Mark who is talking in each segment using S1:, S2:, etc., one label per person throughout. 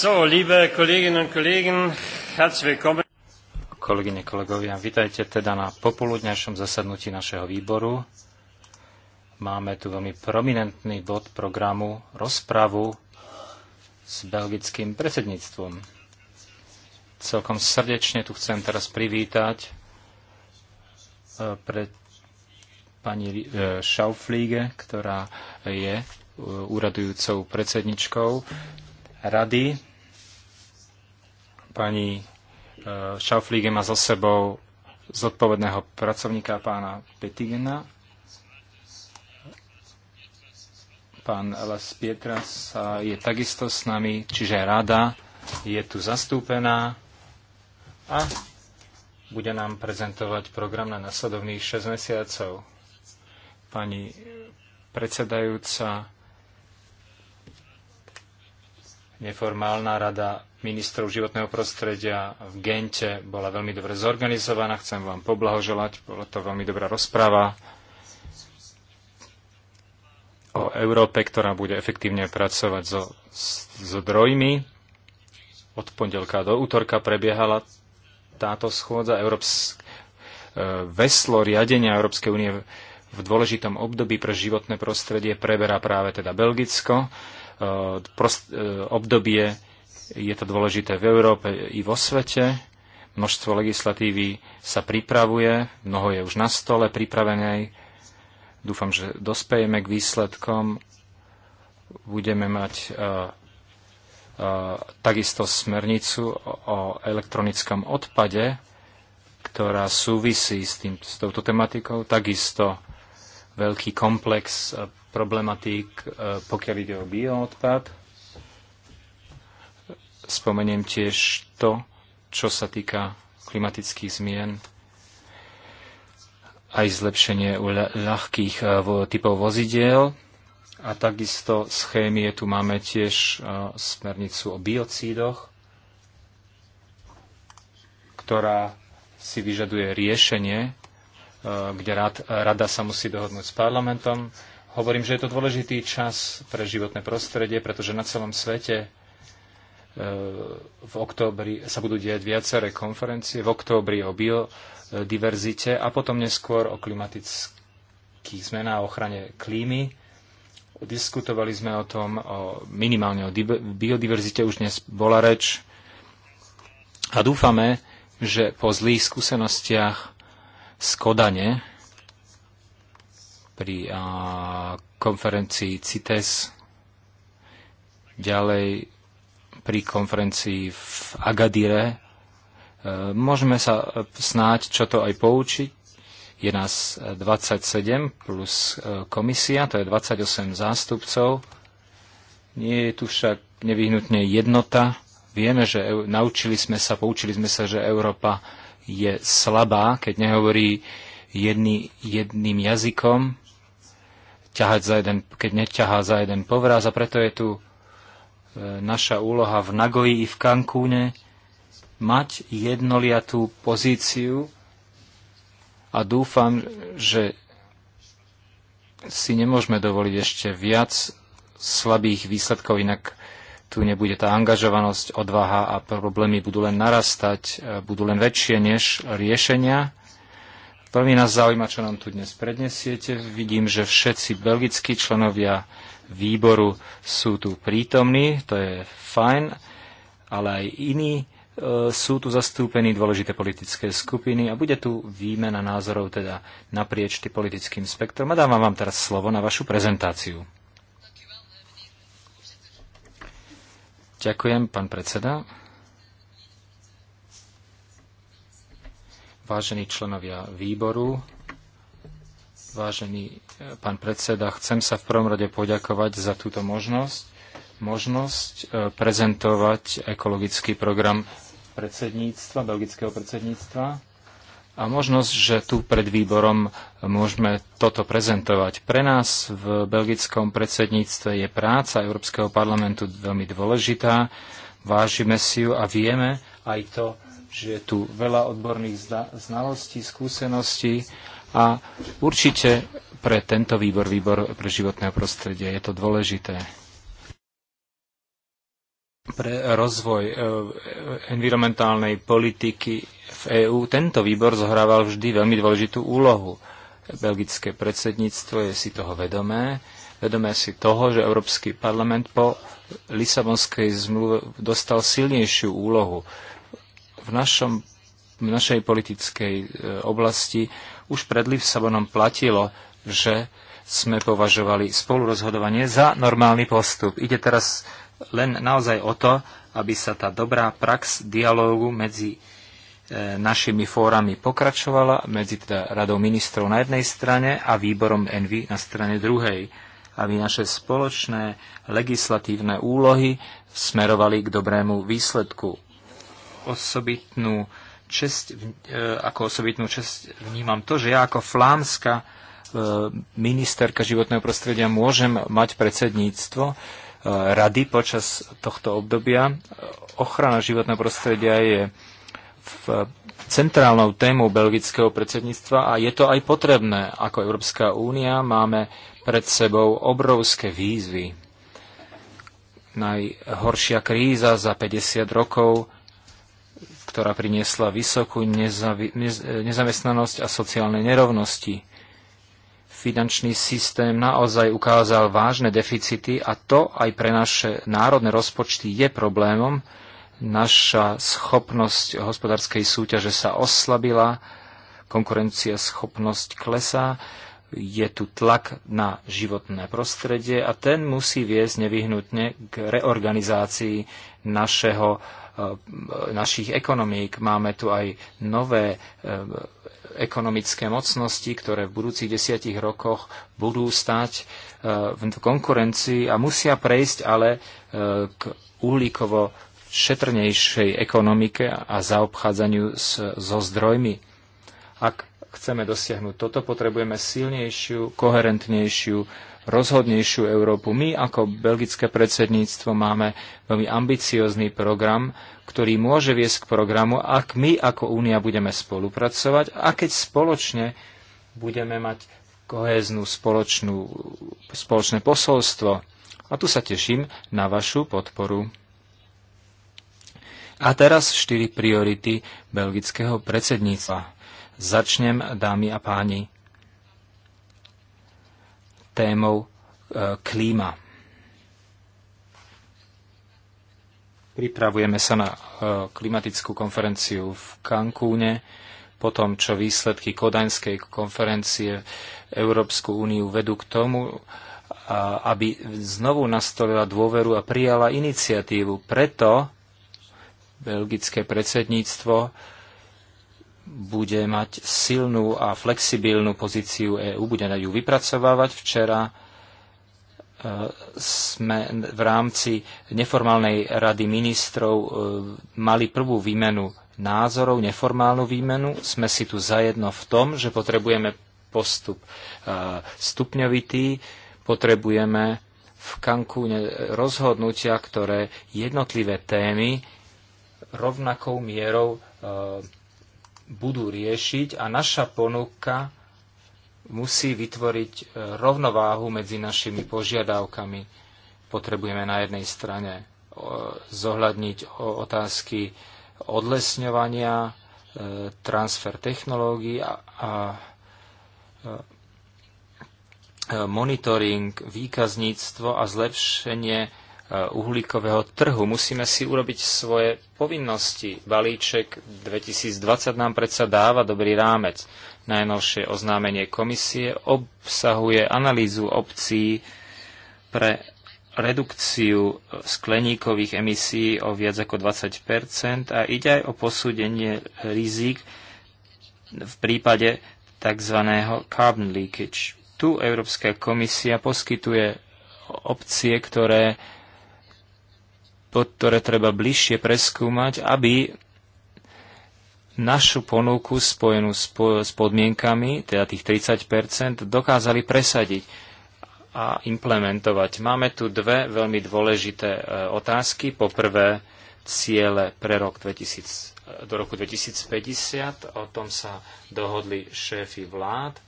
S1: So, liebe Kolleginnen und Kollegen, herzlich willkommen. Kolegyne, kolegovia, vitajte teda na popoludňajšom zasadnutí našeho výboru. Máme tu veľmi prominentný bod programu rozpravu s belgickým predsedníctvom. Celkom srdečne tu chcem teraz privítať e, pre pani e, Schaufliege, ktorá je e, úradujúcou predsedničkou rady pani e, Schauflíge má za sebou zodpovedného pracovníka pána Petigena. Pán Las Pietras je takisto s nami, čiže rada je tu zastúpená a bude nám prezentovať program na nasledovných 6 mesiacov. Pani predsedajúca Neformálna rada ministrov životného prostredia v Gente bola veľmi dobre zorganizovaná. Chcem vám poblahoželať. Bola to veľmi dobrá rozpráva o Európe, ktorá bude efektívne pracovať so, zdrojmi. Od pondelka do útorka prebiehala táto schôdza. Európsk, e, veslo riadenia Európskej únie v dôležitom období pre životné prostredie preberá práve teda Belgicko E, e, obdobie. Je to dôležité v Európe i vo svete. Množstvo legislatívy sa pripravuje, mnoho je už na stole pripravenej. Dúfam, že dospejeme k výsledkom. Budeme mať e, takisto smernicu o elektronickom odpade, ktorá súvisí s, tým, s touto tematikou, takisto veľký komplex e, problematík, e, pokiaľ ide o bioodpad. Spomeniem tiež to, čo sa týka klimatických zmien, aj zlepšenie u ľahkých e, typov vozidiel. A takisto z chémie tu máme tiež smernicu o biocídoch, ktorá si vyžaduje riešenie Eh, kde rad, rada sa musí dohodnúť s parlamentom. Hovorím, že je to dôležitý čas pre životné prostredie, pretože na celom svete eh, v októbri sa budú diať viaceré konferencie, v októbri o biodiverzite a potom neskôr o klimatických zmenách a ochrane klímy. Diskutovali sme o tom o, minimálne o biodiverzite, už dnes bola reč. A dúfame, že po zlých skúsenostiach z Kodane pri a, konferencii CITES, ďalej pri konferencii v Agadire. E, môžeme sa snáď čo to aj poučiť. Je nás 27 plus e, komisia, to je 28 zástupcov. Nie je tu však nevyhnutne jednota. Vieme, že e, naučili sme sa, poučili sme sa, že Európa je slabá, keď nehovorí jedný, jedným jazykom, ťahať za jeden, keď neťahá za jeden povraz a preto je tu e, naša úloha v Nagoji i v Kankúne mať jednoliatú pozíciu a dúfam, že si nemôžeme dovoliť ešte viac slabých výsledkov, inak tu nebude tá angažovanosť, odvaha a problémy budú len narastať, e, budú len väčšie než riešenia. Veľmi nás zaujíma, čo nám tu dnes prednesiete. Vidím, že všetci belgickí členovia výboru sú tu prítomní, to je fajn, ale aj iní e, sú tu zastúpení dôležité politické skupiny a bude tu výmena názorov teda naprieč politickým spektrom. A dávam vám teraz slovo na vašu prezentáciu. Ďakujem, pán predseda. Vážení členovia výboru, vážený eh, pán predseda, chcem sa v prvom rade poďakovať za túto možnosť, možnosť eh, prezentovať ekologický program predsedníctva, belgického predsedníctva a možnosť, že tu pred výborom môžeme toto prezentovať. Pre nás v belgickom predsedníctve je práca Európskeho parlamentu veľmi dôležitá. Vážime si ju a vieme aj to, že je tu veľa odborných znalostí, skúseností a určite pre tento výbor, výbor pre životné prostredie, je to dôležité pre rozvoj eh, environmentálnej politiky v EÚ tento výbor zohrával vždy veľmi dôležitú úlohu. Belgické predsedníctvo je si toho vedomé. Vedomé si toho, že Európsky parlament po Lisabonskej zmluve dostal silnejšiu úlohu. V, našom, v našej politickej e, oblasti už pred Lisabonom platilo, že sme považovali spolurozhodovanie za normálny postup. Ide teraz len naozaj o to, aby sa tá dobrá prax dialógu medzi E, našimi fórami pokračovala medzi teda radou ministrov na jednej strane a výborom Envy na strane druhej, aby naše spoločné legislatívne úlohy smerovali k dobrému výsledku. Osobitnú čest, e, ako osobitnú čest vnímam to, že ja ako flámska e, ministerka životného prostredia môžem mať predsedníctvo rady počas tohto obdobia. Ochrana životného prostredia je Eh, centrálnou témou belgického predsedníctva a je to aj potrebné. Ako Európska únia máme pred sebou obrovské výzvy. Najhoršia kríza za 50 rokov, ktorá priniesla vysokú nezavi- eh, nezamestnanosť a sociálne nerovnosti. Finančný systém naozaj ukázal vážne deficity a to aj pre naše národné rozpočty je problémom, naša schopnosť hospodárskej súťaže sa oslabila, konkurencia schopnosť klesá, je tu tlak na životné prostredie a ten musí viesť nevyhnutne k reorganizácii našeho, eh, našich ekonomík. Máme tu aj nové eh, ekonomické mocnosti, ktoré v budúcich desiatich rokoch budú stať eh, v konkurencii a musia prejsť ale k uhlíkovo šetrnejšej ekonomike a zaobchádzaniu s, so zdrojmi. Ak chceme dosiahnuť toto, potrebujeme silnejšiu, koherentnejšiu, rozhodnejšiu Európu. My ako belgické predsedníctvo máme veľmi ambiciózny program, ktorý môže viesť k programu, ak my ako Únia budeme spolupracovať a keď spoločne budeme mať kohéznú spoločnú, spoločné posolstvo. A tu sa teším na vašu podporu. A teraz štyri priority belgického predsedníctva. Začnem, dámy a páni, témou e, klíma. Pripravujeme sa na e, klimatickú konferenciu v Cancúne, po tom, čo výsledky Kodaňskej konferencie Európsku úniu vedú k tomu, a, aby znovu nastolila dôveru a prijala iniciatívu. Preto belgické predsedníctvo bude mať silnú a flexibilnú pozíciu EÚ, bude na ju vypracovávať. Včera e, sme v rámci neformálnej rady ministrov e, mali prvú výmenu názorov, neformálnu výmenu. Sme si tu zajedno v tom, že potrebujeme postup e, stupňovitý, potrebujeme v kankúne rozhodnutia, ktoré jednotlivé témy rovnakou mierou e, budú riešiť a naša ponuka musí vytvoriť e, rovnováhu medzi našimi požiadavkami. Potrebujeme na jednej strane e, zohľadniť otázky odlesňovania, transfer technológií a, a monitoring, výkazníctvo a zlepšenie Eh, uhlíkového trhu. Musíme si urobiť svoje povinnosti. Balíček 2020 nám predsa dáva dobrý rámec. Najnovšie oznámenie komisie obsahuje analýzu obcí pre redukciu skleníkových emisí o viac ako 20 a ide aj o posúdenie rizik v prípade tzv. carbon leakage. Tu Európska komisia poskytuje opcie, ktoré ktoré treba bližšie preskúmať, aby našu ponuku spojenú s, podmienkami, teda tých 30 dokázali presadiť a implementovať. Máme tu dve veľmi dôležité e, otázky. Po prvé, ciele pre rok 2000, e, do roku 2050, o tom sa dohodli šéfy vlád.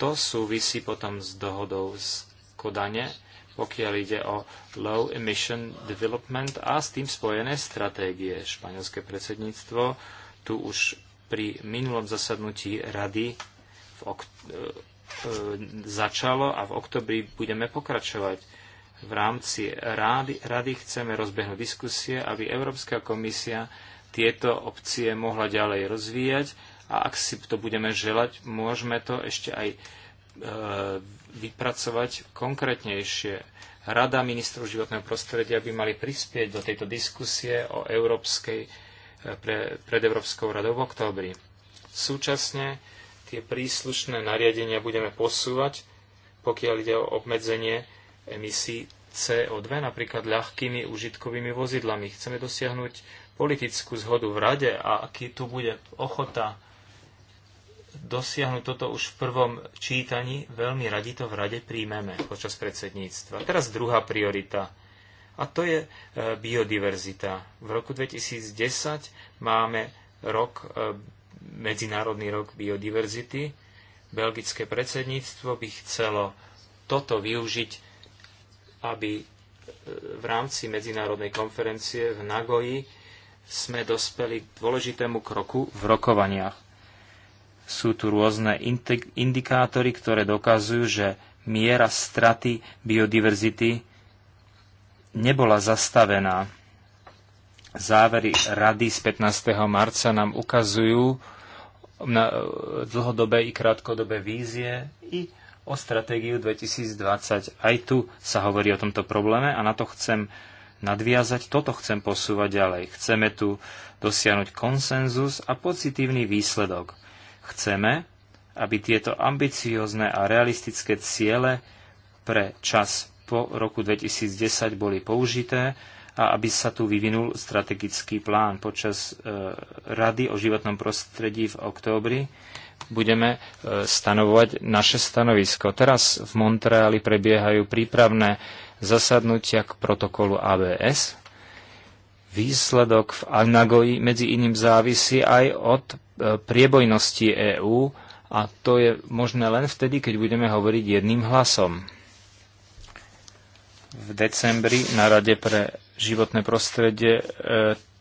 S1: To súvisí potom s dohodou z Kodane pokiaľ ide o low emission development a s tým spojené stratégie. Španielské predsedníctvo tu už pri minulom zasadnutí rady v ok- e, e, začalo a v oktobri budeme pokračovať. V rámci rady, rady chceme rozbehnúť diskusie, aby Európska komisia tieto opcie mohla ďalej rozvíjať a ak si to budeme želať, môžeme to ešte aj e, vypracovať konkrétnejšie. Rada ministrov životného prostredia by mali prispieť do tejto diskusie o európskej, e, pre, pred Európskou radou v októbri. Súčasne tie príslušné nariadenia budeme posúvať, pokiaľ ide o obmedzenie emisí CO2, napríklad ľahkými užitkovými vozidlami. Chceme dosiahnuť politickú zhodu v rade a aký tu bude ochota dosiahnuť toto už v prvom čítaní. Veľmi radi to v rade príjmeme počas predsedníctva. Teraz druhá priorita. A to je e, biodiverzita. V roku 2010 máme rok, e, Medzinárodný rok biodiverzity. Belgické predsedníctvo by chcelo toto využiť, aby e, v rámci medzinárodnej konferencie v Nagoji sme dospeli k dôležitému kroku v rokovaniach. Sú tu rôzne indikátory, ktoré dokazujú, že miera straty biodiverzity nebola zastavená. Závery rady z 15. marca nám ukazujú na e, dlhodobé i krátkodobé vízie i o stratégiu 2020. Aj tu sa hovorí o tomto probléme a na to chcem nadviazať, toto chcem posúvať ďalej. Chceme tu dosiahnuť konsenzus a pozitívny výsledok. Chceme, aby tieto ambiciózne a realistické ciele pre čas po roku 2010 boli použité a aby sa tu vyvinul strategický plán. Počas e, Rady o životnom prostredí v októbri budeme e, stanovovať naše stanovisko. Teraz v Montreali prebiehajú prípravné zasadnutia k protokolu ABS. Výsledok v Nagoji medzi iným závisí aj od priebojnosti EÚ a to je možné len vtedy, keď budeme hovoriť jedným hlasom. V decembri na Rade pre životné prostredie e,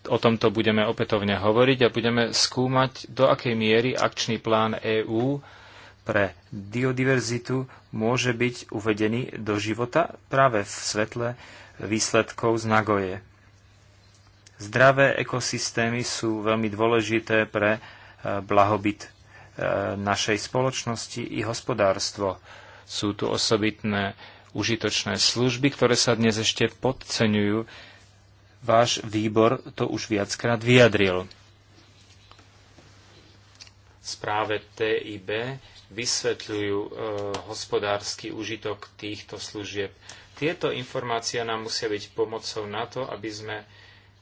S1: o tomto budeme opätovne hovoriť a budeme skúmať, do akej miery akčný plán EÚ pre biodiverzitu môže byť uvedený do života práve v svetle výsledkov z Nagoje. Zdravé ekosystémy sú veľmi dôležité pre blahobyt e, našej spoločnosti i hospodárstvo. Sú tu osobitné užitočné služby, ktoré sa dnes ešte podceňujú. Váš výbor to už viackrát vyjadril. Správe TIB vysvetľujú e, hospodársky užitok týchto služieb. Tieto informácie nám musia byť pomocou na to, aby sme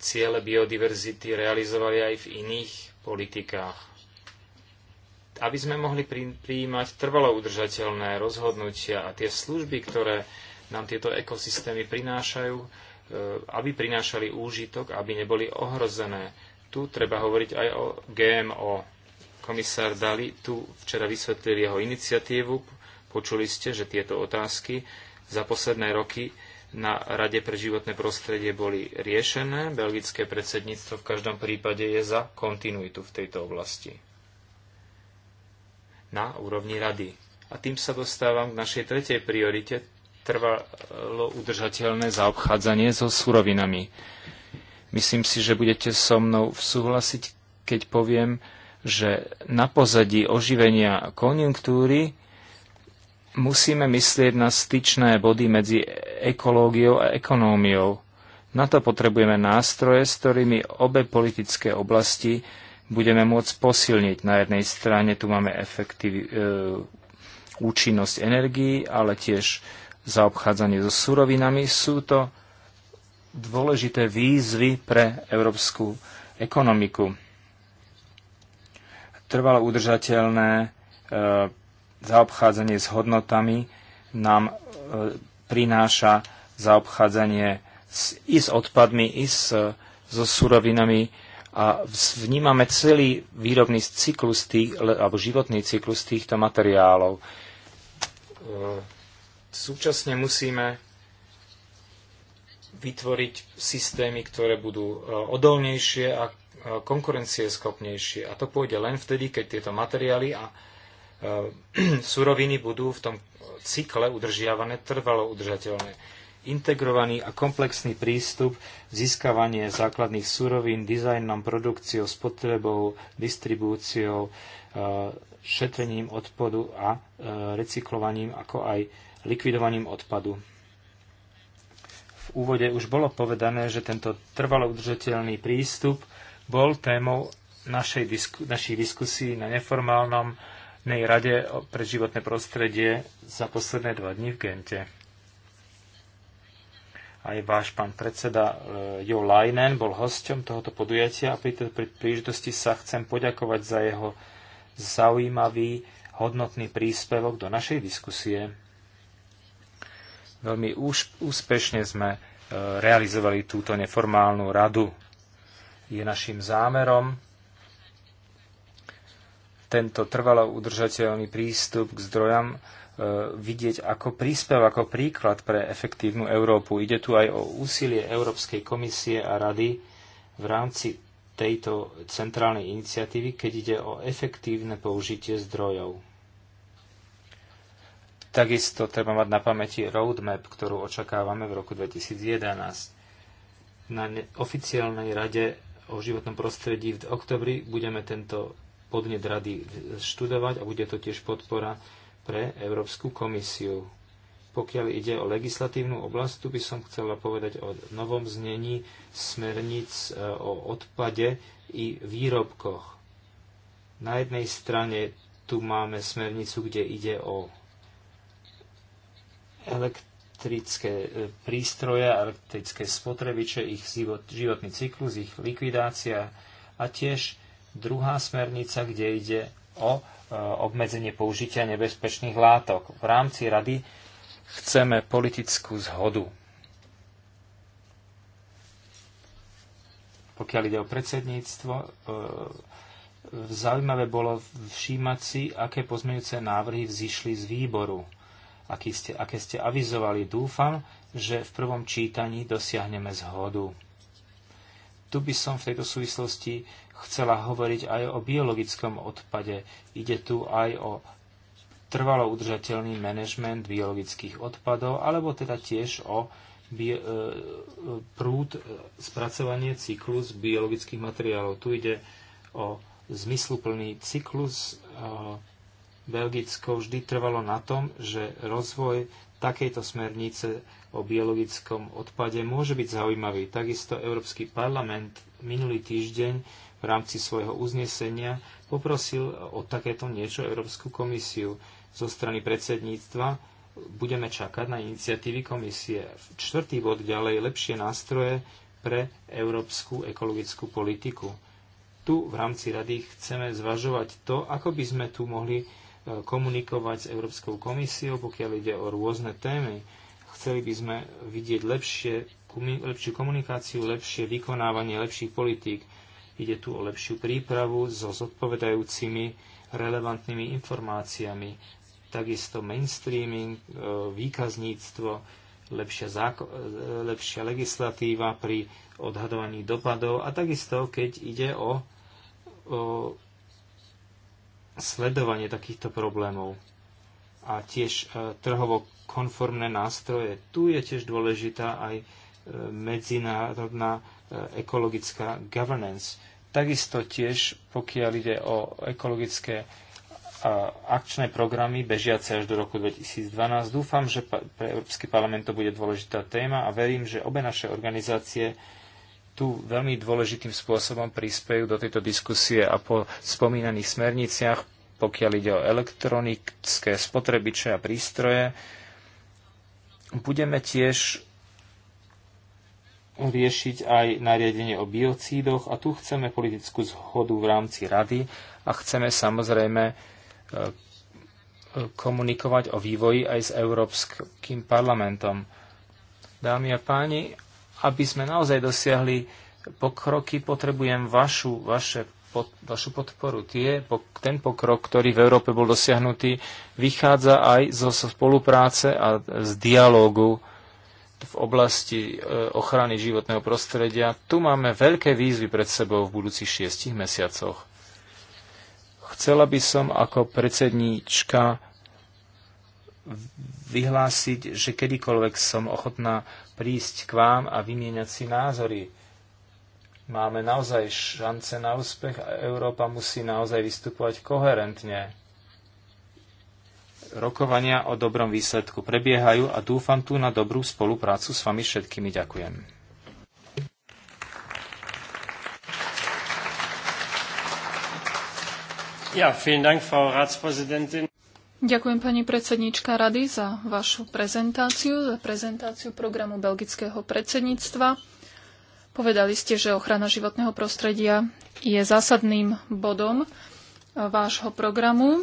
S1: ciele biodiverzity realizovali aj v iných politikách aby sme mohli prijímať trvalo udržateľné rozhodnutia a tie služby, ktoré nám tieto ekosystémy prinášajú, e, aby prinášali úžitok, aby neboli ohrozené. Tu treba hovoriť aj o GMO. Komisár Dali tu včera vysvetlil jeho iniciatívu. Počuli ste, že tieto otázky za posledné roky na Rade pre životné prostredie boli riešené. Belgické predsedníctvo v každom prípade je za kontinuitu v tejto oblasti na úrovni rady. A tým sa dostávam k našej tretej priorite, trvalo udržateľné zaobchádzanie so surovinami. Myslím si, že budete so mnou súhlasiť, keď poviem, že na pozadí oživenia konjunktúry musíme myslieť na styčné body medzi ekológiou a ekonómiou. Na to potrebujeme nástroje, s ktorými obe politické oblasti budeme môcť posilniť. Na jednej strane tu máme efektiv, e, účinnosť energií, ale tiež zaobchádzanie so surovinami. Sú to dôležité výzvy pre európsku ekonomiku. Trvalo udržateľné e, zaobchádzanie s hodnotami nám e, prináša zaobchádzanie s, i s odpadmi, i s, e, so surovinami, a vnímame celý výrobný cyklus tých, alebo životný cyklus týchto materiálov. E, súčasne musíme vytvoriť systémy, ktoré budú e, odolnejšie a e, konkurencieschopnejšie. A to pôjde len vtedy, keď tieto materiály a suroviny budú v tom cykle udržiavané trvalo udržateľné integrovaný a komplexný prístup, získavanie základných surovín, dizajnom, produkciou, spotrebou, distribúciou, e, šetrením odpadu a e, recyklovaním, ako aj likvidovaním odpadu. V úvode už bolo povedané, že tento trvalo udržateľný prístup bol témou našej disku, našich diskusí na neformálnom nej rade pre životné prostredie za posledné dva dni v Gente. Aj váš pán predseda e, Jo Leinen bol hosťom tohoto podujatia a pri tejto príležitosti sa chcem poďakovať za jeho zaujímavý, hodnotný príspevok do našej diskusie. Veľmi úspešne sme e, realizovali túto neformálnu radu. Je našim zámerom tento trvalo udržateľný prístup k zdrojam E, vidieť ako príspev, ako príklad pre efektívnu Európu. Ide tu aj o úsilie Európskej komisie a rady v rámci tejto centrálnej iniciatívy, keď ide o efektívne použitie zdrojov. Takisto treba mať na pamäti roadmap, ktorú očakávame v roku 2011. Na oficiálnej rade o životnom prostredí v oktobri budeme tento podnet rady študovať a bude to tiež podpora pre Európsku komisiu. Pokiaľ ide o legislatívnu oblasť, tu by som chcela povedať o novom znení smerníc e, o odpade i výrobkoch. Na jednej strane tu máme smernicu, kde ide o elektrické e, prístroje, elektrické spotrebiče, ich životný cyklus, ich likvidácia a tiež druhá smernica, kde ide o Eh, obmedzenie použitia nebezpečných látok. V rámci rady chceme politickú zhodu. Pokiaľ ide o predsedníctvo, eh, zaujímavé bolo všímať si, aké pozmeňujúce návrhy vzýšli z výboru, aký ste, aké ste avizovali. Dúfam, že v prvom čítaní dosiahneme zhodu. Tu by som v tejto súvislosti chcela hovoriť aj o biologickom odpade. Ide tu aj o trvalo udržateľný manažment biologických odpadov, alebo teda tiež o bio, e, prúd, e, spracovanie cyklus biologických materiálov. Tu ide o zmysluplný cyklus. E, Belgicko vždy trvalo na tom, že rozvoj takejto smernice o biologickom odpade môže byť zaujímavý. Takisto Európsky parlament minulý týždeň v rámci svojho uznesenia poprosil o takéto niečo Európsku komisiu. Zo strany predsedníctva budeme čakať na iniciatívy komisie. Čtvrtý bod ďalej lepšie nástroje pre európsku ekologickú politiku. Tu v rámci rady chceme zvažovať to, ako by sme tu mohli komunikovať s Európskou komisiou, pokiaľ ide o rôzne témy. Chceli by sme vidieť lepšie, lepšiu komunikáciu, lepšie vykonávanie lepších politík. Ide tu o lepšiu prípravu so zodpovedajúcimi relevantnými informáciami, takisto mainstreaming, e, výkazníctvo, lepšia, záko- e, lepšia legislatíva pri odhadovaní dopadov a takisto, keď ide o, o sledovanie takýchto problémov a tiež e, trhovo konformné nástroje. Tu je tiež dôležitá aj e, medzinárodná e, ekologická governance. Takisto tiež, pokiaľ ide o ekologické akčné programy bežiace až do roku 2012. Dúfam, že pre Európsky parlament to bude dôležitá téma a verím, že obe naše organizácie tu veľmi dôležitým spôsobom prispejú do tejto diskusie a po spomínaných smerniciach, pokiaľ ide o elektronické spotrebiče a prístroje, budeme tiež riešiť aj nariadenie o biocídoch a tu chceme politickú zhodu v rámci rady a chceme samozrejme e, komunikovať o vývoji aj s Európskym parlamentom. Dámy a páni, aby sme naozaj dosiahli pokroky, potrebujem vašu, vaše, pod, vašu podporu. Tie, ten pokrok, ktorý v Európe bol dosiahnutý, vychádza aj zo spolupráce a z dialógu v oblasti e, ochrany životného prostredia. Tu máme veľké výzvy pred sebou v budúcich šiestich mesiacoch. Chcela by som ako predsedníčka vyhlásiť, že kedykoľvek som ochotná prísť k vám a vymieňať si názory. Máme naozaj šance na úspech a Európa musí naozaj vystupovať koherentne. Rokovania o dobrom výsledku prebiehajú a dúfam tu na dobrú spoluprácu s vami všetkými. Ďakujem.
S2: Ja, vielen Dank, Frau Ratspräsidentin.
S3: Ďakujem pani predsednička rady za vašu prezentáciu, za prezentáciu programu belgického predsedníctva. Povedali ste, že ochrana životného prostredia je zásadným bodom vášho programu.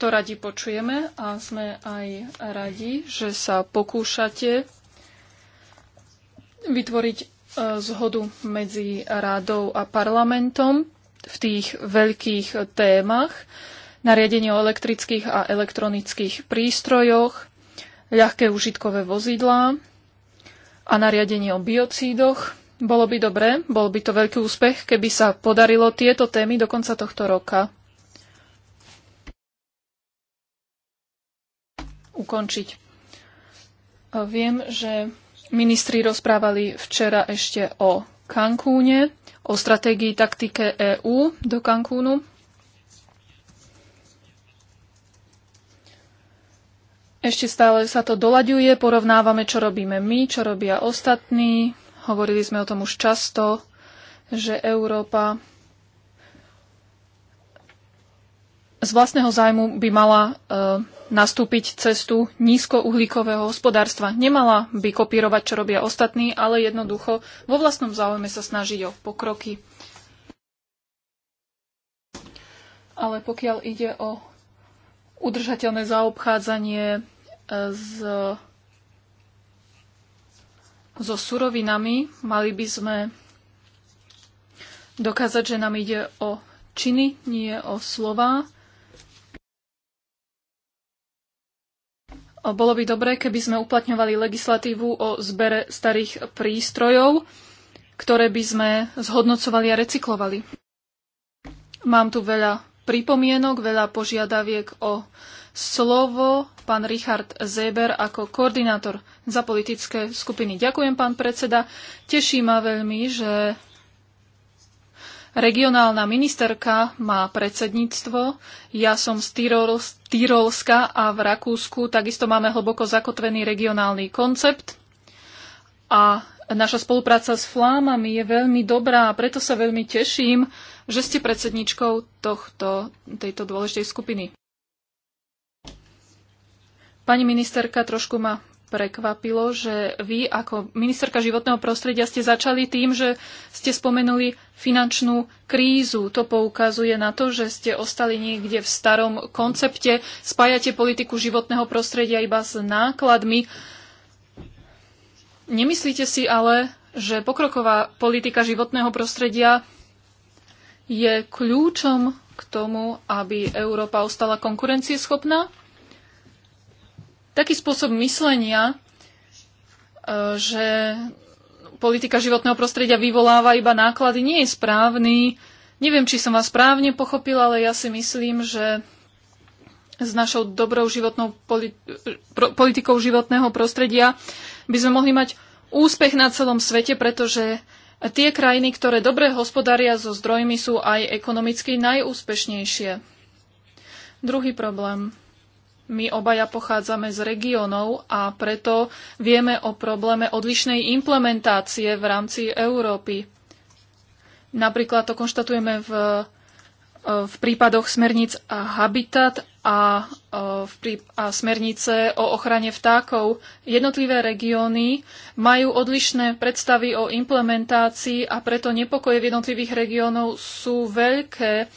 S3: To radi počujeme a sme aj radi, že sa pokúšate vytvoriť e, zhodu medzi rádou a parlamentom v tých veľkých témach, nariadenie o elektrických a elektronických prístrojoch, ľahké užitkové vozidlá a nariadenie o biocídoch. Bolo by dobre, bol by to veľký úspech, keby sa podarilo tieto témy do konca tohto roka ukončiť. Viem, že ministri rozprávali včera ešte o Cancúne, o stratégii taktike EÚ do Cancúnu. Ešte stále sa to doľaďuje, porovnávame, čo robíme my, čo robia ostatní. Hovorili sme o tom už často, že Európa z vlastného zájmu by mala e, nastúpiť cestu nízkouhlíkového hospodárstva. Nemala by kopírovať, čo robia ostatní, ale jednoducho vo vlastnom záujme sa snažiť o pokroky. Ale pokiaľ ide o udržateľné zaobchádzanie s, so surovinami. Mali by sme dokázať, že nám ide o činy, nie o slova. Bolo by dobré, keby sme uplatňovali legislatívu o zbere starých prístrojov, ktoré by sme zhodnocovali a recyklovali. Mám tu veľa pripomienok, veľa požiadaviek o slovo pán Richard Zeber ako koordinátor za politické skupiny. Ďakujem, pán predseda. Teší ma veľmi, že regionálna ministerka má predsedníctvo. Ja som z Tyrolska a v Rakúsku takisto máme hlboko zakotvený regionálny koncept. A naša spolupráca s Flámami je veľmi dobrá a preto sa veľmi teším, že ste predsedničkou tohto, tejto dôležitej skupiny. Pani ministerka, trošku ma prekvapilo, že vy ako ministerka životného prostredia ste začali tým, že ste spomenuli finančnú krízu. To poukazuje na to, že ste ostali niekde v starom koncepte, spájate politiku životného prostredia iba s nákladmi. Nemyslíte si ale, že pokroková politika životného prostredia je kľúčom k tomu, aby Európa ostala konkurencieschopná? taký spôsob myslenia, e, že politika životného prostredia vyvoláva iba náklady, nie je správny. Neviem, či som vás správne pochopil, ale ja si myslím, že s našou dobrou životnou politikou životného prostredia by sme mohli mať úspech na celom svete, pretože tie krajiny, ktoré dobre hospodária so zdrojmi, sú aj ekonomicky najúspešnejšie. Druhý problém. My obaja pochádzame z regiónov a preto vieme o probléme odlišnej implementácie v rámci Európy. Napríklad to konštatujeme v, v prípadoch smerníc a Habitat a, e, v prí, a smernice o ochrane vtákov. Jednotlivé regióny majú odlišné predstavy o implementácii a preto nepokoje v jednotlivých regiónov sú veľké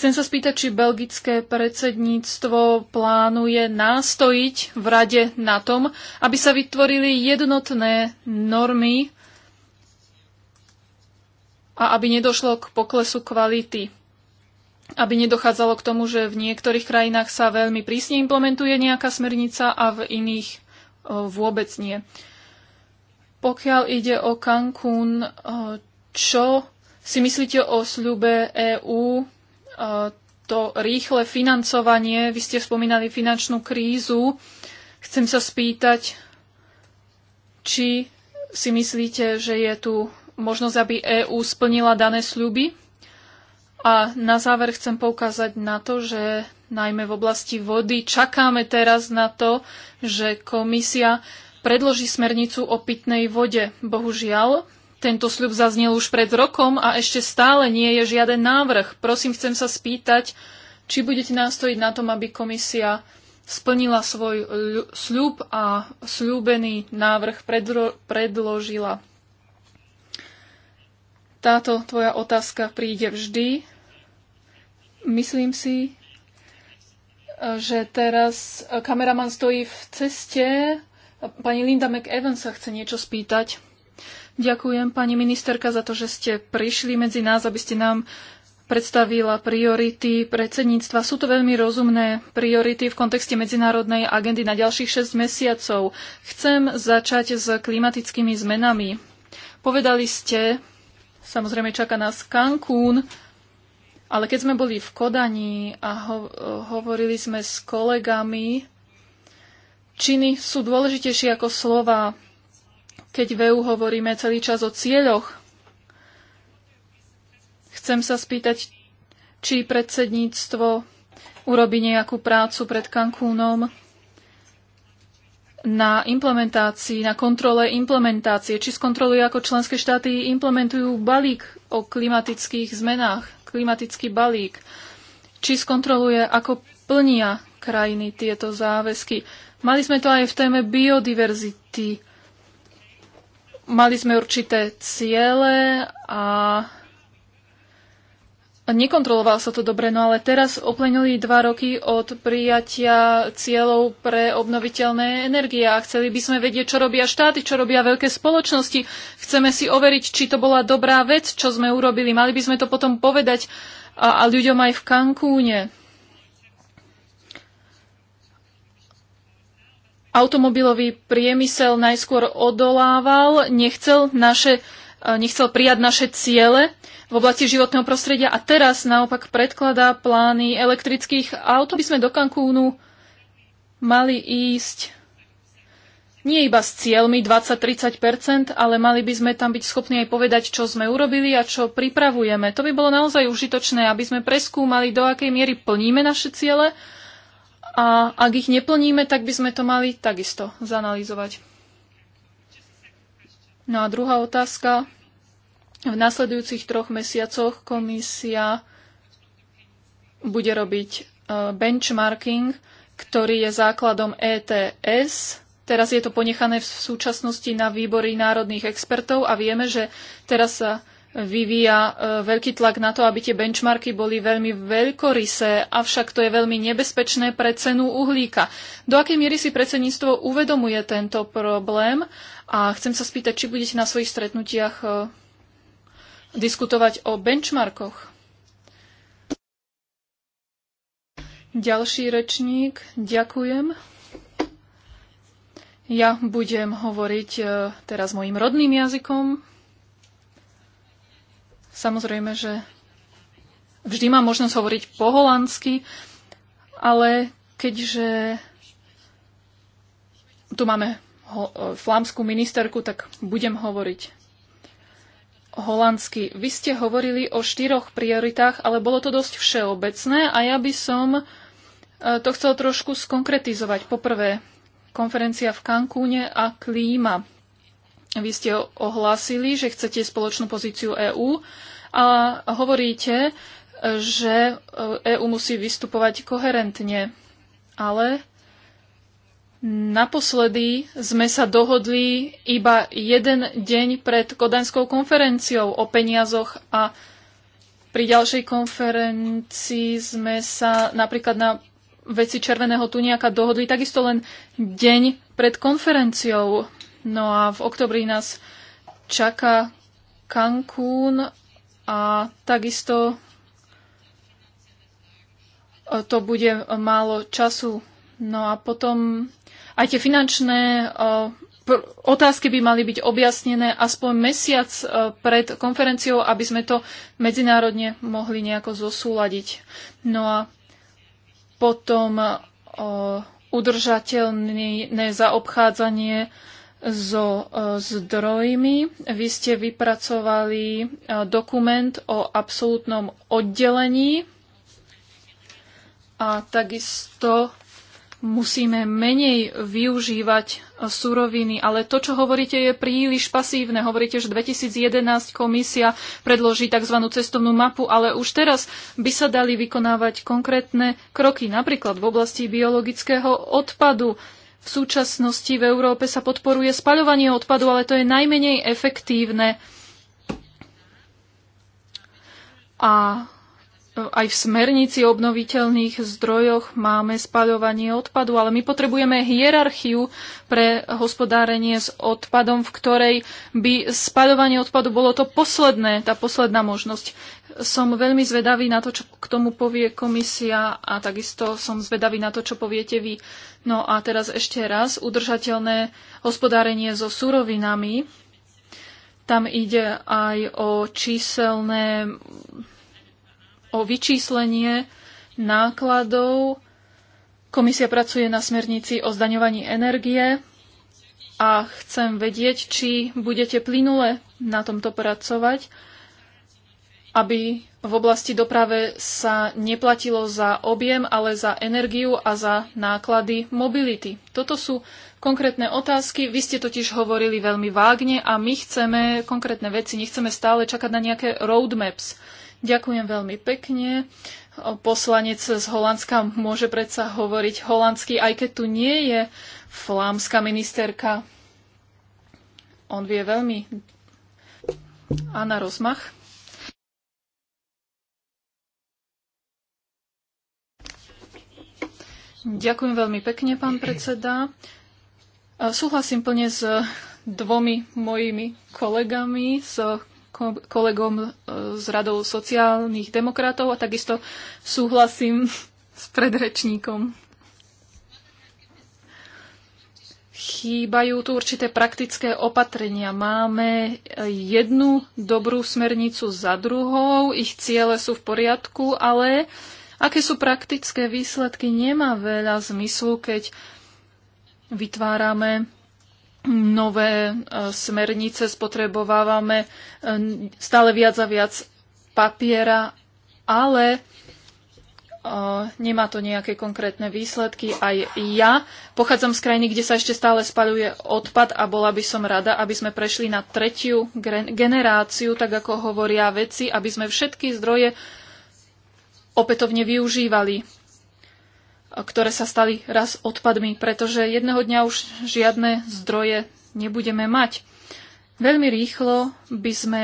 S3: Chcem sa spýtať, či belgické predsedníctvo plánuje nástojiť v rade na tom, aby sa vytvorili jednotné normy a aby nedošlo k poklesu kvality. Aby nedochádzalo k tomu, že v niektorých krajinách sa veľmi prísne implementuje nejaká smernica a v iných e, vôbec nie. Pokiaľ ide o Cancún, e, čo si myslíte o sľube EÚ to rýchle financovanie. Vy ste spomínali finančnú krízu. Chcem sa spýtať, či si myslíte, že je tu možnosť, aby EÚ splnila dané sľuby? A na záver chcem poukázať na to, že najmä v oblasti vody čakáme teraz na to, že komisia predloží smernicu o pitnej vode. Bohužiaľ, tento sľub zaznel už pred rokom a ešte stále nie je žiaden návrh. Prosím, chcem sa spýtať, či budete nástojiť na tom, aby komisia splnila svoj sľub a sľúbený návrh predložila. Táto tvoja otázka príde vždy. Myslím si, že teraz kameraman stojí v ceste. Pani Linda McEwan sa chce niečo spýtať. Ďakujem pani ministerka za to, že ste prišli medzi nás, aby ste nám predstavila priority predsedníctva. Sú to veľmi rozumné priority v kontexte medzinárodnej agendy na ďalších 6 mesiacov. Chcem začať s klimatickými zmenami. Povedali ste, samozrejme čaká nás Cancún, ale keď sme boli v Kodani a ho- hovorili sme s kolegami, činy sú dôležitejšie ako slova keď v e hovoríme celý čas o cieľoch. Chcem sa spýtať, či predsedníctvo urobi nejakú prácu pred Cancúnom na implementácii, na kontrole implementácie, či skontroluje, ako členské štáty implementujú balík o klimatických zmenách, klimatický balík, či skontroluje, ako plnia krajiny tieto záväzky. Mali sme to aj v téme biodiverzity. Mali sme určité ciele a Nekontroloval sa to dobre, no ale teraz uplynuli dva roky od prijatia cieľov pre obnoviteľné energie a chceli by sme vedieť, čo robia štáty, čo robia veľké spoločnosti. Chceme si overiť, či to bola dobrá vec, čo sme urobili. Mali by sme to potom povedať a, a ľuďom aj v Kankúne. automobilový priemysel najskôr odolával, nechcel, naše, e, nechcel prijať naše ciele v oblasti životného prostredia a teraz naopak predkladá plány elektrických aut. By sme do Cancúnu mali ísť nie iba s cieľmi 20-30%, ale mali by sme tam byť schopní aj povedať, čo sme urobili a čo pripravujeme. To by bolo naozaj užitočné, aby sme preskúmali, do akej miery plníme naše ciele a ak ich neplníme, tak by sme to mali takisto zanalizovať. No a druhá otázka. V nasledujúcich troch mesiacoch komisia bude robiť e, benchmarking, ktorý je základom ETS. Teraz je to ponechané v súčasnosti na výbory národných expertov a vieme, že teraz sa vyvíja e, veľký tlak na to, aby tie benchmarky boli veľmi veľkorysé, avšak to je veľmi nebezpečné pre cenu uhlíka. Do akej miery si predsedníctvo uvedomuje tento problém? A chcem sa spýtať, či budete na svojich stretnutiach e, diskutovať o benchmarkoch? Ďalší rečník, ďakujem. Ja budem hovoriť e, teraz mojim rodným jazykom. Samozrejme, že vždy mám možnosť hovoriť po holandsky, ale keďže tu máme flámskú ministerku, tak budem hovoriť holandsky. Vy ste hovorili o štyroch prioritách, ale bolo to dosť všeobecné a ja by som e, to chcel trošku skonkretizovať. Poprvé, konferencia v Cancúne a klíma. Vy ste ohlásili, že chcete spoločnú pozíciu EÚ a hovoríte, že EÚ e musí vystupovať koherentne. Ale Naposledy sme sa dohodli iba jeden deň pred Kodanskou konferenciou o peniazoch a pri ďalšej konferencii sme sa napríklad na veci červeného tuniaka dohodli takisto len deň pred konferenciou. No a v oktobri nás čaká Cancún a takisto e, to bude málo času. No a potom aj tie finančné e, otázky by mali byť objasnené aspoň mesiac e, pred konferenciou, aby sme to medzinárodne mohli nejako zosúľadiť. No a potom udržateľné zaobchádzanie so e, zdrojmi. Vy ste vypracovali e, dokument o absolútnom oddelení a takisto musíme menej využívať e, suroviny. Ale to, čo hovoríte, je príliš pasívne. Hovoríte, že 2011 komisia predloží tzv. cestovnú mapu, ale už teraz by sa dali vykonávať konkrétne kroky, napríklad v oblasti biologického odpadu. V súčasnosti v Európe sa podporuje spaľovanie odpadu, ale to je najmenej efektívne. A aj v smernici o obnoviteľných zdrojoch máme spaľovanie odpadu, ale my potrebujeme hierarchiu pre hospodárenie s odpadom, v ktorej by spaľovanie odpadu bolo to posledné, tá posledná možnosť som veľmi zvedavý na to, čo k tomu povie komisia a takisto som zvedavý na to, čo poviete vy. No a teraz ešte raz, udržateľné hospodárenie so surovinami. Tam ide aj o číselné, o vyčíslenie nákladov. Komisia pracuje na smernici o zdaňovaní energie a chcem vedieť, či budete plynule na tomto pracovať aby v oblasti doprave sa neplatilo za objem, ale za energiu a za náklady mobility. Toto sú konkrétne otázky. Vy ste totiž hovorili veľmi vágne a my chceme konkrétne veci, nechceme stále čakať na nejaké roadmaps. Ďakujem veľmi pekne. Poslanec z Holandska môže predsa hovoriť holandsky, aj keď tu nie je flámska ministerka. On vie veľmi. Anna Rozmach. Ďakujem veľmi pekne, pán predseda. Súhlasím plne s dvomi mojimi kolegami, s kolegom e, z radou sociálnych demokratov a takisto súhlasím s predrečníkom. Chýbajú tu určité praktické opatrenia. Máme jednu dobrú smernicu za druhou, ich ciele sú v poriadku, ale Aké sú praktické výsledky? Nemá veľa zmyslu, keď vytvárame nové e, smernice, spotrebovávame e, stále viac a viac papiera, ale e, nemá to nejaké konkrétne výsledky. Aj ja pochádzam z krajiny, kde sa ešte stále spaľuje odpad a bola by som rada, aby sme prešli na tretiu generáciu, tak ako hovoria veci, aby sme všetky zdroje opätovne využívali, e, ktoré sa stali raz odpadmi, pretože jedného dňa už žiadne zdroje nebudeme mať. Veľmi rýchlo by sme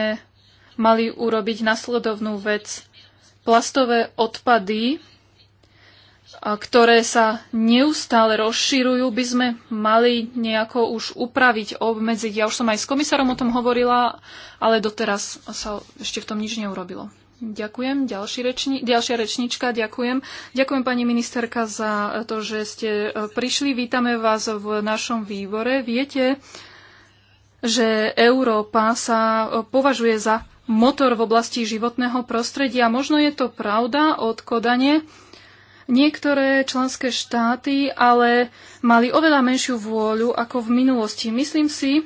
S3: mali urobiť nasledovnú vec. Plastové odpady, e, ktoré sa neustále rozširujú, by sme mali nejako už upraviť, obmedziť. Ja už som aj s komisárom o tom hovorila, ale doteraz sa ešte v tom nič neurobilo. Ďakujem. Ďalší rečni, ďalšia rečnička, ďakujem. Ďakujem pani ministerka za to, že ste e, prišli. Vítame vás v našom výbore. Viete, že Európa sa e, považuje za motor v oblasti životného prostredia. Možno je to pravda, odkodanie. Niektoré členské štáty ale mali oveľa menšiu vôľu ako v minulosti. Myslím si,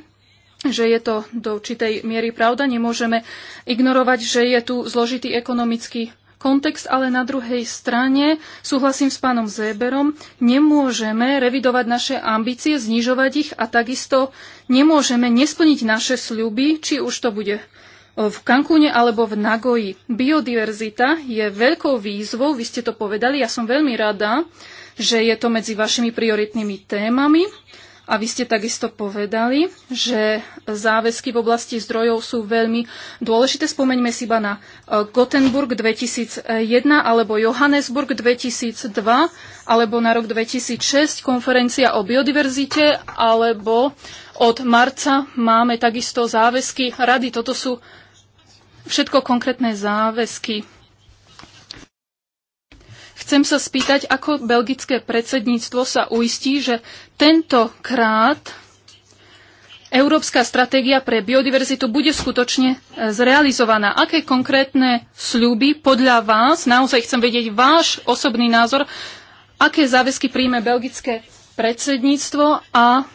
S3: že je to do určitej miery pravda. Nemôžeme ignorovať, že je tu zložitý ekonomický kontext, ale na druhej strane, súhlasím s pánom Zéberom, nemôžeme revidovať naše ambície, znižovať ich a takisto nemôžeme nesplniť naše sľuby, či už to bude v Kankúne alebo v Nagoji. Biodiverzita je veľkou výzvou, vy ste to povedali, ja som veľmi rada, že je to medzi vašimi prioritnými témami. A vy ste takisto povedali, že záväzky v oblasti zdrojov sú veľmi dôležité. Spomeňme si iba na e, Gothenburg 2001 alebo Johannesburg 2002 alebo na rok 2006 konferencia o biodiverzite alebo od marca máme takisto záväzky rady. Toto sú všetko konkrétne záväzky Chcem sa spýtať, ako belgické predsedníctvo sa uistí, že tentokrát Európska stratégia pre biodiverzitu bude skutočne e, zrealizovaná. Aké konkrétne sľuby podľa vás, naozaj chcem vedieť váš osobný názor, aké záväzky príjme belgické predsedníctvo a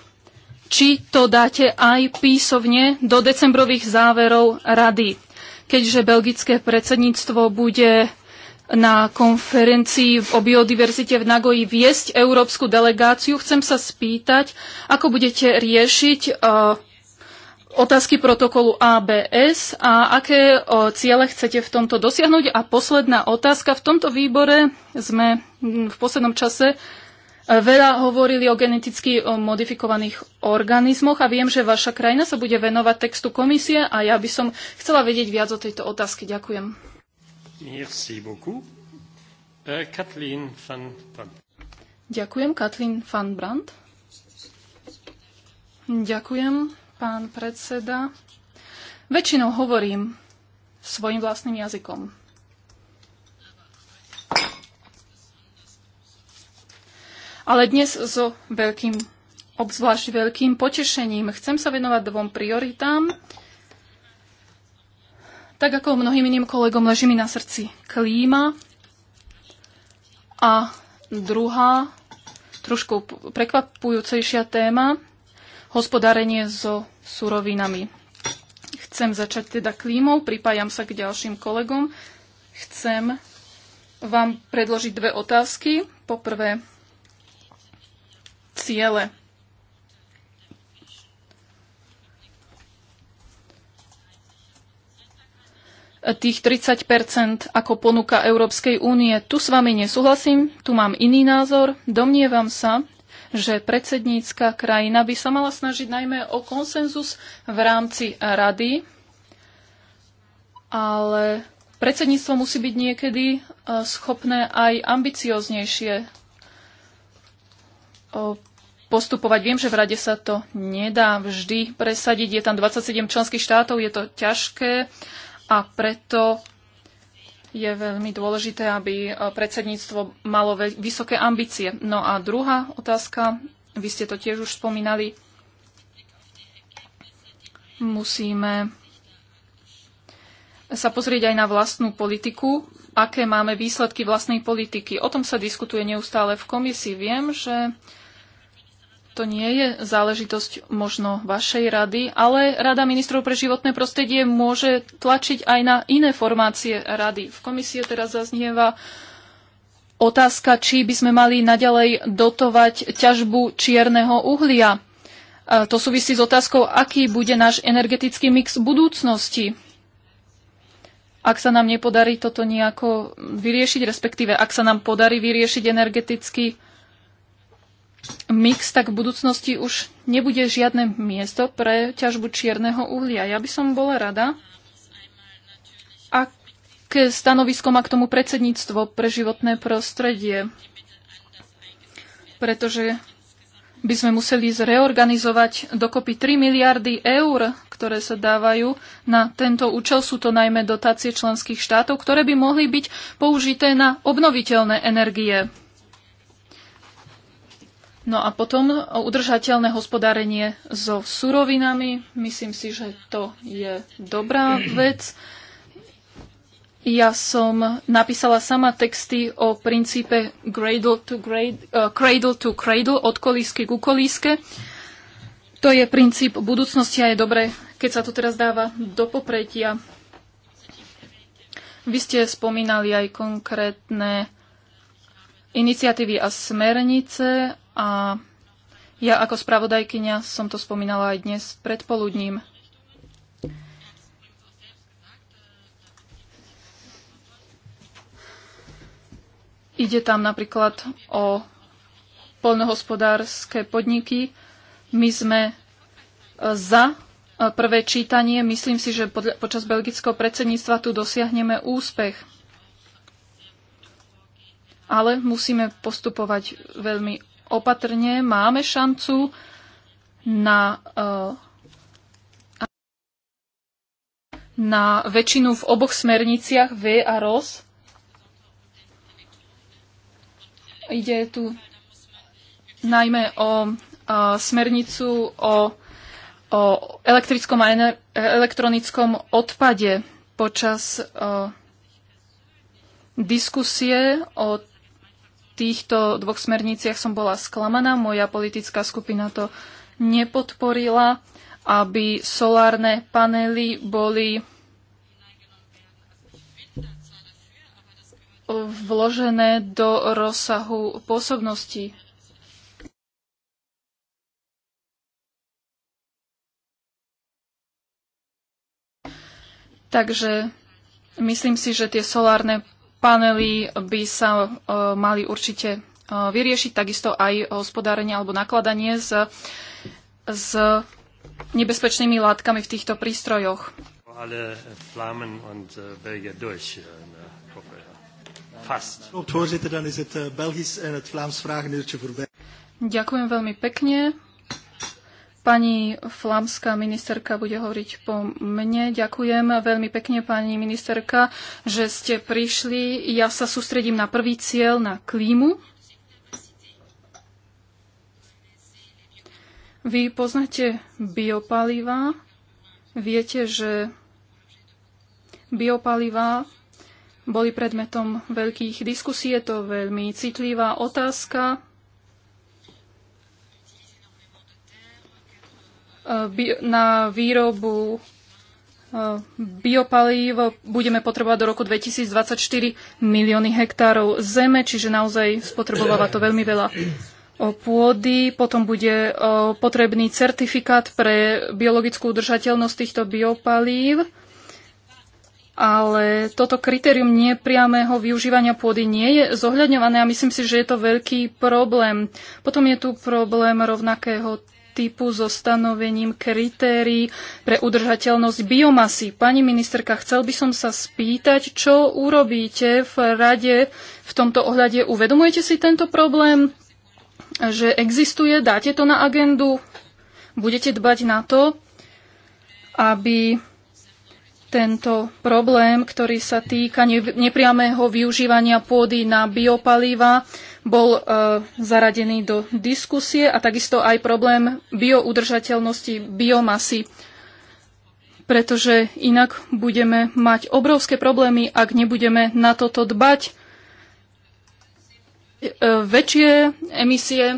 S3: či to dáte aj písovne do decembrových záverov rady, keďže belgické predsedníctvo bude na konferencii o biodiverzite v Nagoji viesť európsku delegáciu. Chcem sa spýtať, ako budete riešiť e, otázky protokolu ABS a aké e, ciele chcete v tomto dosiahnuť. A posledná otázka. V tomto výbore sme v poslednom čase e, veľa hovorili o geneticky modifikovaných organizmoch a viem, že vaša krajina sa bude venovať textu komisie a ja by som chcela vedieť viac o tejto otázky. Ďakujem.
S2: Merci beaucoup. Äh, Kathleen van Brandt.
S3: Ďakujem, Kathleen van Brandt. Ďakujem, pán predseda. Väčšinou hovorím svojim vlastným jazykom. Ale dnes so veľkým, obzvlášť veľkým potešením chcem sa venovať dvom prioritám tak ako mnohým iným kolegom leží mi na srdci klíma a druhá, trošku prekvapujúcejšia téma, hospodárenie so surovinami. Chcem začať teda klímou, pripájam sa k ďalším kolegom. Chcem vám predložiť dve otázky. Poprvé, ciele tých 30 ako ponuka Európskej únie. Tu s vami nesúhlasím, tu mám iný názor. Domnievam sa, že predsednícka krajina by sa mala snažiť najmä o konsenzus v rámci rady, ale predsedníctvo musí byť niekedy e, schopné aj ambicioznejšie e, postupovať. Viem, že v rade sa to nedá vždy presadiť. Je tam 27 členských štátov, je to ťažké a preto je veľmi dôležité, aby e, predsedníctvo malo vysoké ambície. No a druhá otázka, vy ste to tiež už spomínali, musíme sa pozrieť aj na vlastnú politiku, aké máme výsledky vlastnej politiky. O tom sa diskutuje neustále v komisii. Viem, že to nie je záležitosť možno vašej rady, ale Rada ministrov pre životné prostredie môže tlačiť aj na iné formácie rady. V komisie teraz zaznieva otázka, či by sme mali naďalej dotovať ťažbu čierneho uhlia. To súvisí s otázkou, aký bude náš energetický mix v budúcnosti. Ak sa nám nepodarí toto nejako vyriešiť, respektíve ak sa nám podarí vyriešiť energetický mix, tak v budúcnosti už nebude žiadne miesto pre ťažbu čierneho uhlia. Ja by som bola rada, aké stanovisko má k tomu predsedníctvo pre životné prostredie, pretože by sme museli zreorganizovať dokopy 3 miliardy eur, ktoré sa dávajú na tento účel. Sú to najmä dotácie členských štátov, ktoré by mohli byť použité na obnoviteľné energie. No a potom udržateľné hospodárenie so surovinami. Myslím si, že to je dobrá vec. Ja som napísala sama texty o princípe cradle to cradle, uh, eh, cradle, to cradle od kolísky ku kolíske. To je princíp budúcnosti a je dobré, keď sa to teraz dáva do popretia. Vy ste spomínali aj konkrétne iniciatívy a smernice a ja ako spravodajkyňa som to spomínala aj dnes predpoludním. Ide tam napríklad o poľnohospodárske podniky. My sme e, za e, prvé čítanie. Myslím si, že podľa, počas belgického predsedníctva tu dosiahneme úspech. Ale musíme postupovať veľmi opatrne, máme šancu na, eh, na väčšinu v oboch smerniciach V a ROS. Ide tu najmä o eh, smernicu o, o elektrickom a ener- elektronickom odpade počas o, eh, diskusie o týchto dvoch smerniciach som bola sklamaná. Moja politická skupina to nepodporila, aby solárne panely boli vložené do rozsahu pôsobnosti. Takže myslím si, že tie solárne panely by sa e, mali určite e, vyriešiť, takisto aj hospodárenie alebo nakladanie s, s nebezpečnými látkami v týchto prístrojoch. Ďakujem veľmi pekne. Pani flamská ministerka bude hovoriť po mne. Ďakujem veľmi pekne, pani ministerka, že ste prišli. Ja sa sústredím na prvý cieľ, na klímu. Vy poznáte biopalivá. Viete, že biopalivá boli predmetom veľkých diskusí. Je to veľmi citlivá otázka. Eh, na výrobu eh, biopalív budeme potrebovať do roku 2024 milióny hektárov zeme, čiže naozaj spotrebováva to veľmi veľa pôdy. Potom bude eh, potrebný certifikát pre biologickú udržateľnosť týchto biopalív. Ale toto kritérium nepriamého využívania pôdy nie je zohľadňované a myslím si, že je to veľký problém. Potom je tu problém rovnakého typu so stanovením kritérií pre udržateľnosť biomasy. Pani ministerka, chcel by som sa spýtať, čo urobíte v rade v tomto ohľade. Uvedomujete si tento problém, že existuje, dáte to na agendu, budete dbať na to, aby tento problém, ktorý sa týka nepriamého využívania pôdy na biopalíva, bol e, zaradený do diskusie a takisto aj problém bioudržateľnosti biomasy, pretože inak budeme mať obrovské problémy, ak nebudeme na toto dbať. E, väčšie emisie e,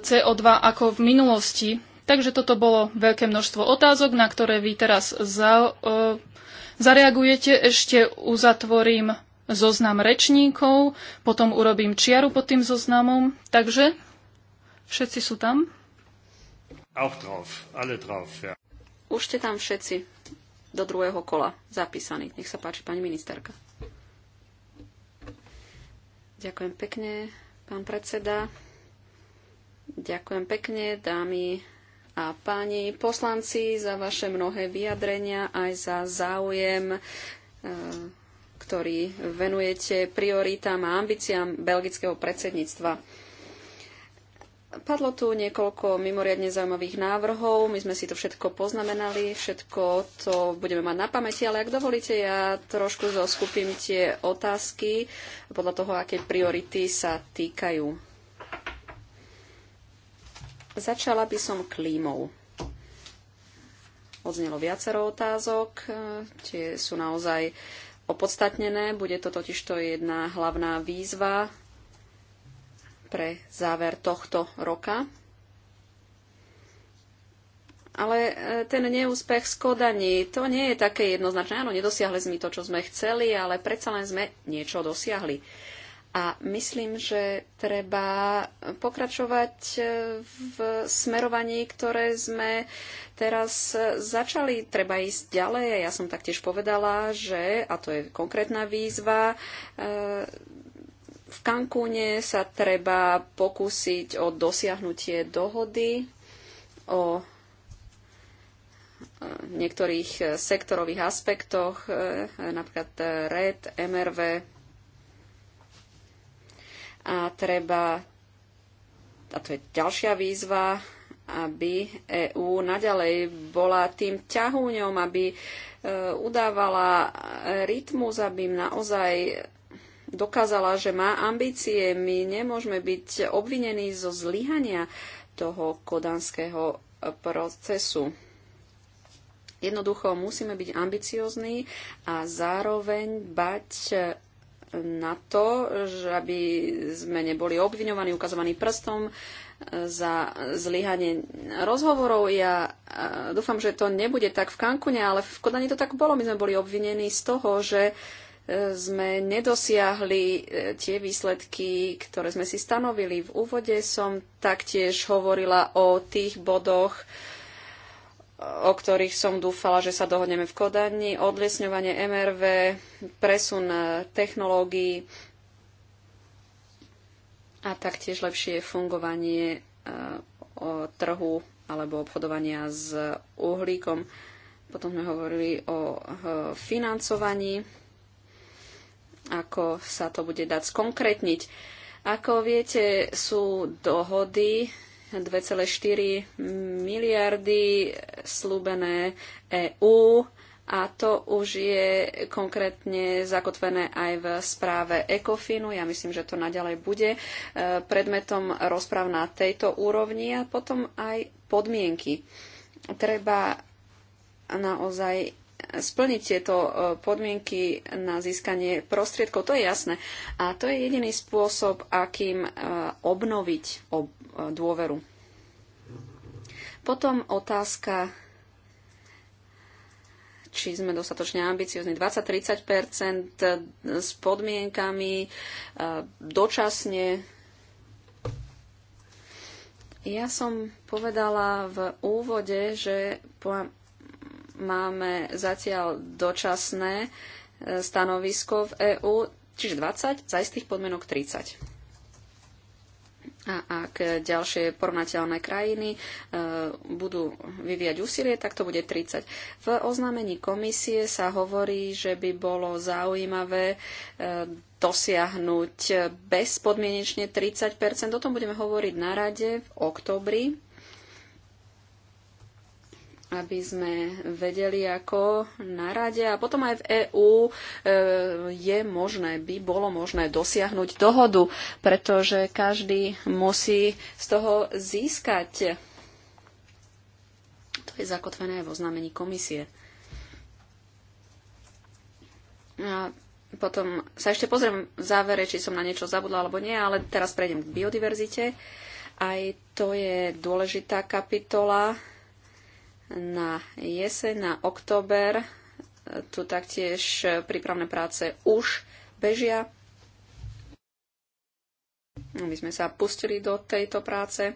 S3: CO2 ako v minulosti. Takže toto bolo veľké množstvo otázok, na ktoré vy teraz za, e, zareagujete. Ešte uzatvorím zoznam rečníkov, potom urobím čiaru pod tým zoznamom. Takže
S4: všetci sú tam?
S2: Auch drauf, alle drauf, ja.
S4: Už ste tam všetci do druhého kola zapísaní. Nech sa páči, pani ministerka. Ďakujem pekne, pán predseda. Ďakujem pekne, dámy a páni poslanci, za vaše mnohé vyjadrenia, aj za záujem e ktorý venujete prioritám a ambíciám belgického predsedníctva. Padlo tu niekoľko mimoriadne zaujímavých návrhov, my sme si to všetko poznamenali, všetko to budeme mať na pamäti, ale ak dovolíte, ja trošku zoskupím tie otázky podľa toho, aké priority sa týkajú. Začala by som klímou. Odznelo viacero otázok, tie sú naozaj opodstatnené. Bude to totižto jedna hlavná výzva pre záver tohto roka. Ale e, ten neúspech s kodaní, to nie je také jednoznačné. Áno, nedosiahli sme to, čo sme chceli, ale predsa len sme niečo dosiahli. A myslím, že treba pokračovať e, v smerovaní, ktoré sme teraz začali. Treba ísť ďalej. Ja som taktiež povedala, že, a to je konkrétna výzva, e, v Kankúne sa treba pokúsiť o dosiahnutie dohody o e, niektorých sektorových aspektoch, napríklad RED, MRV, a treba, a to je ďalšia výzva, aby EÚ naďalej bola tým ťahúňom, aby e, udávala rytmus, aby im naozaj dokázala, že má ambície. My nemôžeme byť obvinení zo zlyhania toho kodanského procesu. Jednoducho musíme byť ambiciozní a zároveň bať na to, že aby sme neboli obviňovaní, ukazovaní prstom e, za zlyhanie rozhovorov. Ja e, dúfam, že to nebude tak v Kankune, ale v Kodani to tak bolo. My sme boli obvinení z toho, že e, sme nedosiahli tie výsledky, ktoré sme si stanovili. V úvode som taktiež hovorila o tých bodoch, o ktorých som dúfala, že sa dohodneme v Kodani, odlesňovanie MRV, presun eh, technológií a taktiež lepšie fungovanie eh, trhu alebo obchodovania s uhlíkom. Potom sme hovorili o eh, financovaní, ako sa to bude dať skonkrétniť. Ako viete, sú dohody 2,4 miliardy slúbené EÚ a to už je konkrétne zakotvené aj v správe ECOFINu. Ja myslím, že to naďalej bude e, predmetom rozpráv na tejto úrovni a potom aj podmienky. Treba naozaj splniť tieto e, podmienky na získanie prostriedkov, to je jasné. A to je jediný spôsob, akým e, obnoviť e, dôveru. Potom otázka, či sme dostatočne ambiciozni. 20-30 s podmienkami dočasne. Ja som povedala v úvode, že máme zatiaľ dočasné e, stanovisko v EÚ, čiže 20, za istých podmienok 30. A ak ďalšie porovnateľné krajiny e, budú vyvíjať úsilie, tak to bude 30. V oznámení komisie sa hovorí, že by bolo zaujímavé e, dosiahnuť bezpodmienečne 30 O tom budeme hovoriť na rade v oktobri aby sme vedeli, ako na rade a potom aj v EÚ e, je možné, by bolo možné dosiahnuť dohodu, pretože každý musí z toho získať. To je zakotvené vo znamení komisie. A potom sa ešte pozriem v závere, či som na niečo zabudla alebo nie, ale teraz prejdem k biodiverzite. Aj to je dôležitá kapitola na jeseň, na október. Tu taktiež prípravné práce už bežia. My sme sa pustili do tejto práce.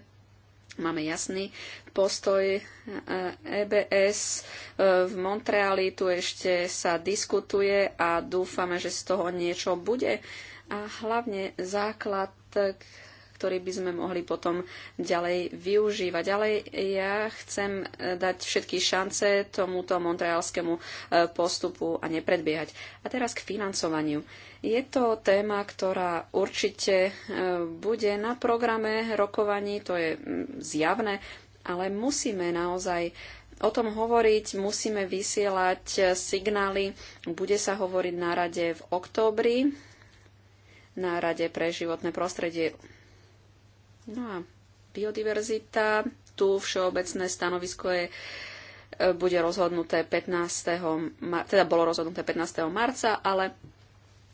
S4: Máme jasný postoj EBS. E e, v Montreali tu ešte sa diskutuje a dúfame, že z toho niečo bude. A hlavne základ, ktorý by sme mohli potom ďalej využívať. Ale ja chcem e, dať všetky šance tomuto montrealskému e, postupu a nepredbiehať. A teraz k financovaniu. Je to téma, ktorá určite e, bude na programe rokovaní, to je zjavné, ale musíme naozaj o tom hovoriť, musíme vysielať signály. Bude sa hovoriť na rade v októbri, na Rade pre životné prostredie No a biodiverzita, tu všeobecné stanovisko je e, bude rozhodnuté 15. Mar- teda bolo rozhodnuté 15. marca, ale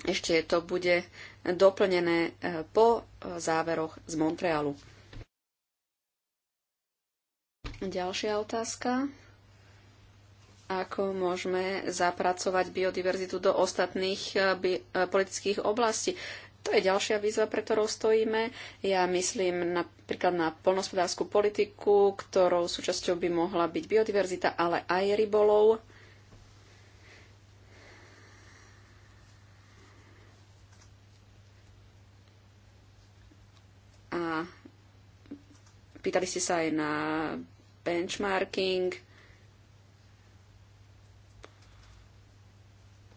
S4: ešte to bude doplnené e, po e, záveroch z Montrealu. Ďalšia otázka. Ako môžeme zapracovať biodiverzitu do ostatných bi- politických oblastí? To je ďalšia výzva, pre ktorou stojíme. Ja myslím napríklad na polnospodárskú politiku, ktorou súčasťou by mohla byť biodiverzita, ale aj rybolov. A pýtali ste sa aj na benchmarking,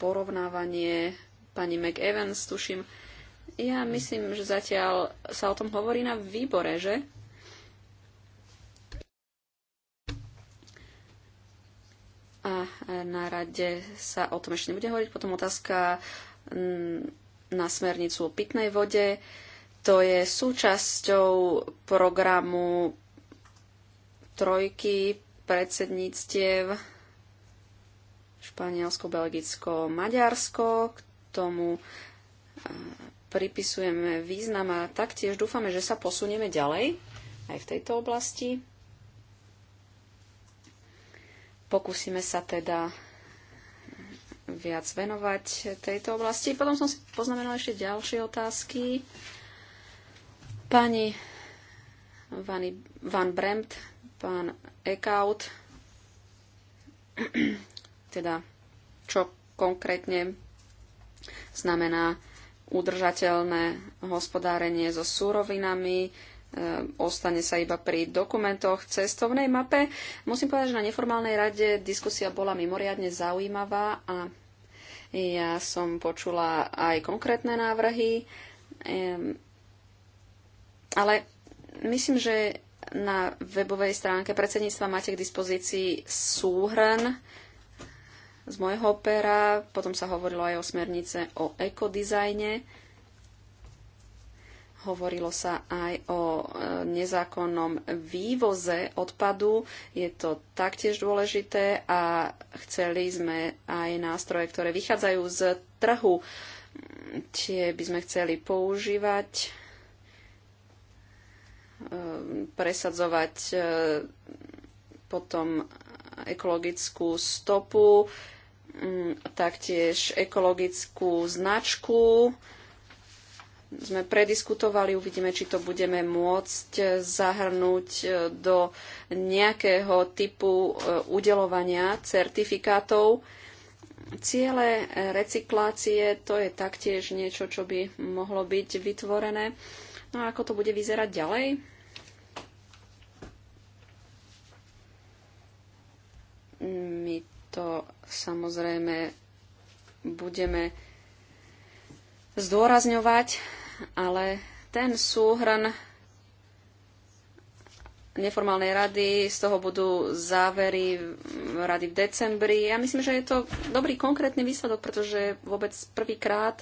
S4: porovnávanie pani McEvans, tuším, ja myslím, že zatiaľ sa o tom hovorí na výbore, že? A na rade sa o tom ešte nebude hovoriť. Potom otázka mm, na smernicu o pitnej vode. To je súčasťou programu trojky predsedníctiev Španielsko, Belgicko, Maďarsko. K tomu pripisujeme význam a taktiež dúfame, že sa posunieme ďalej aj v tejto oblasti. Pokúsime sa teda viac venovať tejto oblasti. Potom som si poznamenala ešte ďalšie otázky. Pani Vani, Van Bremt, pán Ekaut, teda čo konkrétne znamená udržateľné hospodárenie so súrovinami, e, ostane sa iba pri dokumentoch cestovnej mape. Musím povedať, že na neformálnej rade diskusia bola mimoriadne zaujímavá a ja som počula aj konkrétne návrhy, ale myslím, že na webovej stránke predsedníctva máte k dispozícii súhrn z môjho pera. Potom sa hovorilo aj o smernice o ekodizajne. Hovorilo sa aj o e, nezákonnom vývoze odpadu. Je to taktiež dôležité a chceli sme aj nástroje, ktoré vychádzajú z trhu. Tie by sme chceli používať, e, presadzovať e, potom ekologickú stopu, Mm, taktiež ekologickú značku. Sme prediskutovali, uvidíme, či to budeme môcť eh, zahrnúť eh, do nejakého typu eh, udelovania certifikátov. Ciele recyklácie to je taktiež niečo, čo by mohlo byť vytvorené. No a ako to bude vyzerať ďalej? Mm, my to samozrejme budeme zdôrazňovať, ale ten súhrn neformálnej rady, z toho budú závery rady v decembri. Ja myslím, že je to dobrý konkrétny výsledok, pretože vôbec prvýkrát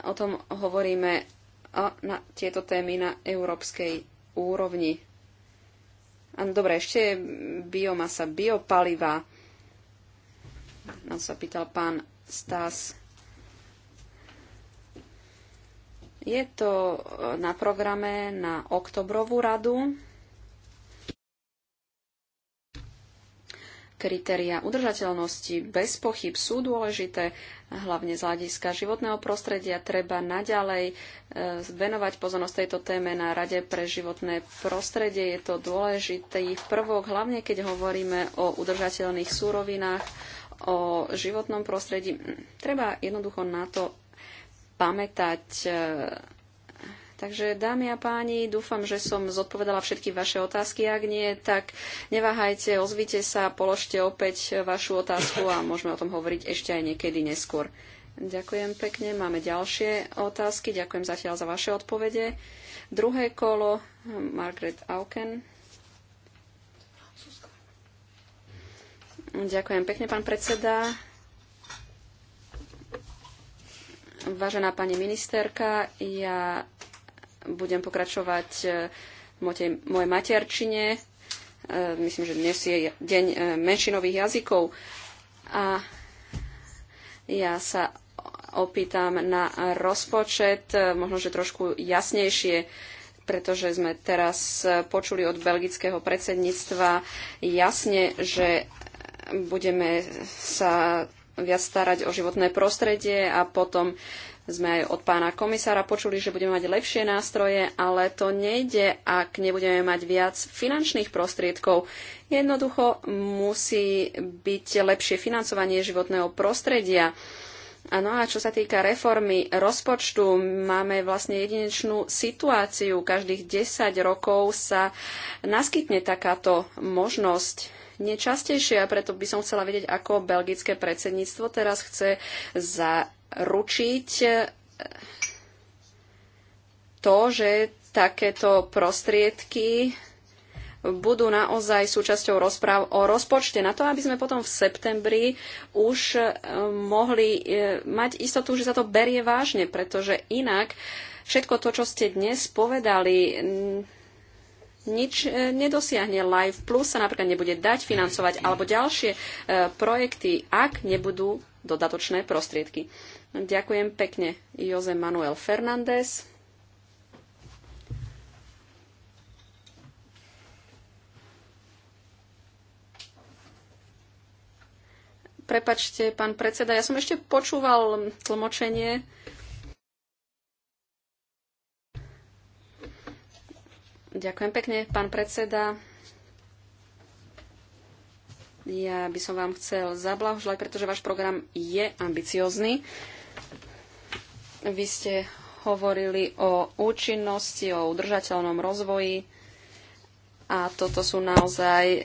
S4: o tom hovoríme a na tieto témy na európskej úrovni. A dobre, ešte je biomasa, biopaliva na sa pýtal pán Stas. Je to e, na programe na oktobrovú radu. Kritéria udržateľnosti bez pochyb sú dôležité, hlavne z hľadiska životného prostredia. Treba naďalej e, venovať pozornosť tejto téme na Rade pre životné prostredie. Je to dôležitý prvok, hlavne keď hovoríme o udržateľných súrovinách o životnom prostredí. Treba jednoducho na to pamätať. E, takže, dámy a páni, dúfam, že som zodpovedala všetky vaše otázky. Ak nie, tak neváhajte, ozvite sa, položte opäť vašu otázku a môžeme o tom hovoriť ešte aj niekedy neskôr. Ďakujem pekne. Máme ďalšie otázky. Ďakujem zatiaľ za vaše odpovede. Druhé kolo, Margaret Auken. Ďakujem pekne, pán predseda. Vážená pani ministerka, ja budem pokračovať e, v mojej materčine. E, myslím, že dnes je deň e, menšinových jazykov. A ja sa opýtam na rozpočet, možno, že trošku jasnejšie pretože sme teraz počuli od belgického predsedníctva jasne, že budeme sa viac starať o životné prostredie a potom sme aj od pána komisára počuli, že budeme mať lepšie nástroje, ale to nejde, ak nebudeme mať viac finančných prostriedkov. Jednoducho musí byť lepšie financovanie životného prostredia. no a čo sa týka reformy rozpočtu, máme vlastne jedinečnú situáciu. Každých 10 rokov sa naskytne takáto možnosť nečastejšie a preto by som chcela vedieť, ako belgické predsedníctvo teraz chce zaručiť eh, to, že takéto prostriedky budú naozaj súčasťou rozpráv o rozpočte na to, aby sme potom v septembri už eh, mohli eh, mať istotu, že sa to berie vážne, pretože inak všetko to, čo ste dnes povedali, nič e, nedosiahne. Life Plus sa napríklad nebude dať financovať alebo ďalšie e, projekty, ak nebudú dodatočné prostriedky. Ďakujem pekne Jose Manuel Fernández. Prepačte, pán predseda, ja som ešte počúval tlmočenie Ďakujem pekne, pán predseda. Ja by som vám chcel zablahoželať, pretože váš program je ambiciózny. Vy ste hovorili o účinnosti, o udržateľnom rozvoji a toto sú naozaj e,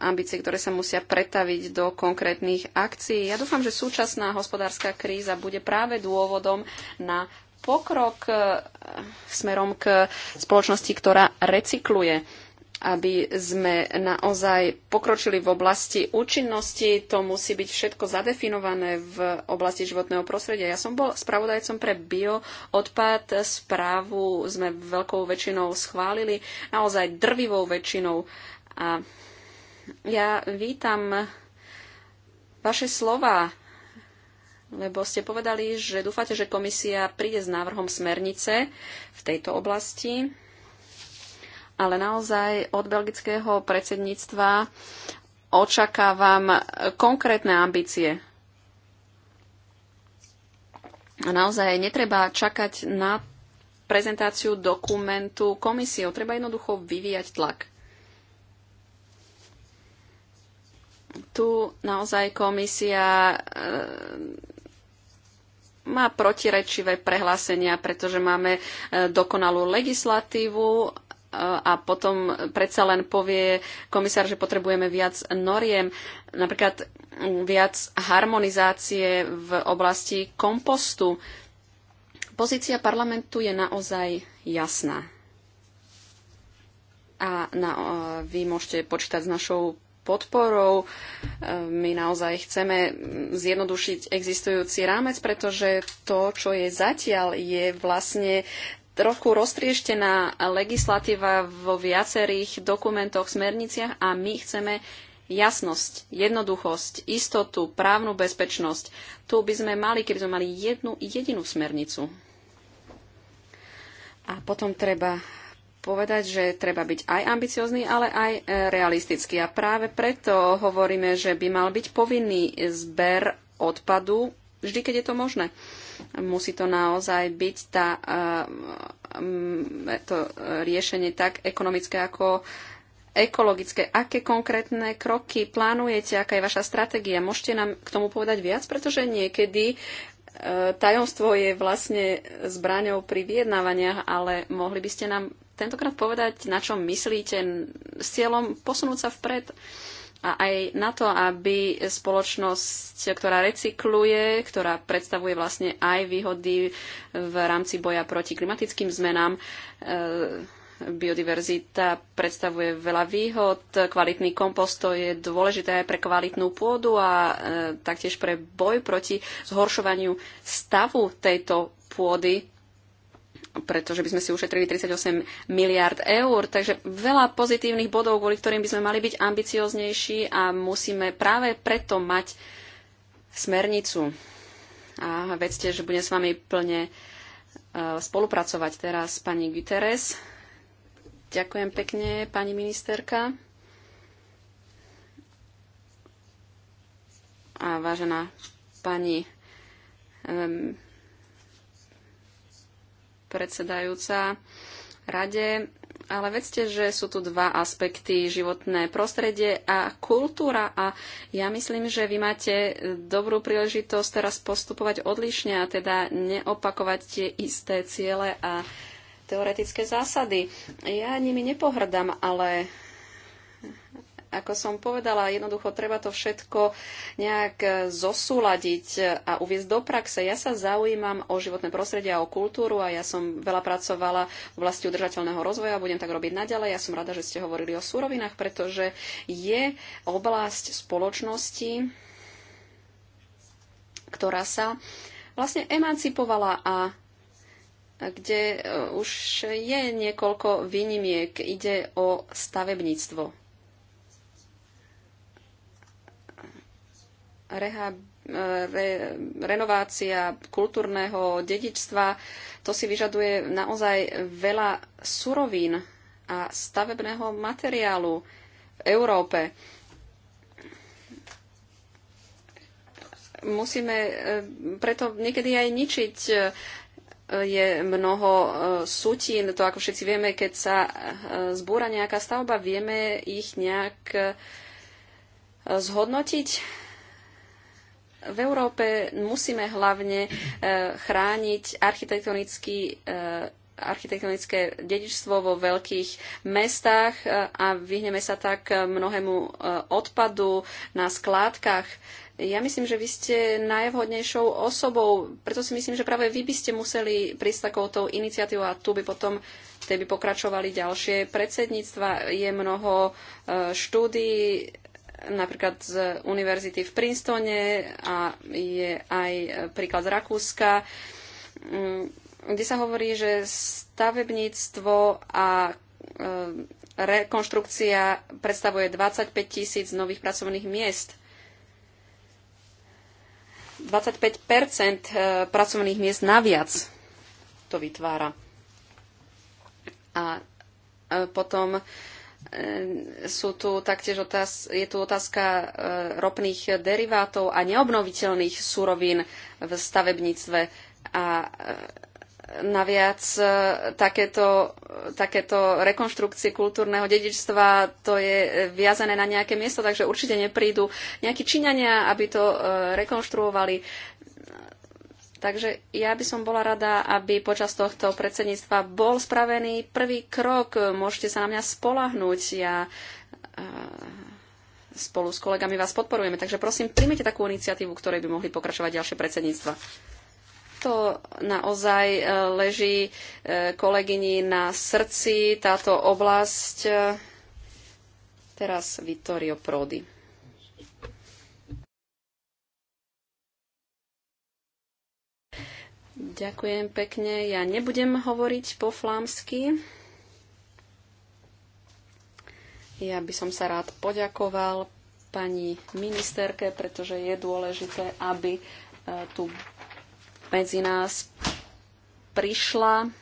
S4: ambície, ktoré sa musia pretaviť do konkrétnych akcií. Ja dúfam, že súčasná hospodárska kríza bude práve dôvodom na pokrok e, smerom k spoločnosti, ktorá recykluje aby sme naozaj pokročili v oblasti účinnosti. To musí byť všetko zadefinované v oblasti životného prostredia. Ja som bol spravodajcom pre bioodpad. Správu sme veľkou väčšinou schválili, naozaj drvivou väčšinou. A ja vítam vaše slova lebo ste povedali, že dúfate, že komisia príde s návrhom smernice v tejto oblasti, ale naozaj od belgického predsedníctva očakávam konkrétne ambície. A naozaj netreba čakať na prezentáciu dokumentu komisiou. Treba jednoducho vyvíjať tlak. Tu naozaj komisia má protirečivé prehlásenia, pretože máme e, dokonalú legislatívu e, a potom predsa len povie komisár, že potrebujeme viac noriem, napríklad viac harmonizácie v oblasti kompostu. Pozícia parlamentu je naozaj jasná. A na, e, vy môžete počítať s našou podporou. E, my naozaj chceme zjednodušiť existujúci rámec, pretože to, čo je zatiaľ, je vlastne trochu roztrieštená legislatíva vo viacerých dokumentoch, smerniciach a my chceme jasnosť, jednoduchosť, istotu, právnu bezpečnosť. Tu by sme mali, keby sme mali jednu jedinú smernicu. A potom treba povedať, že treba byť aj ambiciózny, ale aj e, realistický. A práve preto hovoríme, že by mal byť povinný zber odpadu vždy, keď je to možné. Musí to naozaj byť tá, e, e, to riešenie tak ekonomické ako ekologické. Aké konkrétne kroky plánujete, aká je vaša stratégia? Môžete nám k tomu povedať viac, pretože niekedy tajomstvo je vlastne zbraňou pri vyjednávaniach, ale mohli by ste nám tentokrát povedať, na čo myslíte, s cieľom posunúť sa vpred a aj na to, aby spoločnosť, ktorá recykluje, ktorá predstavuje vlastne aj výhody v rámci boja proti klimatickým zmenám, e, biodiverzita predstavuje veľa výhod, kvalitný kompost to je dôležité aj pre kvalitnú pôdu a e, taktiež pre boj proti zhoršovaniu stavu tejto pôdy pretože by sme si ušetrili 38 miliard eur. Takže veľa pozitívnych bodov, kvôli ktorým by sme mali byť ambicioznejší a musíme práve preto mať smernicu. A vedzte, že budem s vami plne e, spolupracovať teraz pani Guterres. Ďakujem pekne, pani ministerka. A vážená pani um, predsedajúca rade. Ale vedzte, že sú tu dva aspekty, životné prostredie a kultúra. A ja myslím, že vy máte dobrú príležitosť teraz postupovať odlišne a teda neopakovať tie isté ciele a teoretické zásady. Ja nimi nepohrdám, ale ako som povedala, jednoducho treba to všetko nejak e, zosúladiť a uviezť do praxe. Ja sa zaujímam o životné prostredie a o kultúru a ja som veľa pracovala v oblasti udržateľného rozvoja a budem tak robiť naďalej. Ja som rada, že ste hovorili o súrovinách, pretože je oblasť spoločnosti, ktorá sa vlastne emancipovala a kde e, už je niekoľko výnimiek. Ide o stavebníctvo. reha, e, re, renovácia kultúrneho dedičstva, to si vyžaduje naozaj veľa surovín a stavebného materiálu v Európe. Musíme e, preto niekedy aj ničiť e, je mnoho sutín. To ako všetci vieme, keď sa zbúra nejaká stavba, vieme ich nejak zhodnotiť v Európe musíme hlavne eh, chrániť architektonický eh, architektonické dedičstvo vo veľkých mestách eh, a vyhneme sa tak mnohému odpadu na skládkach. Ja myslím, že vy ste najvhodnejšou osobou, preto si myslím, že práve vy by ste museli prísť takouto iniciatívou a tu by potom tej by pokračovali ďalšie predsedníctva. Je mnoho štúdií napríklad z univerzity v Princetone a je aj príklad z Rakúska, mm, kde sa hovorí, že stavebníctvo a e, rekonštrukcia predstavuje 25 tisíc nových pracovných miest. 25 e, pracovných miest naviac to vytvára. A e, potom Ehm, sú tu taktiež otáz, je tu otázka e, ropných derivátov a neobnoviteľných surovín v stavebníctve. A e, naviac e, takéto, takéto rekonštrukcie kultúrneho dedičstva, to je viazané na nejaké miesto, takže určite neprídu nejakí Číňania, aby to rekonštruovali. Takže ja by som bola rada, aby počas tohto predsedníctva bol spravený prvý krok. Môžete sa na mňa spolahnúť. Ja eh, spolu s kolegami vás podporujeme. Takže prosím, príjmite takú iniciatívu, ktorej by mohli pokračovať ďalšie predsedníctva. To naozaj eh, leží eh, kolegyni na srdci, táto oblasť. Teraz Vittorio Prodi. Ďakujem pekne. Ja nebudem hovoriť po flámsky. Ja by som sa rád poďakoval pani ministerke, pretože je dôležité, aby e, tu medzi nás prišla.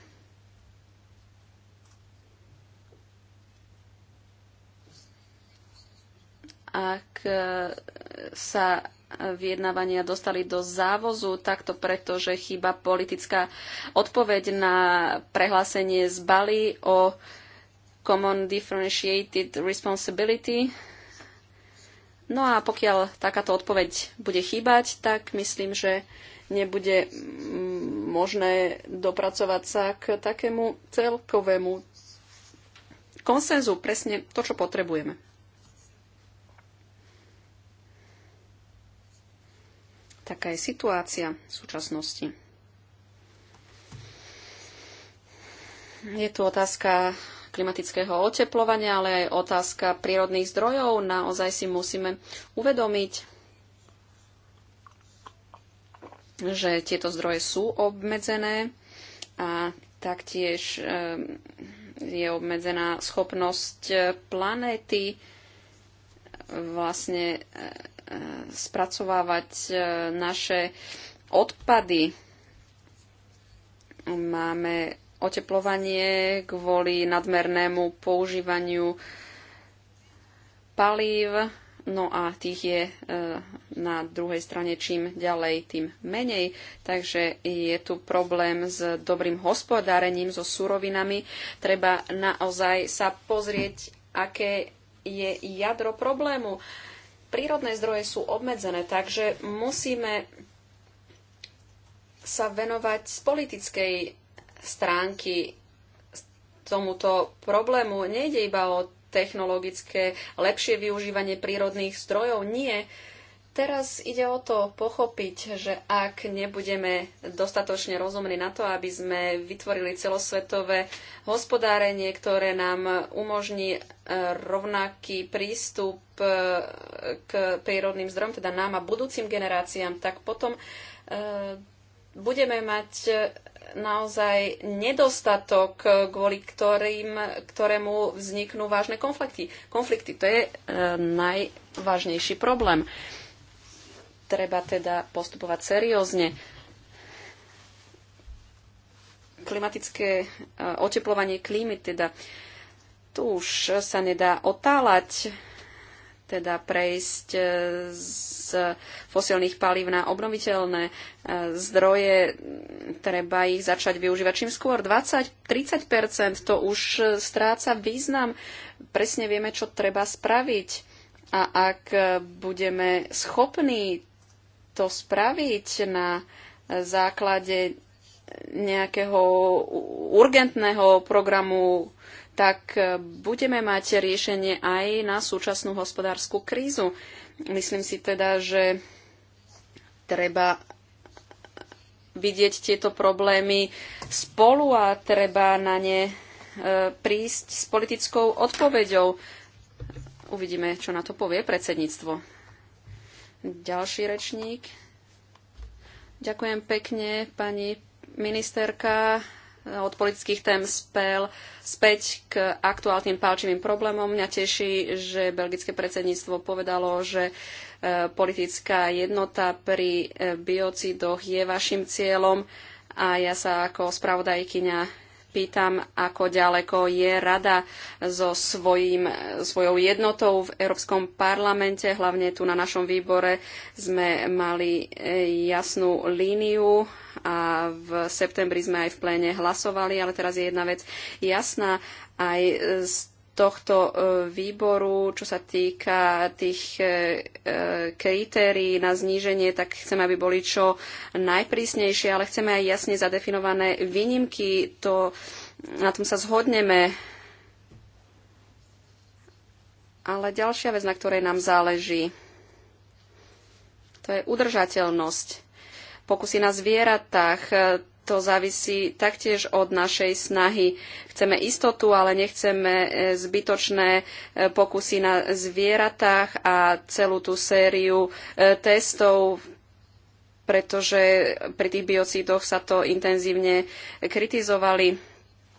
S4: Ak e, sa vyjednávania dostali do závozu, takto preto, že chýba politická odpoveď na prehlásenie z Bali o Common Differentiated Responsibility. No a pokiaľ takáto odpoveď bude chýbať, tak myslím, že nebude možné dopracovať sa k takému celkovému konsenzu, presne to, čo potrebujeme. Taká je situácia v súčasnosti. Je tu otázka klimatického oteplovania, ale aj otázka prírodných zdrojov. Naozaj si musíme uvedomiť, že tieto zdroje sú obmedzené a taktiež ehm, je obmedzená schopnosť e, planéty vlastne e, spracovávať e, naše odpady. Máme oteplovanie kvôli nadmernému používaniu palív, no a tých je e, na druhej strane čím ďalej, tým menej. Takže je tu problém s dobrým hospodárením, so surovinami. Treba naozaj sa pozrieť, aké je jadro problému. Uh, prírodné zdroje sú obmedzené, takže musíme sa venovať z politickej stránky tomuto problému. Nejde iba o technologické lepšie využívanie prírodných zdrojov, nie. Uh, Teraz ide o to pochopiť, že ak nebudeme dostatočne rozumní na to, aby sme vytvorili celosvetové hospodárenie, ktoré nám umožní e, rovnaký prístup e, k prírodným zdrojom, teda nám a budúcim generáciám, tak potom e, budeme mať naozaj nedostatok, kvôli ktorým, ktorému vzniknú vážne konflikty. konflikty. To je najvážnejší problém. Treba teda postupovať seriózne. Klimatické e, oteplovanie klímy, teda tu už sa nedá otáľať, teda prejsť e, z fosilných palív na obnoviteľné e, zdroje, treba ich začať využívať čím skôr. 20-30 to už stráca význam. Presne vieme, čo treba spraviť. A ak budeme schopní to spraviť na základe nejakého urgentného programu, tak e, budeme mať riešenie aj na súčasnú hospodárskú krízu. Myslím si teda, že treba vidieť tieto problémy spolu a treba na ne e, prísť s politickou odpoveďou. Uvidíme, čo na to povie predsedníctvo. Ďalší rečník. Ďakujem pekne, pani ministerka od politických tém spel späť k aktuálnym palčivým problémom. Mňa teší, že belgické predsedníctvo povedalo, že e, politická jednota pri e, biocidoch je vašim cieľom a ja sa ako spravodajkyňa pýtam, ako ďaleko je rada so svojím, svojou jednotou v Európskom parlamente. Hlavne tu na našom výbore sme mali e, jasnú líniu a v septembri sme aj v pléne hlasovali, ale teraz je jedna vec jasná aj z tohto e, výboru, čo sa týka tých e, e, kritérií na zníženie, tak chceme, aby boli čo najprísnejšie, ale chceme aj jasne zadefinované výnimky. To, na tom sa zhodneme. Ale ďalšia vec, na ktorej nám záleží, to je udržateľnosť. Pokusy na zvieratách, to závisí taktiež od našej snahy. Chceme istotu, ale nechceme e, zbytočné e, pokusy na zvieratách a celú tú sériu e, testov, pretože pri tých biocídoch sa to intenzívne kritizovali.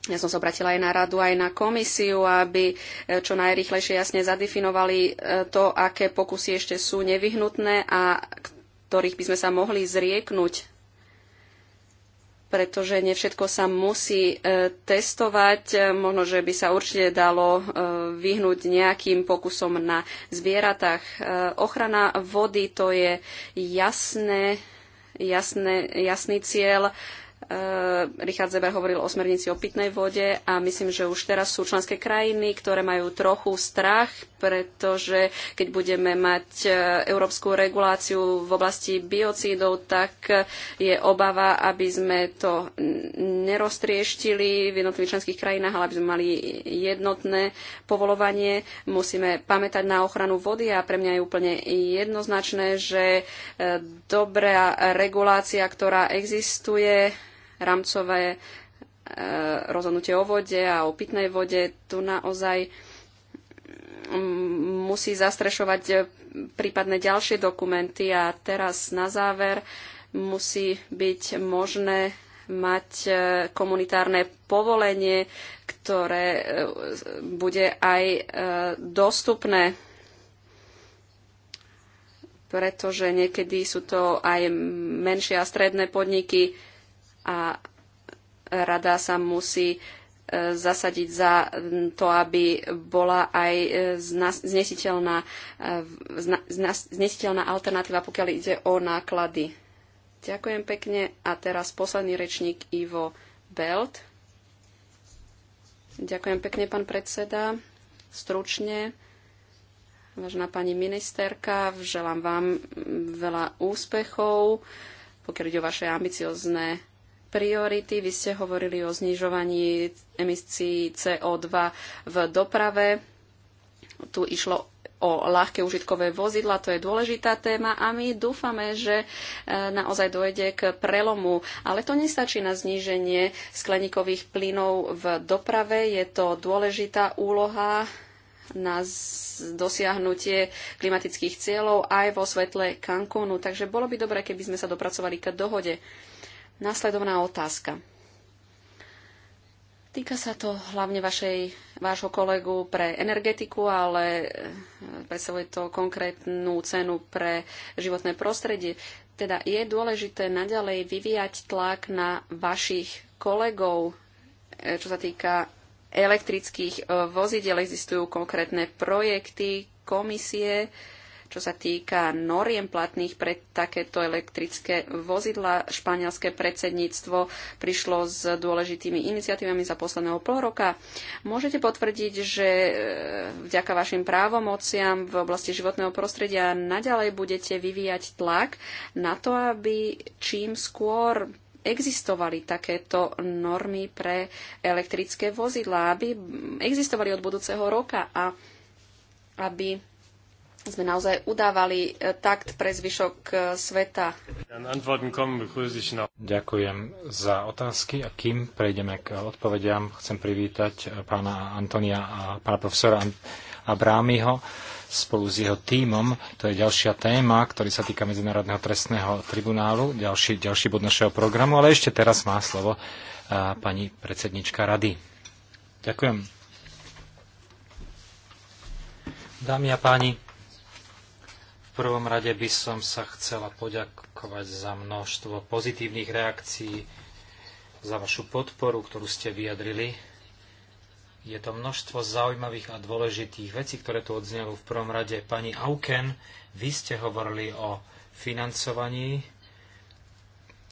S4: Ja som sa obratila aj na radu, aj na komisiu, aby čo najrychlejšie jasne zadefinovali to, aké pokusy ešte sú nevyhnutné a ktorých by sme sa mohli zrieknúť pretože nevšetko sa musí e, testovať. E, možno, že by sa určite dalo e, vyhnúť nejakým pokusom na zvieratách. Ochrana vody to je jasné, jasné, jasný cieľ Eh, Richard Zeber hovoril o smernici o pitnej vode a myslím, že už teraz sú členské krajiny, ktoré majú trochu strach, pretože keď budeme mať eh, európsku reguláciu v oblasti biocídov, tak je obava, aby sme to neroztrieštili v jednotlivých členských krajinách, ale aby sme mali jednotné povolovanie. Musíme pamätať na ochranu vody a pre mňa je úplne jednoznačné, že eh, dobrá regulácia, ktorá existuje, rámcové e, rozhodnutie o vode a o pitnej vode. Tu naozaj mm, musí zastrešovať e, prípadne ďalšie dokumenty a teraz na záver musí byť možné mať e, komunitárne povolenie, ktoré bude aj dostupné, pretože niekedy sú to aj menšie a stredné podniky, a rada sa musí e, zasadiť za to, aby bola aj e, znesiteľná, e, znesiteľná alternatíva, pokiaľ ide o náklady. Ďakujem pekne. A teraz posledný rečník Ivo Belt. Ďakujem pekne, pán predseda. Stručne. Vážená pani ministerka, želám vám veľa úspechov, pokiaľ ide o vaše ambiciozne priority. Vy ste hovorili o znižovaní emisí CO2 v doprave. Tu išlo o ľahké užitkové vozidla, to je dôležitá téma a my dúfame, že e, naozaj dojde k prelomu. Ale to nestačí na zníženie skleníkových plynov v doprave. Je to dôležitá úloha na dosiahnutie klimatických cieľov aj vo svetle Cancúnu. Takže bolo by dobré, keby sme sa dopracovali k dohode. Následovná otázka. Týka sa to hlavne vašej, vášho kolegu pre energetiku, ale eh, predstavuje to konkrétnu cenu pre životné prostredie. Teda je dôležité naďalej vyvíjať tlak na vašich kolegov, eh, čo sa týka elektrických eh, vozidel. Existujú konkrétne projekty, komisie, čo sa týka noriem platných pre takéto elektrické vozidla, španielské predsedníctvo prišlo s dôležitými iniciatívami za posledného pol roka. Môžete potvrdiť, že e, vďaka vašim právomociam v oblasti životného prostredia naďalej budete vyvíjať tlak na to, aby čím skôr existovali takéto normy pre elektrické vozidlá, aby existovali od budúceho roka a aby sme naozaj udávali e, takt pre zvyšok e, sveta.
S1: Ďakujem za otázky a kým prejdeme k odpovediam, chcem privítať e, pána Antonia a pána profesora Abrámiho spolu s jeho tímom. To je ďalšia téma, ktorý sa týka Medzinárodného trestného tribunálu, ďalší, ďalší bod našeho programu, ale ešte teraz má slovo pani predsednička rady. Ďakujem. Dámy a páni, prvom rade by som sa chcela poďakovať za množstvo pozitívnych reakcií, za vašu podporu, ktorú ste vyjadrili. Je to množstvo zaujímavých a dôležitých vecí, ktoré tu odznelo. V prvom rade, pani Auken, vy ste hovorili o financovaní.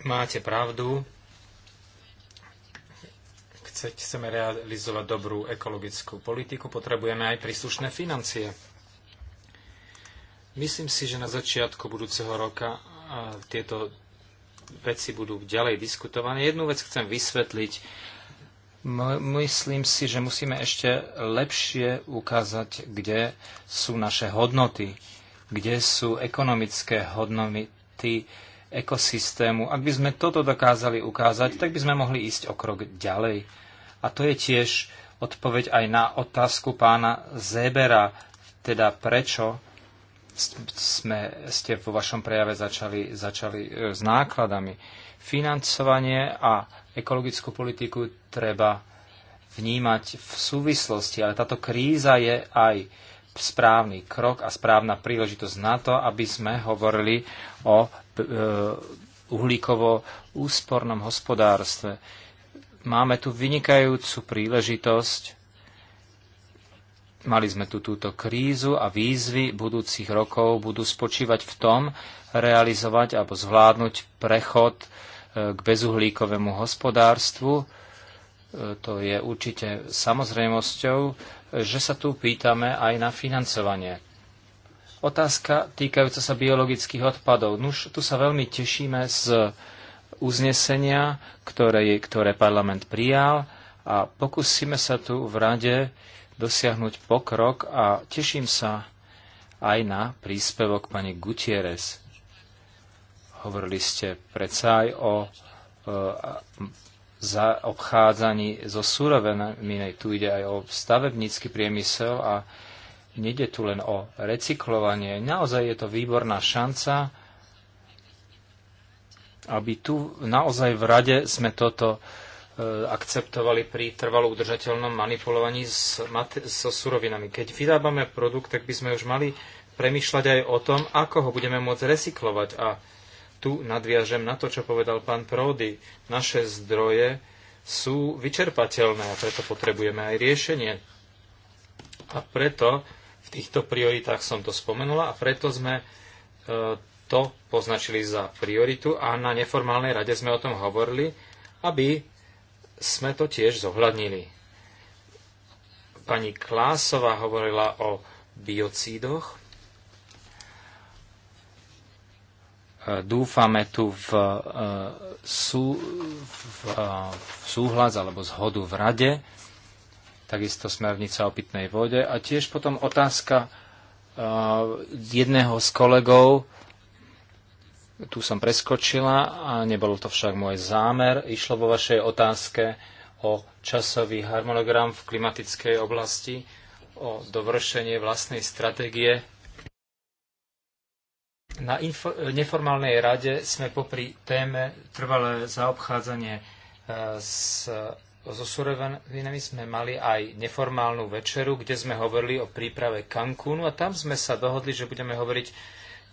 S1: Máte pravdu. Chceme realizovať dobrú ekologickú politiku, potrebujeme aj príslušné financie Myslím si, že na začiatku budúceho roka tieto veci budú ďalej diskutované. Jednu vec chcem vysvetliť. Myslím si, že musíme ešte lepšie ukázať, kde sú naše hodnoty, kde sú ekonomické hodnoty ekosystému. Ak by sme toto dokázali ukázať, tak by sme mohli ísť o krok ďalej. A to je tiež odpoveď aj na otázku pána Zébera, teda prečo sme, ste vo vašom prejave začali, začali e, s nákladami. Financovanie a ekologickú politiku treba vnímať v súvislosti, ale táto kríza je aj správny krok a správna príležitosť na to, aby sme hovorili o e, uhlíkovo úspornom hospodárstve. Máme tu vynikajúcu príležitosť Mali sme tu túto krízu a výzvy budúcich rokov budú spočívať v tom, realizovať alebo zvládnuť prechod e, k bezuhlíkovému hospodárstvu. E, to je určite samozrejmosťou, e, že sa tu pýtame aj na financovanie. Otázka týkajúca sa biologických odpadov. Nuž, tu sa veľmi tešíme z uznesenia, ktoré, ktoré parlament prijal a pokúsime sa tu v rade dosiahnuť pokrok a teším sa aj na príspevok pani Gutierrez. Hovorili ste predsa aj o e, za obchádzaní so súrovenami. Tu ide aj o stavebnícky priemysel a nejde tu len o recyklovanie. Naozaj je to výborná šanca, aby tu naozaj v rade sme toto Eh, akceptovali pri trvalo udržateľnom manipulovaní so surovinami. Keď vyrábame produkt, tak by sme už mali premyšľať aj o tom, ako ho budeme môcť recyklovať. A tu nadviažem na to, čo povedal pán Prody. Naše zdroje sú vyčerpateľné a preto potrebujeme aj riešenie. A preto v týchto prioritách som to spomenula a preto sme eh, to poznačili za prioritu a na neformálnej rade sme o tom hovorili, aby sme to tiež zohľadnili. Pani Klásová hovorila o biocídoch. E, dúfame tu v, e, sú, v, e, v súhlas alebo zhodu v rade, takisto smernica o pitnej vode a tiež potom otázka jedného z kolegov, tu som preskočila a nebol to však môj zámer. Išlo vo vašej otázke o časový harmonogram v klimatickej oblasti, o dovršenie vlastnej stratégie. Na neformálnej rade sme popri téme trvalé zaobchádzanie e, s, so surovinami sme mali aj neformálnu večeru, kde sme hovorili o príprave Cancúnu a tam sme sa dohodli, že budeme hovoriť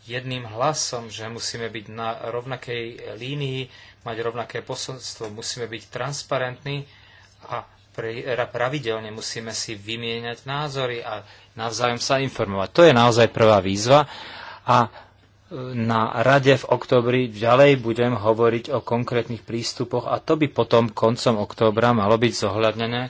S1: jedným hlasom, že musíme byť na rovnakej línii, mať rovnaké posolstvo, musíme byť transparentní a pravidelne musíme si vymieňať názory a navzájom sa informovať. To je naozaj prvá výzva a e, na rade v oktobri ďalej budem hovoriť o konkrétnych prístupoch a to by potom koncom októbra malo byť zohľadnené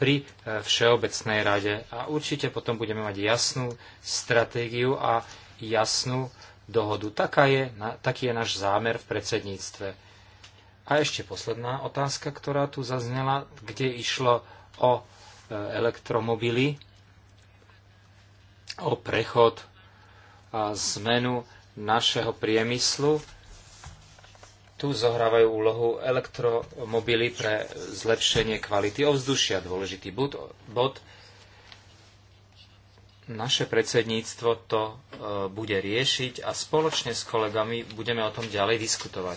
S1: pri e, Všeobecnej rade. A určite potom budeme mať jasnú stratégiu a jasnú dohodu. Taká je, taký je náš zámer v predsedníctve. A ešte posledná otázka, ktorá tu zaznela, kde išlo o e, elektromobily, o prechod a zmenu našeho priemyslu. Tu zohrávajú úlohu elektromobily pre zlepšenie kvality ovzdušia. Dôležitý bod, bod naše predsedníctvo to e, bude riešiť a spoločne s kolegami budeme o tom ďalej diskutovať.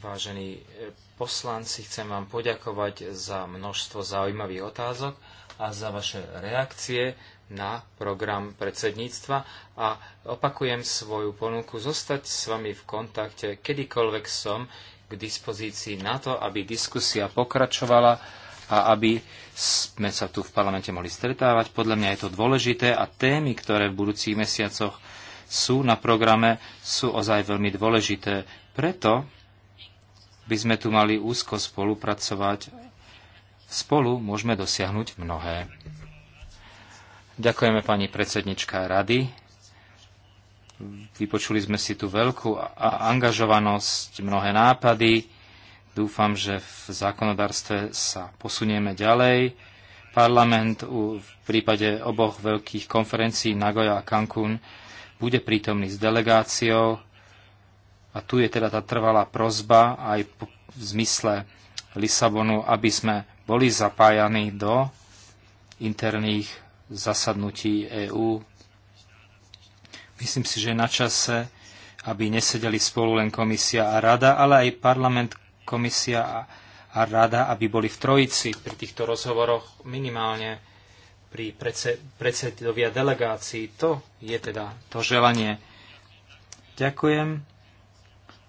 S1: Vážení e, poslanci, chcem vám poďakovať za množstvo zaujímavých otázok a za vaše reakcie na program predsedníctva a opakujem svoju ponuku zostať s vami v kontakte kedykoľvek som k dispozícii na to, aby diskusia pokračovala a aby sme sa tu v parlamente mohli stretávať. Podľa mňa je to dôležité a témy, ktoré v budúcich mesiacoch sú na programe, sú ozaj veľmi dôležité. Preto by sme tu mali úzko spolupracovať. Spolu môžeme dosiahnuť mnohé. Ďakujeme pani predsednička rady. Vypočuli sme si tu veľkú angažovanosť, mnohé nápady Dúfam, že v zákonodárstve sa posunieme ďalej. Parlament v prípade oboch veľkých konferencií Nagoya a Cancún bude prítomný s delegáciou a tu je teda tá trvalá prozba aj v zmysle Lisabonu, aby sme boli zapájani do interných zasadnutí EÚ. Myslím si, že je na čase, aby nesedeli spolu len komisia a rada, ale aj parlament komisia a, a rada, aby boli v trojici pri týchto rozhovoroch minimálne pri predsedovia delegácií. To je teda to želanie. Ďakujem.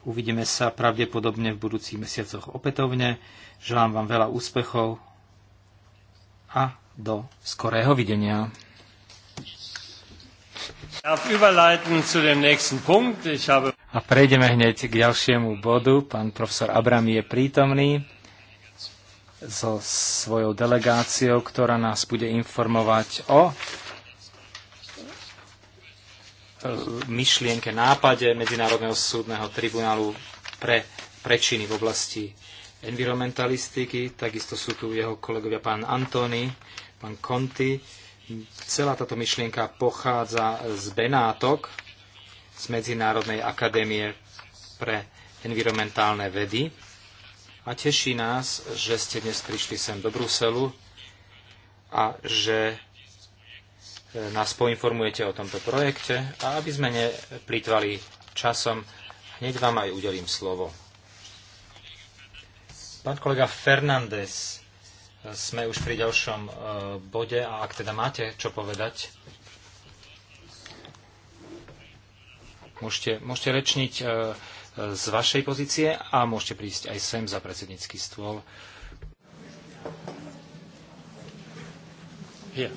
S1: Uvidíme sa pravdepodobne v budúcich mesiacoch opätovne. Želám vám veľa úspechov a do skorého videnia. darf überleiten zu dem nächsten Punkt. Ich habe a prejdeme hneď k ďalšiemu bodu. Pán profesor Abram je prítomný so svojou delegáciou, ktorá nás bude informovať o e, myšlienke, nápade Medzinárodného súdneho tribunálu pre prečiny v oblasti environmentalistiky. Takisto sú tu jeho kolegovia pán Antony, pán Conti. Celá táto myšlienka pochádza z Benátok, z Medzinárodnej akadémie pre environmentálne vedy. A teší nás, že ste dnes prišli sem do Bruselu a že e, nás poinformujete o tomto projekte a aby sme neplýtvali časom, hneď vám aj udelím slovo. Pán kolega Fernández, e, sme už pri ďalšom e, bode a ak teda máte čo povedať, Môžete, môžete rečniť e, e, z vašej pozície a môžete prísť aj sem za predsednícky stôl. Here.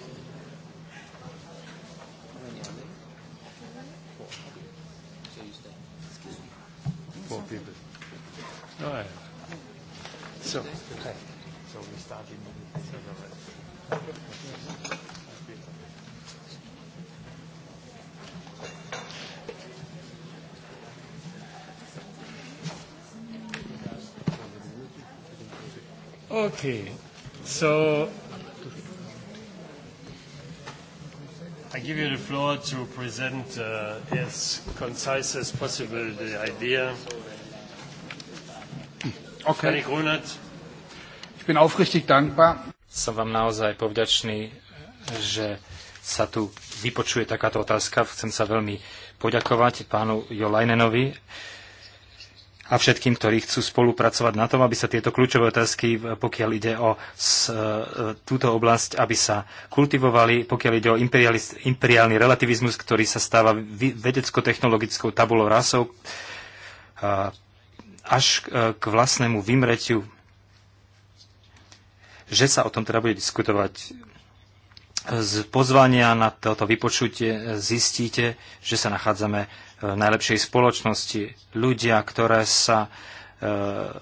S1: Four people. No, All right. So, okay. so we start in.
S2: Okay, so I give you the floor to present uh, as concise as possible the idea. Okay.
S1: Ich bin aufrichtig dankbar. Som vám naozaj povďačný, že sa tu vypočuje takáto otázka. Chcem sa veľmi poďakovať pánu Jolajnenovi a všetkým, ktorí chcú spolupracovať na tom, aby sa tieto kľúčové otázky, pokiaľ ide o e, túto oblasť, aby sa kultivovali, pokiaľ ide o imperiálny relativizmus, ktorý sa stáva vedecko-technologickou tabulou rasov, až k e, vlastnému vymretiu, že sa o tom teda bude diskutovať. Z pozvania na toto vypočutie e, zistíte, že sa nachádzame najlepšej spoločnosti, ľudia, ktoré sa e,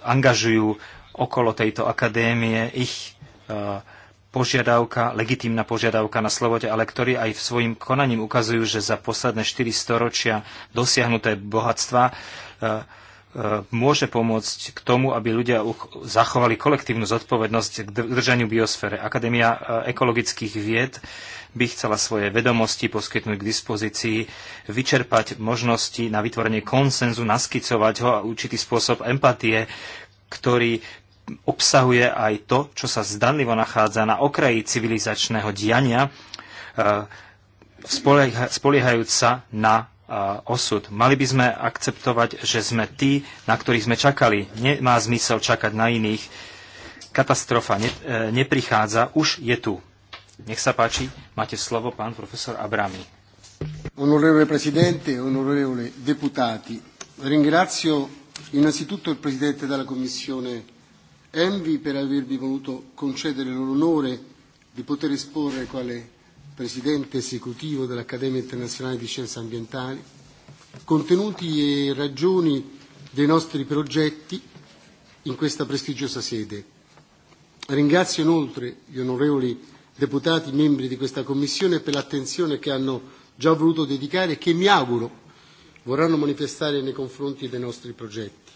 S1: angažujú okolo tejto akadémie, ich e, požiadavka, legitímna požiadavka na slobode, ale ktorí aj v svojim konaním ukazujú, že za posledné 4 storočia dosiahnuté bohatstva e, E, môže pomôcť k tomu, aby ľudia zachovali kolektívnu zodpovednosť k držaniu biosfére. Akadémia e, ekologických vied by chcela svoje vedomosti poskytnúť k dispozícii, vyčerpať možnosti na vytvorenie konsenzu, naskycovať ho a určitý spôsob empatie, ktorý obsahuje aj to, čo sa zdanlivo nachádza na okraji civilizačného diania, e, spoliehajúc sa na osud. Mali by sme akceptovať, že sme tí, na ktorých sme čakali. Nemá zmysel čakať na iných. Katastrofa ne, e, neprichádza, už je tu. Nech sa páči, máte slovo pán profesor Abrami.
S2: Onorevole presidente, onorevole deputati, ringrazio innanzitutto il presidente della commissione Envi per avermi voluto concedere l'onore di poter esporre quale presidente esecutivo dell'Accademia internazionale di scienze ambientali, contenuti e ragioni dei nostri progetti in questa prestigiosa sede. Ringrazio inoltre gli onorevoli deputati membri di questa Commissione per l'attenzione che hanno già voluto dedicare e che mi auguro vorranno manifestare nei confronti dei nostri progetti.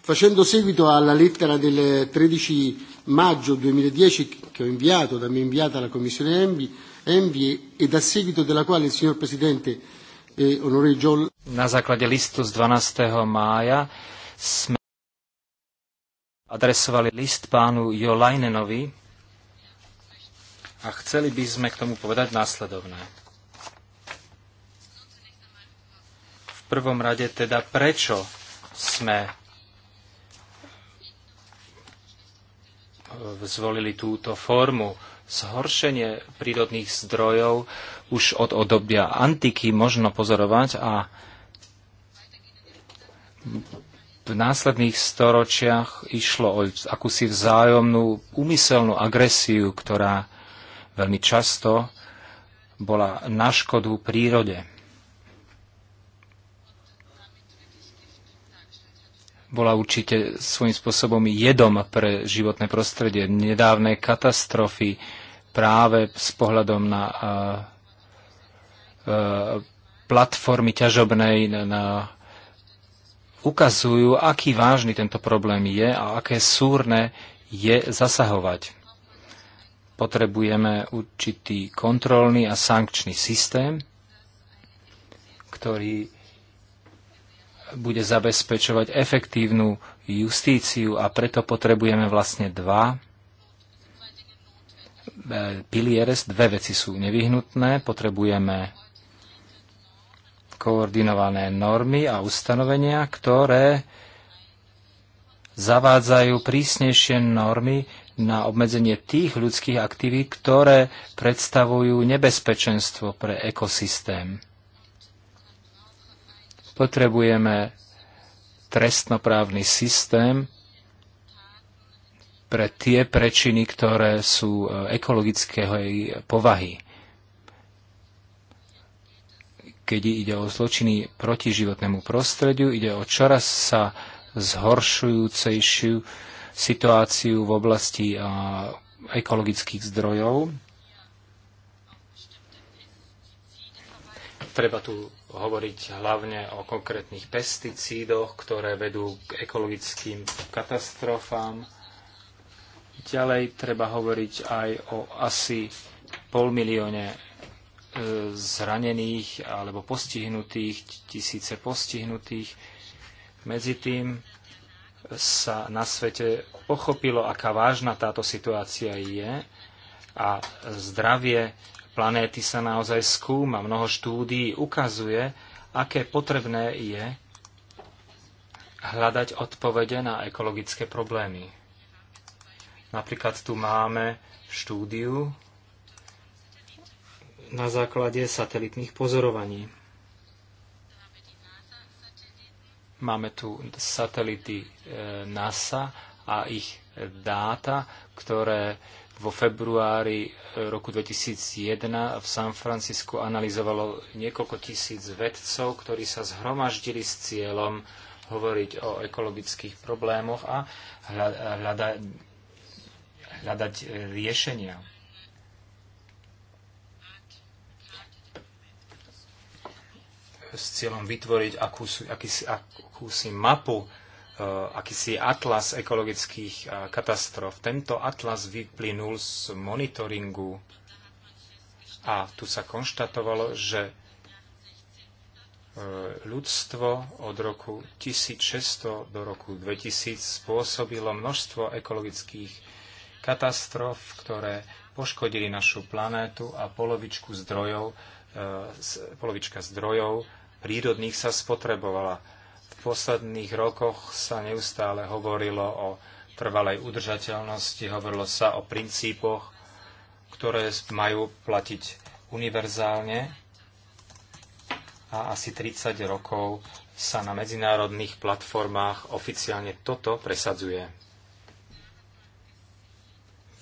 S2: Facendo seguito alla lettera del 13 maggio 2010 che ho inviato da me inviata alla Commissione Envi, Envie ed a seguito della quale, signor Presidente, eh, onorevole Giol...
S1: Na základe listu z 12. mája sme adresovali list pánu Jolajnenovi a chceli by sme k tomu povedať následovné. V prvom rade teda prečo sme eh, zvolili túto formu zhoršenie prírodných zdrojov už od obdobia antiky možno pozorovať a v následných storočiach išlo o akúsi vzájomnú úmyselnú agresiu, ktorá veľmi často bola na škodu prírode. bola určite svojím spôsobom jedom pre životné prostredie. Nedávne katastrofy práve s pohľadom na platformy ťažobnej na, na, ukazujú, aký vážny tento problém je a aké súrne je zasahovať. Potrebujeme určitý kontrolný a sankčný systém, ktorý bude zabezpečovať efektívnu justíciu a preto potrebujeme vlastne dva e, piliere. dve veci sú nevyhnutné. Potrebujeme koordinované normy a ustanovenia, ktoré zavádzajú prísnejšie normy na obmedzenie tých ľudských aktivít, ktoré predstavujú nebezpečenstvo pre ekosystém. Potrebujeme trestnoprávny systém pre tie prečiny, ktoré sú e, ekologického povahy. Keď ide o zločiny proti životnému prostrediu, ide o čoraz sa zhoršujúcejšiu situáciu v oblasti e, ekologických zdrojov. Treba tu hovoriť hlavne o konkrétnych pesticídoch, ktoré vedú k ekologickým katastrofám. Ďalej treba hovoriť aj o asi pol milióne e, zranených alebo postihnutých, tisíce postihnutých. Medzi tým sa na svete pochopilo, aká vážna táto situácia je a zdravie planéty sa naozaj skúma. Mnoho štúdií ukazuje, aké potrebné je hľadať odpovede na ekologické problémy. Napríklad tu máme štúdiu na základe satelitných pozorovaní. Máme tu satelity e, NASA a ich dáta, ktoré vo februári e, roku 2001 v San Francisku analyzovalo niekoľko tisíc vedcov, ktorí sa zhromaždili s cieľom hovoriť o ekologických problémoch a hľada, hľadať e, riešenia. S cieľom vytvoriť akúsi, akúsi, akúsi mapu Eh, akýsi atlas ekologických eh, katastrof. Tento atlas vyplynul z monitoringu a tu sa konštatovalo, že eh, ľudstvo od roku 1600 do roku 2000 spôsobilo množstvo ekologických katastrof, ktoré poškodili našu planétu a polovičku zdrojov, polovička zdrojov prírodných sa spotrebovala posledných rokoch sa neustále hovorilo o trvalej udržateľnosti, hovorilo sa o princípoch, ktoré majú platiť univerzálne. A asi 30 rokov sa na medzinárodných platformách oficiálne toto presadzuje.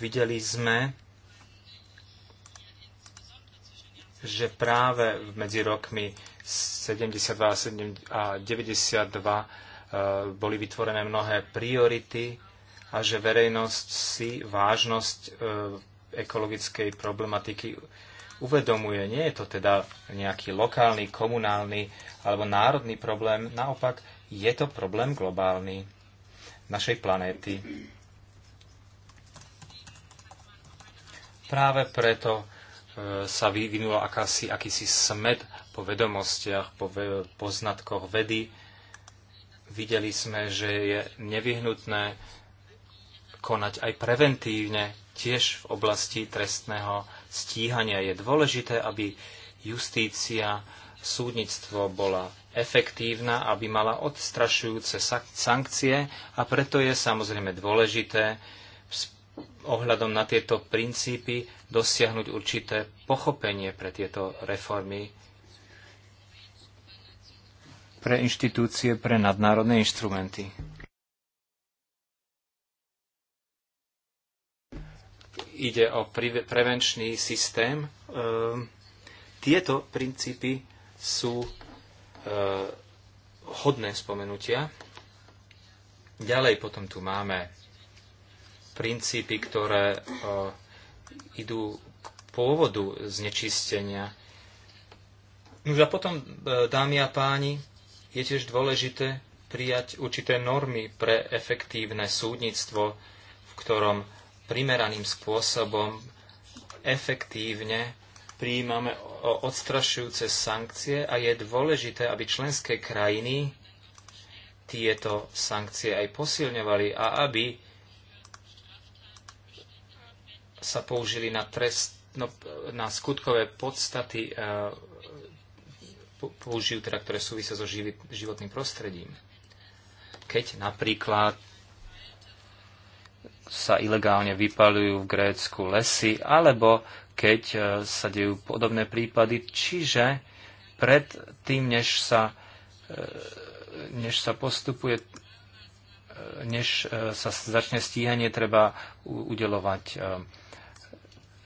S1: Videli sme, že práve medzi rokmi 72 a 92 e, boli vytvorené mnohé priority a že verejnosť si vážnosť e, ekologickej problematiky uvedomuje. Nie je to teda nejaký lokálny, komunálny alebo národný problém, naopak je to problém globálny našej planéty. Práve preto e, sa vyvinulo akási, akýsi smet po vedomostiach, po poznatkoch vedy. Videli sme, že je nevyhnutné konať aj preventívne, tiež v oblasti trestného stíhania. Je dôležité, aby justícia, súdnictvo bola efektívna, aby mala odstrašujúce sankcie a preto je samozrejme dôležité s ohľadom na tieto princípy dosiahnuť určité pochopenie pre tieto reformy pre inštitúcie, pre nadnárodné inštrumenty. Ide o prevenčný systém. Ehm, tieto princípy sú ehm, hodné spomenutia. Ďalej potom tu máme princípy, ktoré ehm, idú k pôvodu znečistenia. No a potom, dámy a páni, je tiež dôležité prijať určité normy pre efektívne súdnictvo, v ktorom primeraným spôsobom efektívne prijímame odstrašujúce sankcie a je dôležité, aby členské krajiny tieto sankcie aj posilňovali a aby sa použili na, trest, no, na skutkové podstaty e, použijú, teda, ktoré súvisia so životným prostredím. Keď napríklad sa ilegálne vypalujú v Grécku lesy, alebo keď e, sa dejú podobné prípady, čiže pred tým, než sa, e, než sa postupuje, e, než sa začne stíhanie, treba udelovať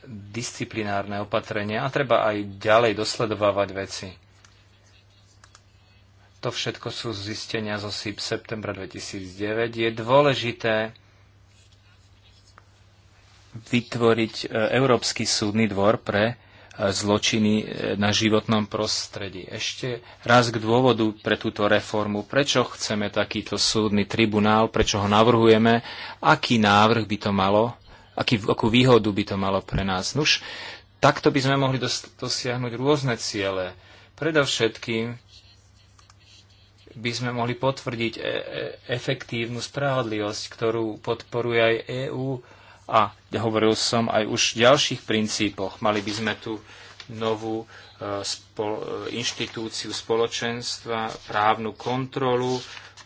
S1: disciplinárne opatrenie a treba aj ďalej dosledovávať veci to všetko sú zistenia zo SIP septembra 2009, je dôležité vytvoriť e, Európsky súdny dvor pre e, zločiny e, na životnom prostredí. Ešte raz k dôvodu pre túto reformu. Prečo chceme takýto súdny tribunál? Prečo ho navrhujeme? Aký návrh by to malo? Aký, akú výhodu by to malo pre nás? Nuž, takto by sme mohli dosiahnuť rôzne ciele. Predovšetkým by sme mohli potvrdiť e- e- efektívnu spravodlivosť, ktorú podporuje aj EÚ a hovoril som aj už v ďalších princípoch. Mali by sme tu novú e, spol- e, inštitúciu spoločenstva, právnu kontrolu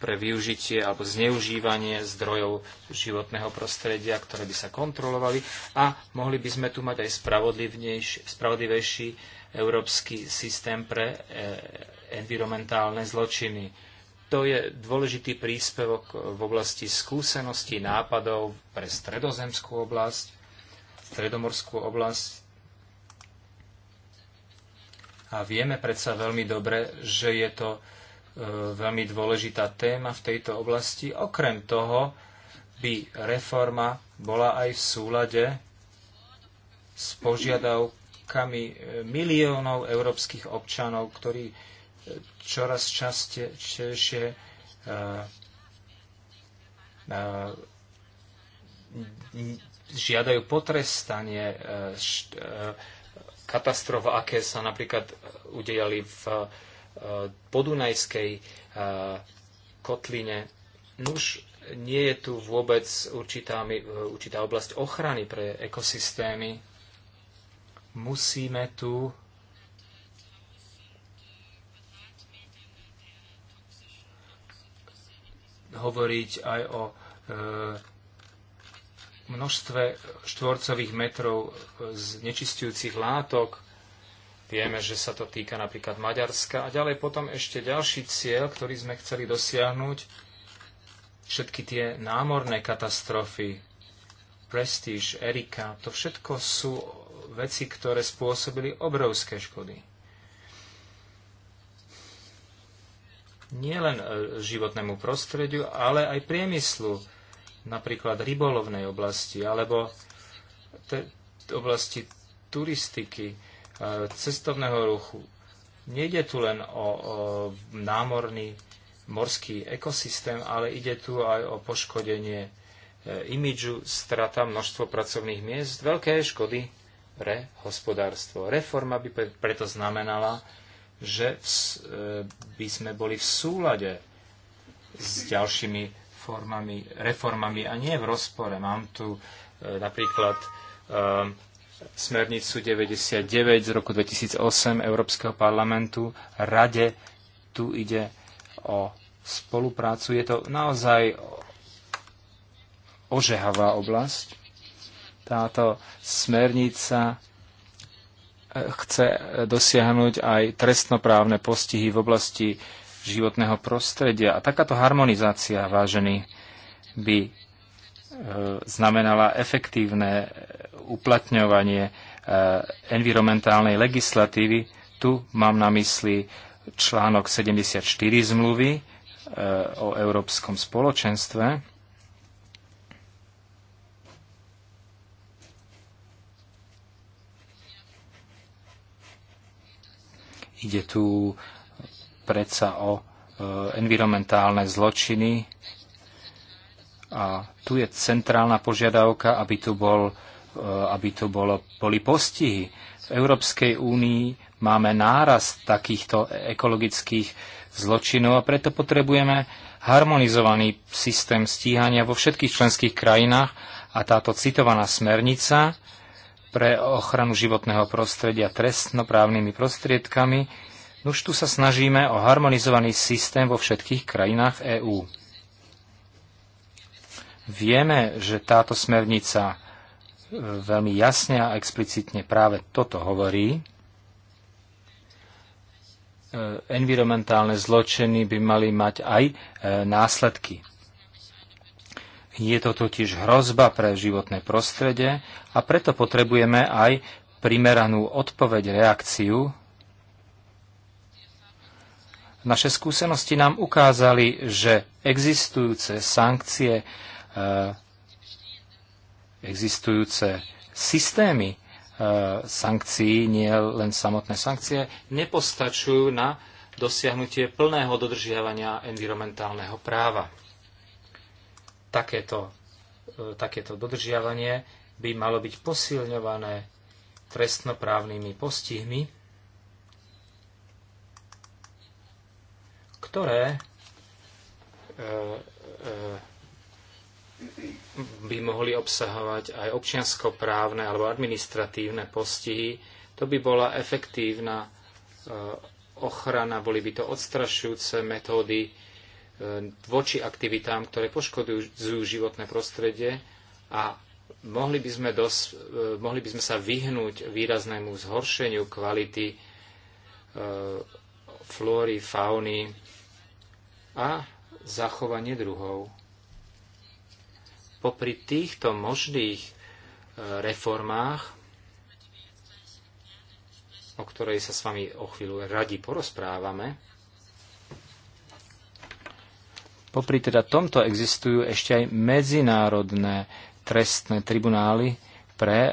S1: pre využitie alebo zneužívanie zdrojov životného prostredia, ktoré by sa kontrolovali a mohli by sme tu mať aj spravodlivejší európsky systém pre e, environmentálne zločiny. To je dôležitý príspevok v oblasti skúseností nápadov pre stredozemskú oblasť, stredomorskú oblasť. A vieme predsa veľmi dobre, že je to e, veľmi dôležitá téma v tejto oblasti. Okrem toho by reforma bola aj v súlade s požiadavkami miliónov európskych občanov, ktorí čoraz častejšie e, e, žiadajú potrestanie e, katastrof, aké sa napríklad udejali v podunajskej kotline. Nuž nie je tu vôbec určitá, určitá oblasť ochrany pre ekosystémy. Musíme tu hovoriť aj o e, množstve štvorcových metrov e, z nečistujúcich látok. Vieme, že sa to týka napríklad Maďarska. A ďalej potom ešte ďalší cieľ, ktorý sme chceli dosiahnuť, všetky tie námorné katastrofy, Prestige, Erika, to všetko sú veci, ktoré spôsobili obrovské škody. nielen e, životnému prostrediu, ale aj priemyslu, napríklad rybolovnej oblasti alebo oblasti turistiky, e, cestovného ruchu. Nejde tu len o, o námorný morský ekosystém, ale ide tu aj o poškodenie e, imidžu, strata, množstvo pracovných miest, veľké škody pre hospodárstvo. Reforma by preto znamenala že e, by sme boli v súlade s ďalšími formami, reformami a nie v rozpore. Mám tu e, napríklad e, smernicu 99 z roku 2008 Európskeho parlamentu, rade tu ide o spoluprácu. Je to naozaj ožehavá oblasť. Táto smernica chce dosiahnuť aj trestnoprávne postihy v oblasti životného prostredia. A takáto harmonizácia, vážený, by e, znamenala efektívne uplatňovanie e, environmentálnej legislatívy. Tu mám na mysli článok 74 zmluvy e, o Európskom spoločenstve, Ide tu predsa o e, environmentálne zločiny a tu je centrálna požiadavka, aby tu, bol, e, aby tu bolo, boli postihy. V Európskej únii máme nárast takýchto ekologických zločinov a preto potrebujeme harmonizovaný systém stíhania vo všetkých členských krajinách a táto citovaná smernica pre ochranu životného prostredia trestnoprávnymi prostriedkami, už tu sa snažíme o harmonizovaný systém vo všetkých krajinách EÚ. Vieme, že táto smernica e, veľmi jasne a explicitne práve toto hovorí. E, environmentálne zločiny by mali mať aj e, následky. Je to totiž hrozba pre životné prostredie a preto potrebujeme aj primeranú odpoveď, reakciu. Naše skúsenosti nám ukázali, že existujúce sankcie, e, existujúce systémy e, sankcií, nie len samotné sankcie, nepostačujú na dosiahnutie plného dodržiavania environmentálneho práva takéto, e, takéto dodržiavanie by malo byť posilňované trestnoprávnymi postihmi, ktoré e, e, by mohli obsahovať aj občianskoprávne alebo administratívne postihy. To by bola efektívna ochrana, boli by to odstrašujúce metódy, voči aktivitám, ktoré poškodujú životné prostredie a mohli by sme, dos, e, mohli by sme sa vyhnúť výraznému zhoršeniu kvality e, flóry, fauny a zachovanie druhov. Popri týchto možných e, reformách, o ktorej sa s vami o chvíľu radi porozprávame, Popri teda tomto existujú ešte aj medzinárodné trestné tribunály pre e,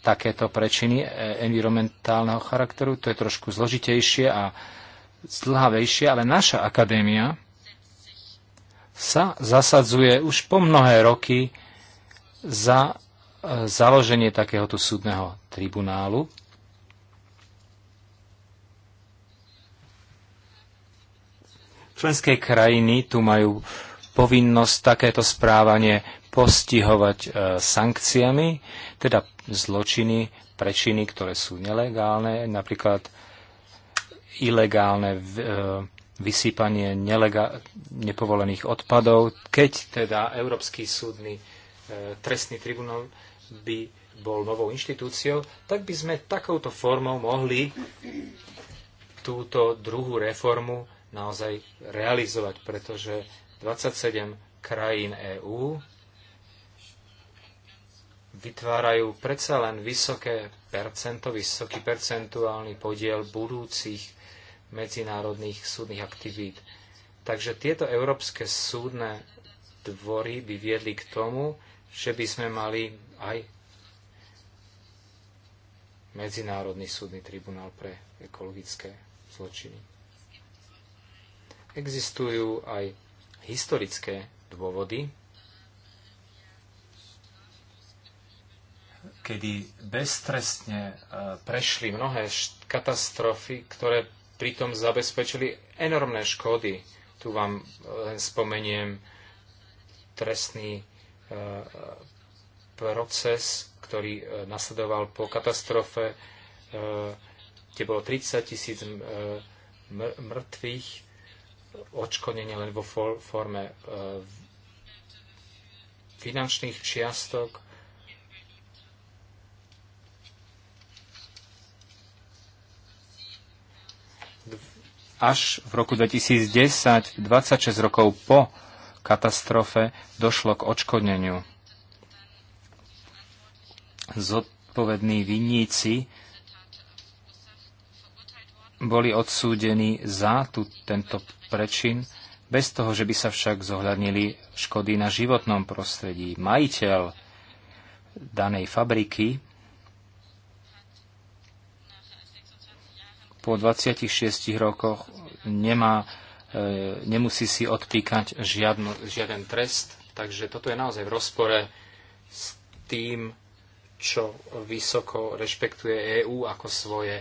S1: takéto prečiny e, environmentálneho charakteru. To je trošku zložitejšie a zdlhavejšie, ale naša akadémia sa zasadzuje už po mnohé roky za e, založenie takéhoto súdneho tribunálu Členské krajiny tu majú povinnosť takéto správanie postihovať e, sankciami, teda zločiny, prečiny, ktoré sú nelegálne, napríklad ilegálne e, nelega- nepovolených odpadov, keď teda Európsky súdny e, trestný tribunál by bol novou inštitúciou, tak by sme takouto formou mohli túto druhú reformu naozaj realizovať, pretože 27 krajín EÚ vytvárajú predsa len vysoké percento, vysoký percentuálny podiel budúcich medzinárodných súdnych aktivít. Takže tieto európske súdne dvory by viedli k tomu, že by sme mali aj Medzinárodný súdny tribunál pre ekologické zločiny. Existujú aj historické dôvody, kedy beztrestne e, prešli mnohé katastrofy, ktoré pritom zabezpečili enormné škody. Tu vám e, len spomeniem trestný e, proces, ktorý nasledoval po katastrofe, kde bolo 30 tisíc mŕtvych odškodnenie len vo forme e, finančných čiastok. Až v roku 2010, 26 rokov po katastrofe, došlo k odškodneniu. Zodpovední vinníci boli odsúdení za tu, tento prečin, bez toho, že by sa však zohľadnili škody na životnom prostredí. Majiteľ danej fabriky po 26 rokoch nemá, e, nemusí si odpíkať žiadno, žiaden trest, takže toto je naozaj v rozpore s tým, čo vysoko rešpektuje EÚ ako svoje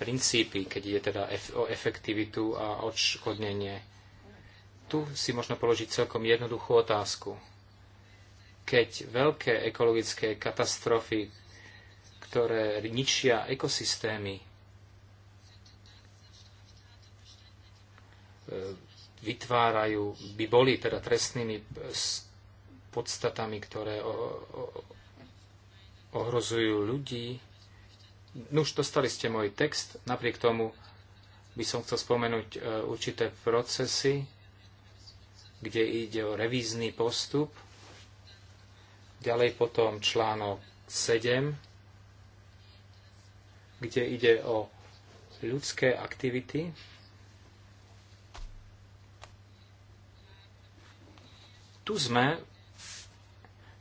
S1: princípy, keď ide teda o efektivitu a odškodnenie. Tu si možno položiť celkom jednoduchú otázku. Keď veľké ekologické katastrofy, ktoré ničia ekosystémy, e, vytvárajú, by boli teda trestnými e, podstatami, ktoré ohrozujú ľudí, Nuž, dostali ste môj text, napriek tomu by som chcel spomenúť e, určité procesy, kde ide o revízny postup. Ďalej potom článok 7, kde ide o ľudské aktivity. Tu sme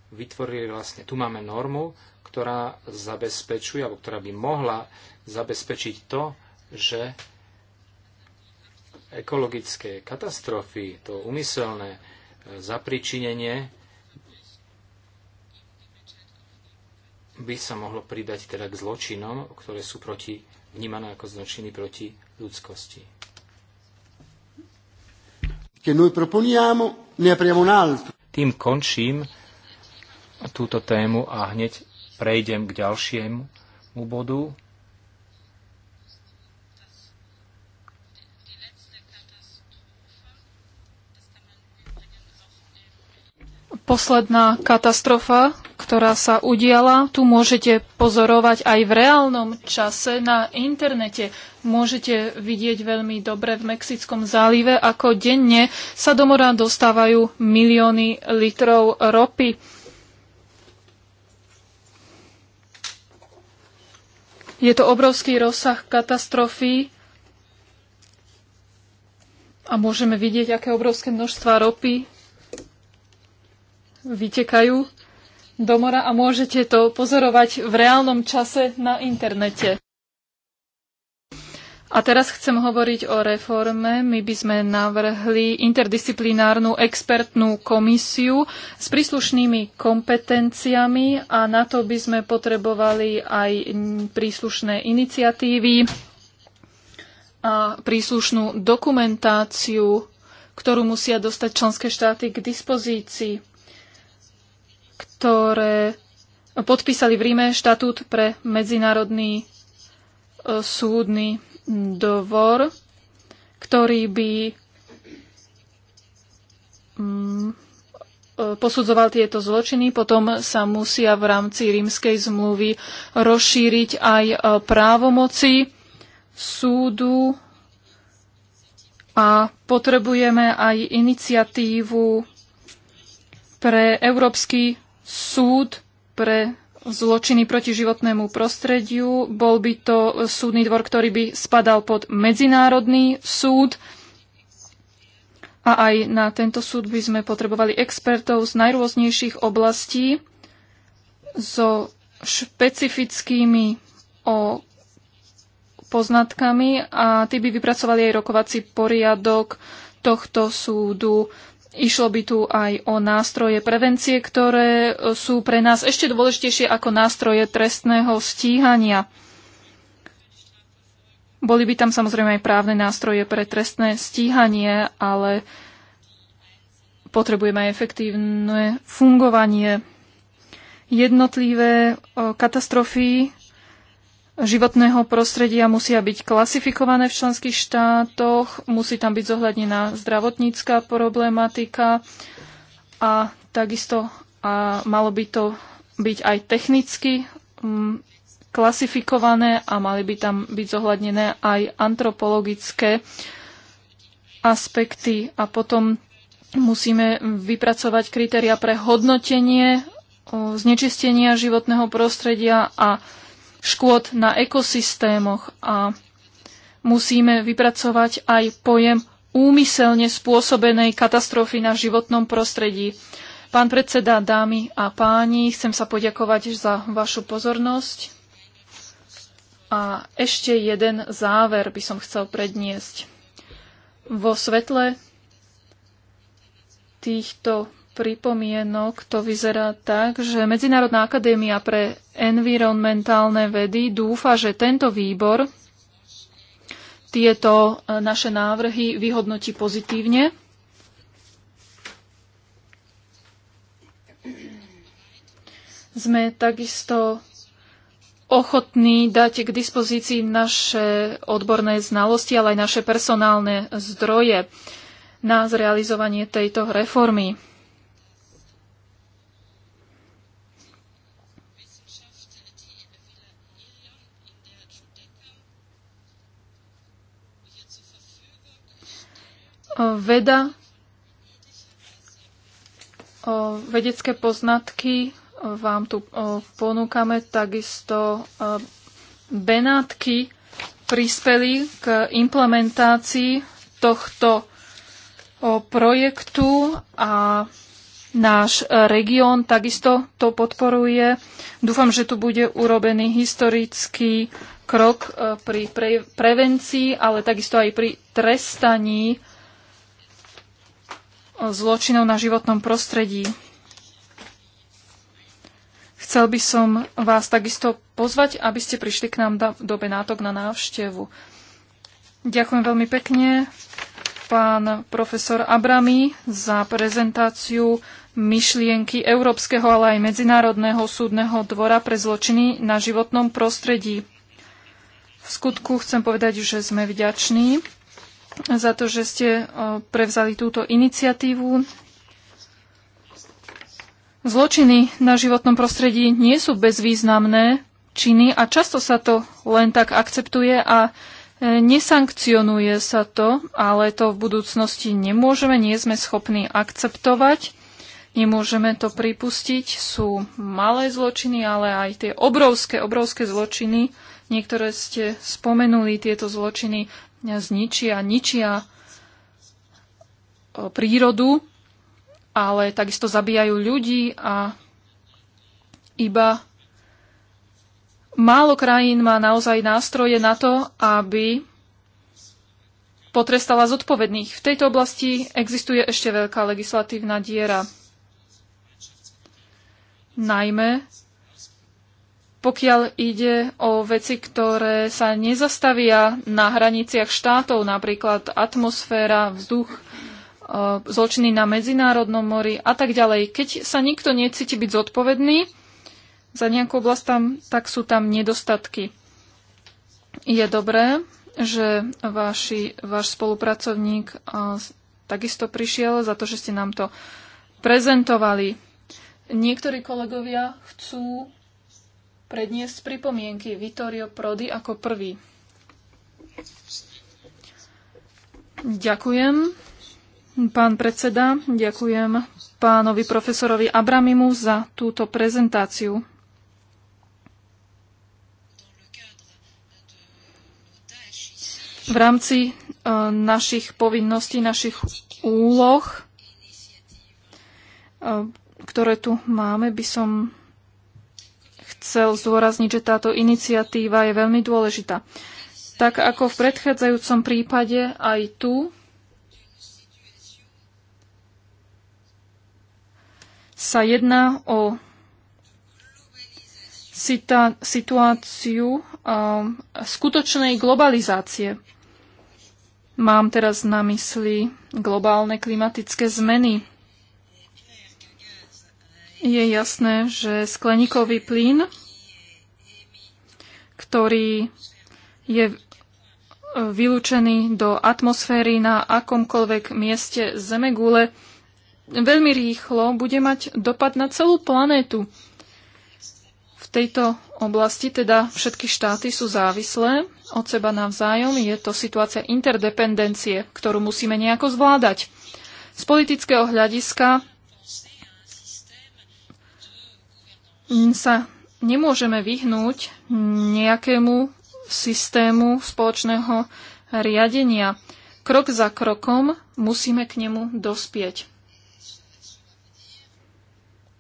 S1: vytvorili vlastne, tu máme normu, ktorá zabezpečuje, alebo ktorá by mohla zabezpečiť to, že ekologické katastrofy, to umyselné e, zapričinenie by sa mohlo pridať teda k zločinom, ktoré sú proti, vnímané ako zločiny proti ľudskosti. Tým končím túto tému a hneď prejdem k ďalšiemu bodu.
S3: Posledná katastrofa, ktorá sa udiala, tu môžete pozorovať aj v reálnom čase na internete. Môžete vidieť veľmi dobre v Mexickom zálive, ako denne sa do mora dostávajú milióny litrov ropy Je to obrovský rozsah katastrofy a môžeme vidieť, aké obrovské množstva ropy vytekajú do mora a môžete to pozorovať v reálnom čase na internete. A teraz chcem hovoriť o reforme. My by sme navrhli interdisciplinárnu expertnú komisiu s príslušnými kompetenciami a na to by sme potrebovali aj príslušné iniciatívy a príslušnú dokumentáciu, ktorú musia dostať členské štáty k dispozícii, ktoré podpísali v Ríme štatút pre medzinárodný e, súdny dvor, ktorý by mm, e, posudzoval tieto zločiny, potom sa musia v rámci rímskej zmluvy rozšíriť aj e, právomoci súdu a potrebujeme aj iniciatívu pre Európsky súd pre zločiny proti životnému prostrediu. Bol by to súdny dvor, ktorý by spadal pod medzinárodný súd. A aj na tento súd by sme potrebovali expertov z najrôznejších oblastí so špecifickými o poznatkami a tí by vypracovali aj rokovací poriadok tohto súdu. Išlo by tu aj o nástroje prevencie, ktoré e, sú pre nás ešte dôležitejšie ako nástroje trestného stíhania. Boli by tam samozrejme aj právne nástroje pre trestné stíhanie, ale potrebujeme aj efektívne fungovanie. Jednotlivé e, katastrofy životného prostredia musia byť klasifikované v členských štátoch, musí tam byť zohľadnená zdravotnícká problematika a takisto a malo by to byť aj technicky m, mm, klasifikované a mali by tam byť zohľadnené aj antropologické aspekty a potom musíme vypracovať kritéria pre hodnotenie znečistenia životného prostredia a škôd na ekosystémoch a musíme vypracovať aj pojem úmyselne spôsobenej katastrofy na životnom prostredí. Pán predseda, dámy a páni, chcem sa poďakovať za vašu pozornosť. A ešte jeden záver by som chcel predniesť. Vo svetle týchto pripomienok to vyzerá tak, že Medzinárodná akadémia pre environmentálne vedy dúfa, že tento výbor tieto e, naše návrhy vyhodnotí pozitívne. Sme takisto ochotní dať k dispozícii naše odborné znalosti, ale aj naše personálne zdroje na zrealizovanie tejto reformy. Veda, vedecké poznatky vám tu ponúkame, takisto Benátky prispeli k implementácii tohto projektu a náš región takisto to podporuje. Dúfam, že tu bude urobený historický krok e, pri prevencii, ale takisto aj pri trestaní zločinov na životnom prostredí. Chcel by som vás takisto pozvať, aby ste prišli k nám do Benátok na návštevu. Ďakujem veľmi pekne pán profesor Abrami za prezentáciu myšlienky Európskeho, ale aj Medzinárodného súdneho dvora pre zločiny na životnom prostredí. V skutku chcem povedať, že sme vďační za to, že ste e, prevzali túto iniciatívu. Zločiny na životnom prostredí nie sú bezvýznamné činy a často sa to len tak akceptuje a e, nesankcionuje sa to, ale to v budúcnosti nemôžeme, nie sme schopní akceptovať. Nemôžeme to pripustiť. Sú malé zločiny, ale aj tie obrovské, obrovské zločiny. Niektoré ste spomenuli tieto zločiny zničia, ničia prírodu, ale takisto zabíjajú ľudí a iba málo krajín má naozaj nástroje na to, aby potrestala zodpovedných. V tejto oblasti existuje ešte veľká legislatívna diera. Najmä pokiaľ ide o veci, ktoré sa nezastavia na hraniciach štátov, napríklad atmosféra, vzduch, e, zločiny na medzinárodnom mori a tak ďalej. Keď sa nikto necíti byť zodpovedný za nejakú oblasť, tam, tak sú tam nedostatky. Je dobré, že vaši, váš spolupracovník e, takisto prišiel za to, že ste nám to prezentovali. Niektorí kolegovia chcú predniesť pripomienky Vittorio Prodi ako prvý. Ďakujem, pán predseda, ďakujem pánovi profesorovi Abramimu za túto prezentáciu. v rámci e, našich povinností, našich úloh, e, ktoré tu máme, by som chcel zdôrazniť, že táto iniciatíva je veľmi dôležitá. Tak ako v predchádzajúcom prípade, aj tu sa jedná o situáciu um, skutočnej globalizácie. Mám teraz na mysli globálne klimatické zmeny, je jasné, že skleníkový plyn, ktorý je vylúčený do atmosféry na akomkoľvek mieste Zemegule, veľmi rýchlo bude mať dopad na celú planétu. V tejto oblasti teda všetky štáty sú závislé od seba navzájom. Je to situácia interdependencie, ktorú musíme nejako zvládať. Z politického hľadiska sa nemôžeme vyhnúť nejakému systému spoločného riadenia. Krok za krokom musíme k nemu dospieť.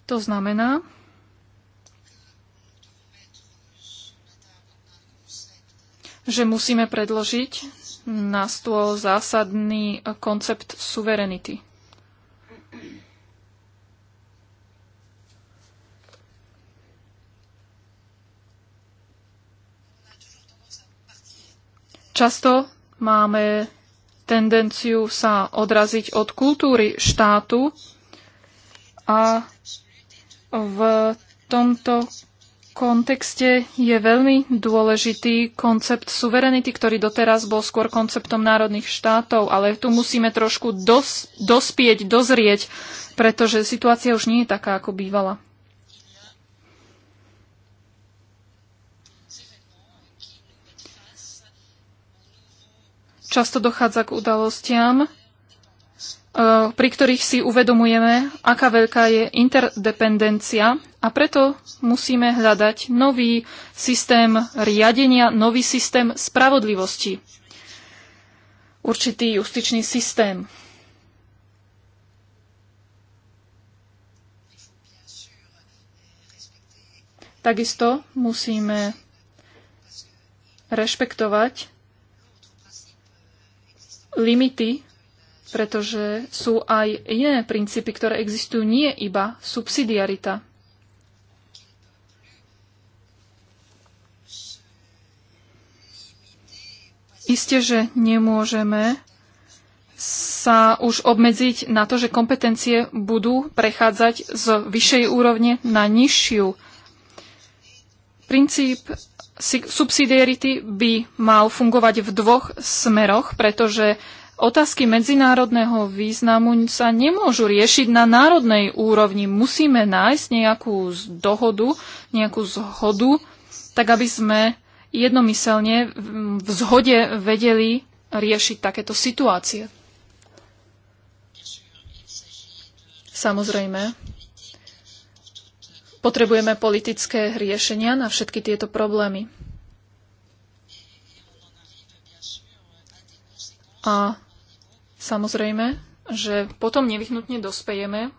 S3: To znamená, že musíme predložiť na stôl zásadný koncept suverenity. Často máme tendenciu sa odraziť od kultúry štátu a v tomto kontexte je veľmi dôležitý koncept suverenity, ktorý doteraz bol skôr konceptom národných štátov, ale tu musíme trošku dos- dospieť, dozrieť, pretože situácia už nie je taká, ako bývala. často dochádza k udalostiam, e, pri ktorých si uvedomujeme, aká veľká je interdependencia a preto musíme hľadať nový systém riadenia, nový systém spravodlivosti, určitý justičný systém. Takisto musíme rešpektovať limity, pretože sú aj iné princípy, ktoré existujú, nie iba subsidiarita. Isté, že nemôžeme sa už obmedziť na to, že kompetencie budú prechádzať z vyššej úrovne na nižšiu. Princíp subsidiarity by mal fungovať v dvoch smeroch, pretože otázky medzinárodného významu sa nemôžu riešiť na národnej úrovni. Musíme nájsť nejakú dohodu, nejakú zhodu, tak aby sme jednomyselne v zhode vedeli riešiť takéto situácie. Samozrejme, Potrebujeme politické riešenia na všetky tieto problémy. A samozrejme, že potom nevyhnutne dospejeme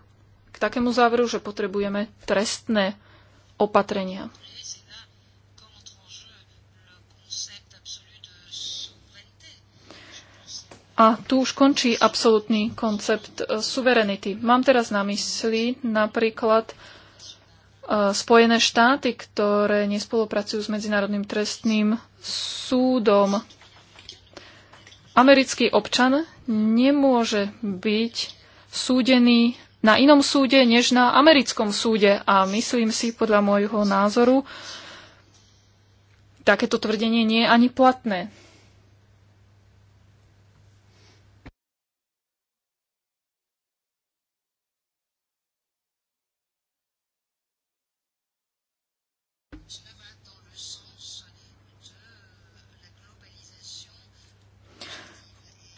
S3: k takému záveru, že potrebujeme trestné opatrenia. A tu už končí absolútny koncept eh, suverenity. Mám teraz na mysli napríklad E, Spojené štáty, ktoré nespolupracujú s Medzinárodným trestným súdom. Americký občan nemôže byť súdený na inom súde než na americkom súde a myslím si, podľa môjho názoru, takéto tvrdenie nie je ani platné.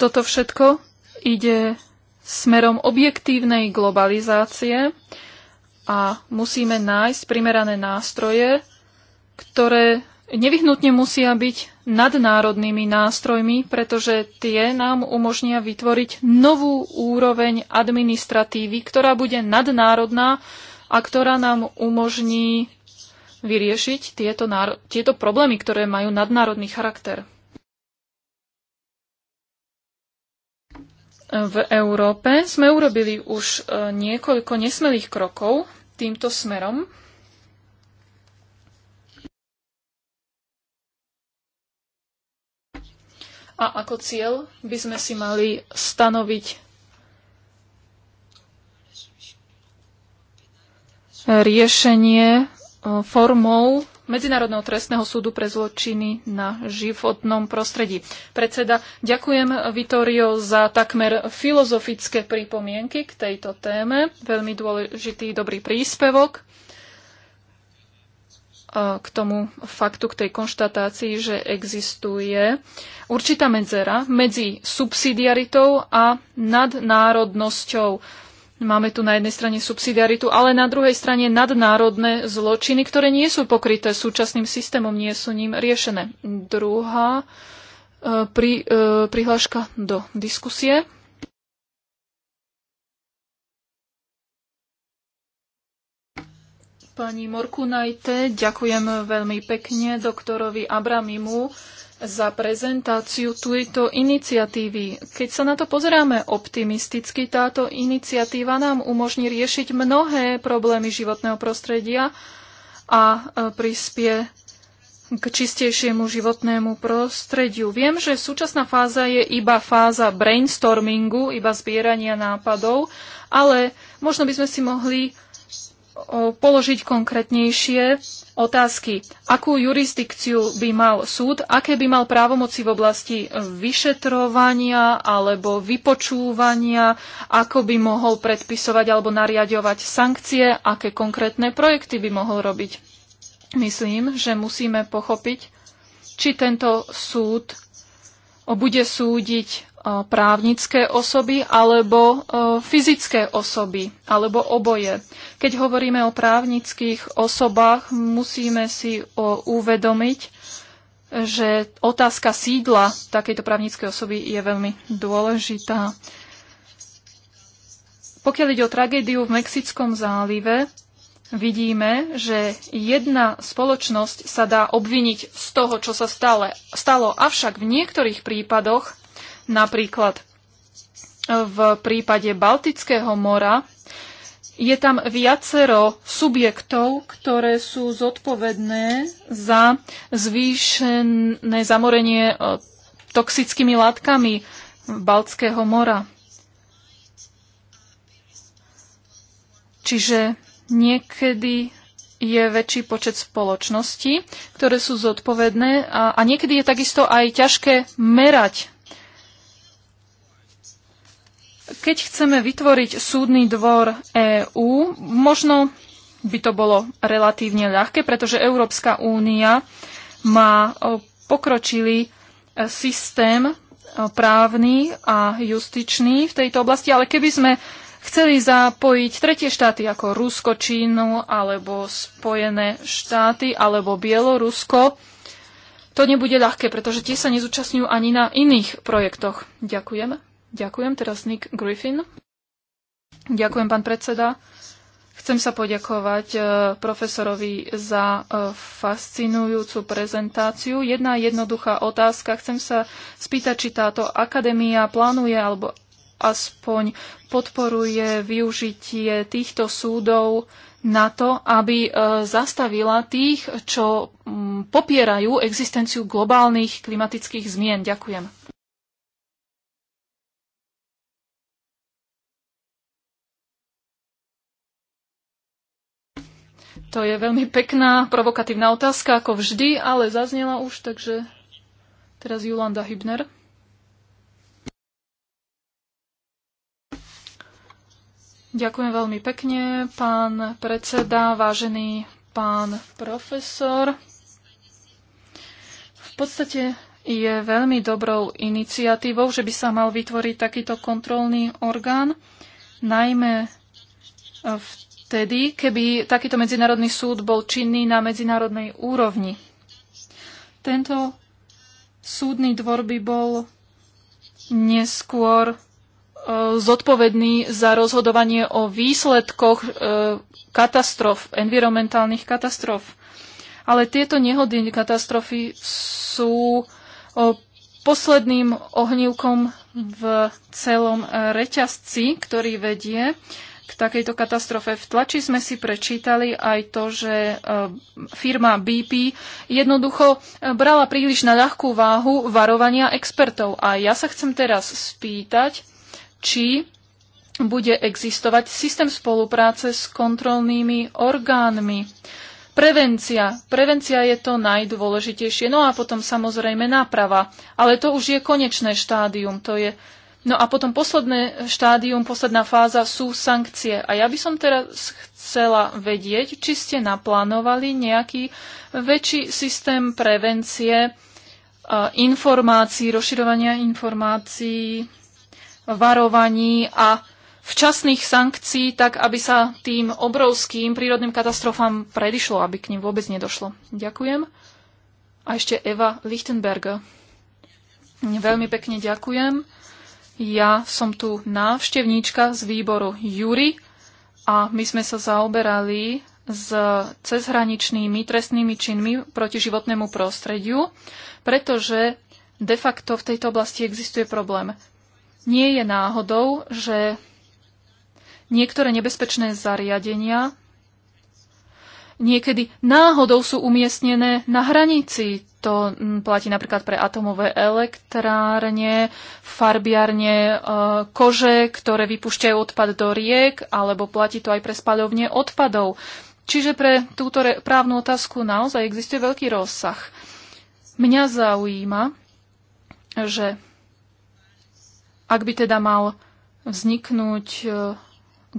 S3: Toto všetko ide smerom objektívnej globalizácie a musíme nájsť primerané nástroje, ktoré nevyhnutne musia byť nadnárodnými nástrojmi, pretože tie nám umožnia vytvoriť novú úroveň administratívy, ktorá bude nadnárodná a ktorá nám umožní vyriešiť tieto, tieto problémy, ktoré majú nadnárodný charakter. v Európe sme urobili už e, niekoľko nesmelých krokov týmto smerom. A ako cieľ by sme si mali stanoviť riešenie e, formou Medzinárodného trestného súdu pre zločiny na životnom prostredí. Predseda, ďakujem Vitorio za takmer filozofické pripomienky k tejto téme. Veľmi dôležitý, dobrý príspevok e, k tomu faktu, k tej konštatácii, že existuje určitá medzera medzi subsidiaritou a nadnárodnosťou. Máme tu na jednej strane subsidiaritu, ale na druhej strane nadnárodné zločiny, ktoré nie sú pokryté súčasným systémom, nie sú ním riešené. Druhá e, pri, e, prihláška do diskusie. Pani Morkunajte, ďakujem veľmi pekne doktorovi Abramimu za prezentáciu tejto iniciatívy. Keď sa na to pozeráme optimisticky, táto iniciatíva nám umožní riešiť mnohé problémy životného prostredia a e, prispie k čistejšiemu životnému prostrediu. Viem, že súčasná fáza je iba fáza brainstormingu, iba zbierania nápadov, ale možno by sme si mohli položiť konkrétnejšie otázky, akú jurisdikciu by mal súd, aké by mal právomoci v oblasti vyšetrovania alebo vypočúvania, ako by mohol predpisovať alebo nariadovať sankcie, aké konkrétne projekty by mohol robiť. Myslím, že musíme pochopiť, či tento súd bude súdiť právnické osoby alebo e, fyzické osoby, alebo oboje. Keď hovoríme o právnických osobách, musíme si e, uvedomiť, že otázka sídla takejto právnickej osoby je veľmi dôležitá. Pokiaľ ide o tragédiu v Mexickom zálive, vidíme, že jedna spoločnosť sa dá obviniť z toho, čo sa stále, stalo, avšak v niektorých prípadoch Napríklad e, v prípade Baltického mora je tam viacero subjektov, ktoré sú zodpovedné za zvýšené zamorenie e, toxickými látkami Baltského mora. Čiže niekedy je väčší počet spoločností, ktoré sú zodpovedné a, a niekedy je takisto aj ťažké merať keď chceme vytvoriť súdny dvor EÚ, možno by to bolo relatívne ľahké, pretože Európska únia má pokročilý e, systém právny a justičný v tejto oblasti, ale keby sme chceli zapojiť tretie štáty ako Rusko, Čínu alebo Spojené štáty alebo Bielorusko, to nebude ľahké, pretože tie sa nezúčastňujú ani na iných projektoch. Ďakujem. Ďakujem teraz Nick Griffin. Ďakujem, pán predseda. Chcem sa poďakovať e, profesorovi za e, fascinujúcu prezentáciu. Jedna jednoduchá otázka. Chcem sa spýtať, či táto akadémia plánuje alebo aspoň podporuje využitie týchto súdov na to, aby e, zastavila tých, čo mm, popierajú existenciu globálnych klimatických zmien. Ďakujem. To je veľmi pekná, provokatívna otázka, ako vždy, ale zaznela už, takže teraz Julanda Hybner. Ďakujem veľmi pekne, pán predseda, vážený pán profesor. V podstate je veľmi dobrou iniciatívou, že by sa mal vytvoriť takýto kontrolný orgán, najmä v vtedy, keby takýto medzinárodný súd bol činný na medzinárodnej úrovni. Tento súdny dvor by bol neskôr e, zodpovedný za rozhodovanie o výsledkoch e, katastrof, environmentálnych katastrof. Ale tieto nehody, katastrofy sú e, posledným ohnívkom v celom reťazci, ktorý vedie k takejto katastrofe. V tlači sme si prečítali aj to, že e, firma BP jednoducho e, brala príliš na ľahkú váhu varovania expertov. A ja sa chcem teraz spýtať, či bude existovať systém spolupráce s kontrolnými orgánmi. Prevencia. Prevencia je to najdôležitejšie. No a potom samozrejme náprava. Ale to už je konečné štádium. To je No a potom posledné štádium, posledná fáza sú sankcie. A ja by som teraz chcela vedieť, či ste naplánovali nejaký väčší systém prevencie e, informácií, rozširovania informácií, varovaní a včasných sankcií, tak aby sa tým obrovským prírodným katastrofám predišlo, aby k ním vôbec nedošlo. Ďakujem. A ešte Eva Lichtenberger. Veľmi pekne ďakujem. Ja som tu návštevníčka z výboru Jury a my sme sa zaoberali s cezhraničnými trestnými činmi proti životnému prostrediu, pretože de facto v tejto oblasti existuje problém. Nie je náhodou, že niektoré nebezpečné zariadenia niekedy náhodou sú umiestnené na hranici. To mm, platí napríklad pre atomové elektrárne, farbiarne e, kože, ktoré vypúšťajú odpad do riek, alebo platí to aj pre spaľovne odpadov. Čiže pre túto právnu otázku naozaj existuje veľký rozsah. Mňa zaujíma, že ak by teda mal vzniknúť e,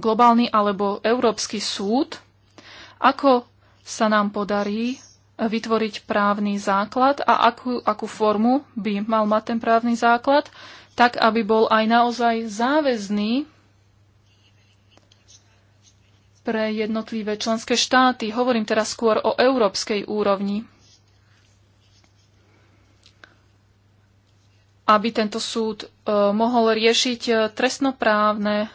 S3: globálny alebo európsky súd, ako sa nám podarí e, vytvoriť právny základ a akú, akú formu by mal mať ten právny základ, tak aby bol aj naozaj záväzný pre jednotlivé členské štáty. Hovorím teraz skôr o európskej úrovni. Aby tento súd e, mohol riešiť e, trestnoprávne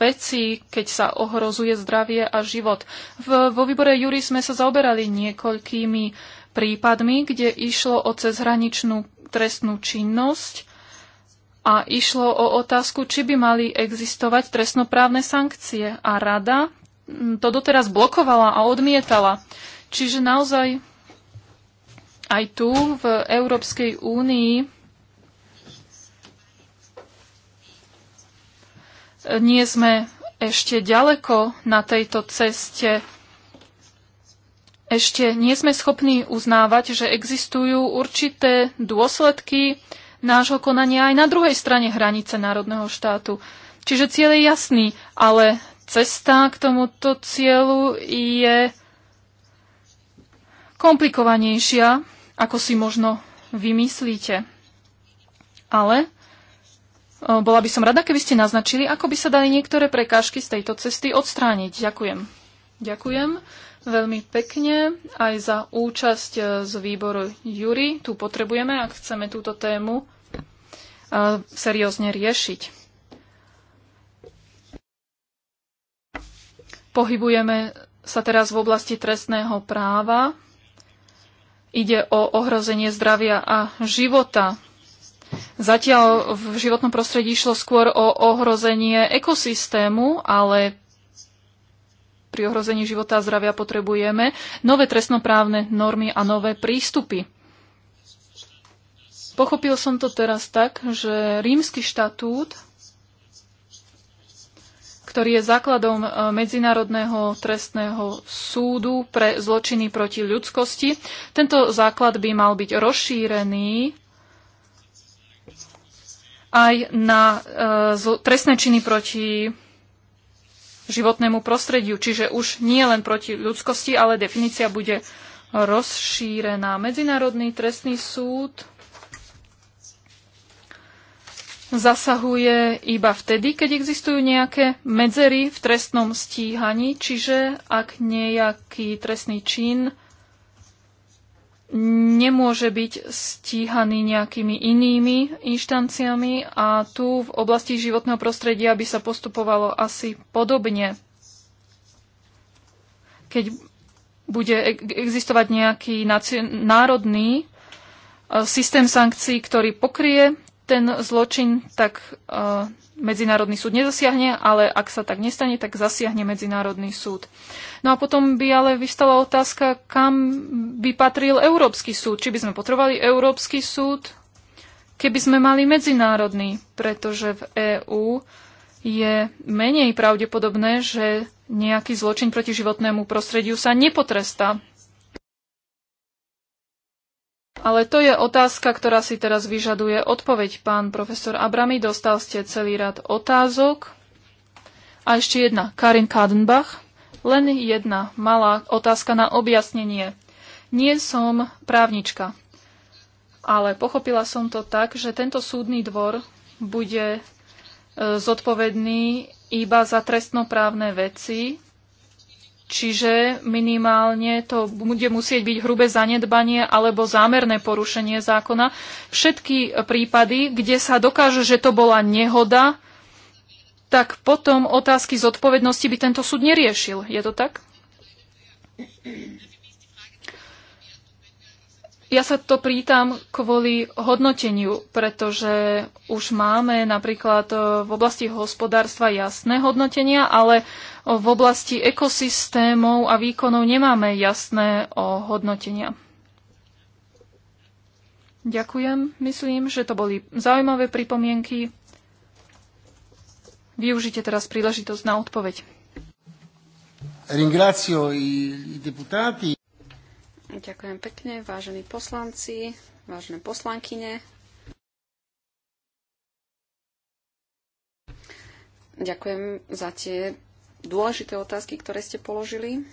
S3: veci, keď sa ohrozuje zdravie a život. V, vo výbore Júri sme sa zaoberali niekoľkými prípadmi, kde išlo o cezhraničnú trestnú činnosť a išlo o otázku, či by mali existovať trestnoprávne sankcie. A rada to doteraz blokovala a odmietala. Čiže naozaj aj tu v Európskej únii nie sme ešte ďaleko na tejto ceste. Ešte nie sme schopní uznávať, že existujú určité dôsledky nášho konania aj na druhej strane hranice národného štátu. Čiže cieľ je jasný, ale cesta k tomuto cieľu je komplikovanejšia, ako si možno vymyslíte. Ale Eh, bola by som rada, keby ste naznačili, ako by sa dali niektoré prekážky z tejto cesty odstrániť. Ďakujem. Ďakujem veľmi pekne aj za účasť eh, z výboru Jury. Tu potrebujeme, ak chceme túto tému eh, seriózne riešiť. Pohybujeme sa teraz v oblasti trestného práva. Ide o ohrozenie zdravia a života Zatiaľ v životnom prostredí išlo skôr o ohrozenie ekosystému, ale pri ohrození života a zdravia potrebujeme nové trestnoprávne normy a nové prístupy. Pochopil som to teraz tak, že rímsky štatút, ktorý je základom e, Medzinárodného trestného súdu pre zločiny proti ľudskosti, tento základ by mal byť rozšírený aj na e, trestné činy proti životnému prostrediu. Čiže už nie len proti ľudskosti, ale definícia bude rozšírená. Medzinárodný trestný súd zasahuje iba vtedy, keď existujú nejaké medzery v trestnom stíhaní, čiže ak nejaký trestný čin nemôže byť stíhaný nejakými inými inštanciami a tu v oblasti životného prostredia by sa postupovalo asi podobne. Keď bude e- existovať nejaký národný e, systém sankcií, ktorý pokrie ten zločin, tak e, Medzinárodný súd nezasiahne, ale ak sa tak nestane, tak zasiahne Medzinárodný súd. No a potom by ale vystala otázka, kam by patril Európsky súd. Či by sme potrebovali Európsky súd, keby sme mali medzinárodný, pretože v EÚ je menej pravdepodobné, že nejaký zločin proti životnému prostrediu sa nepotrestá. Ale to je otázka, ktorá si teraz vyžaduje odpoveď. Pán profesor Abrami, dostal ste celý rad otázok. A ešte jedna. Karin Kadenbach. Len jedna malá otázka na objasnenie. Nie som právnička, ale pochopila som to tak, že tento súdny dvor bude e, zodpovedný iba za trestnoprávne veci Čiže minimálne to bude musieť byť hrubé zanedbanie alebo zámerné porušenie zákona. Všetky prípady, kde sa dokáže, že to bola nehoda, tak potom otázky zodpovednosti by tento súd neriešil. Je to tak? ja sa to prítam kvôli hodnoteniu, pretože už máme napríklad e, v oblasti hospodárstva jasné hodnotenia, ale v oblasti ekosystémov a výkonov nemáme jasné hodnotenia. Ďakujem. Myslím, že to boli zaujímavé pripomienky. Využite teraz príležitosť na odpoveď.
S2: Ringrazio i deputati.
S4: Ďakujem pekne, vážení poslanci, vážené poslankyne. Ďakujem za tie dôležité otázky, ktoré ste položili.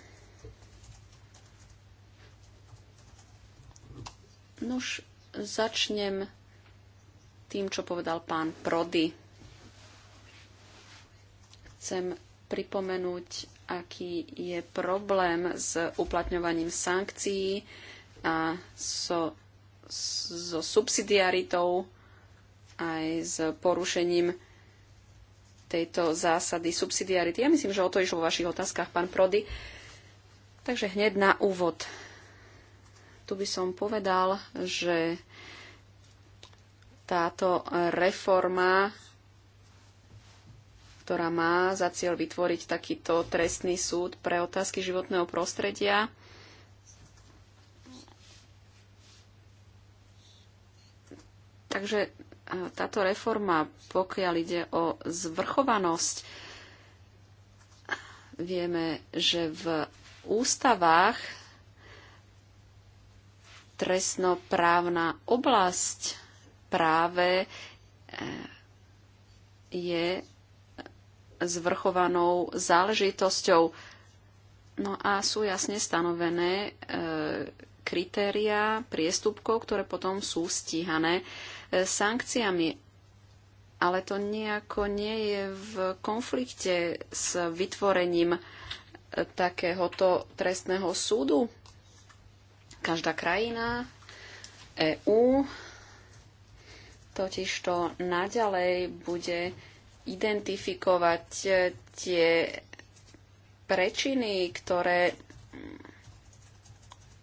S4: Nuž, začnem tým, čo povedal pán Prody. Chcem pripomenúť aký je problém s uplatňovaním sankcií a so, so subsidiaritou aj s porušením tejto zásady subsidiarity. Ja myslím, že o to išlo vo vašich otázkach, pán Prody. Takže hneď na úvod. Tu by som povedal, že táto reforma ktorá má za cieľ vytvoriť takýto trestný súd pre otázky životného prostredia. Takže táto reforma, pokiaľ ide o zvrchovanosť, vieme, že v ústavách trestnoprávna oblasť práve e, je zvrchovanou záležitosťou. No a sú jasne stanovené e, kritéria priestupkov, ktoré potom sú stíhané e, sankciami. Ale to nejako nie je v konflikte s vytvorením e, takéhoto trestného súdu. Každá krajina EÚ totižto naďalej bude identifikovať e, tie prečiny, ktoré mm,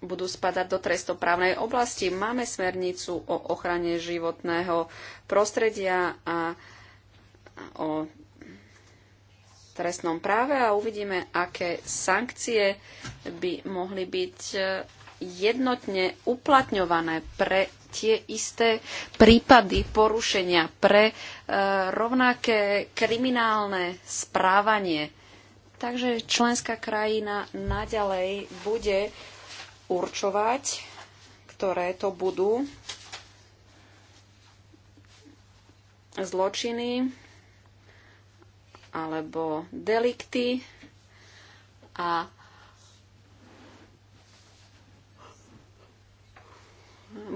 S4: budú spadať do trestoprávnej oblasti. Máme smernicu o ochrane životného prostredia a o trestnom práve a uvidíme, aké sankcie by mohli byť e, jednotne uplatňované pre tie isté prípady porušenia, pre e, rovnaké kriminálne správanie. Takže členská krajina naďalej bude určovať, ktoré to budú zločiny alebo delikty a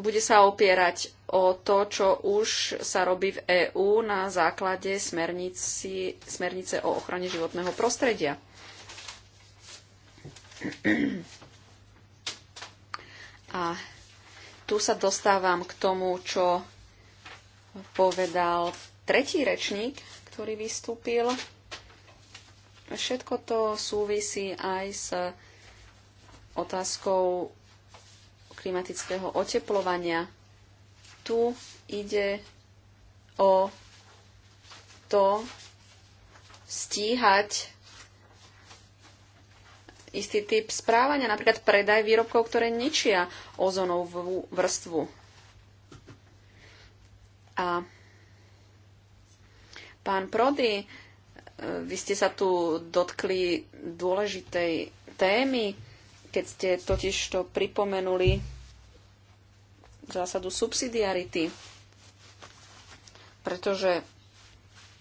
S4: bude sa opierať o to, čo už sa robí v EÚ na základe smernici, smernice o ochrane životného prostredia. A tu sa dostávam k tomu, čo povedal tretí rečník, ktorý vystúpil. Všetko to súvisí aj s otázkou klimatického oteplovania. Tu ide o to stíhať istý typ správania, napríklad predaj výrobkov, ktoré ničia ozonovú vrstvu. A pán Prody, e, vy ste sa tu dotkli dôležitej témy, keď ste totiž to pripomenuli zásadu subsidiarity, pretože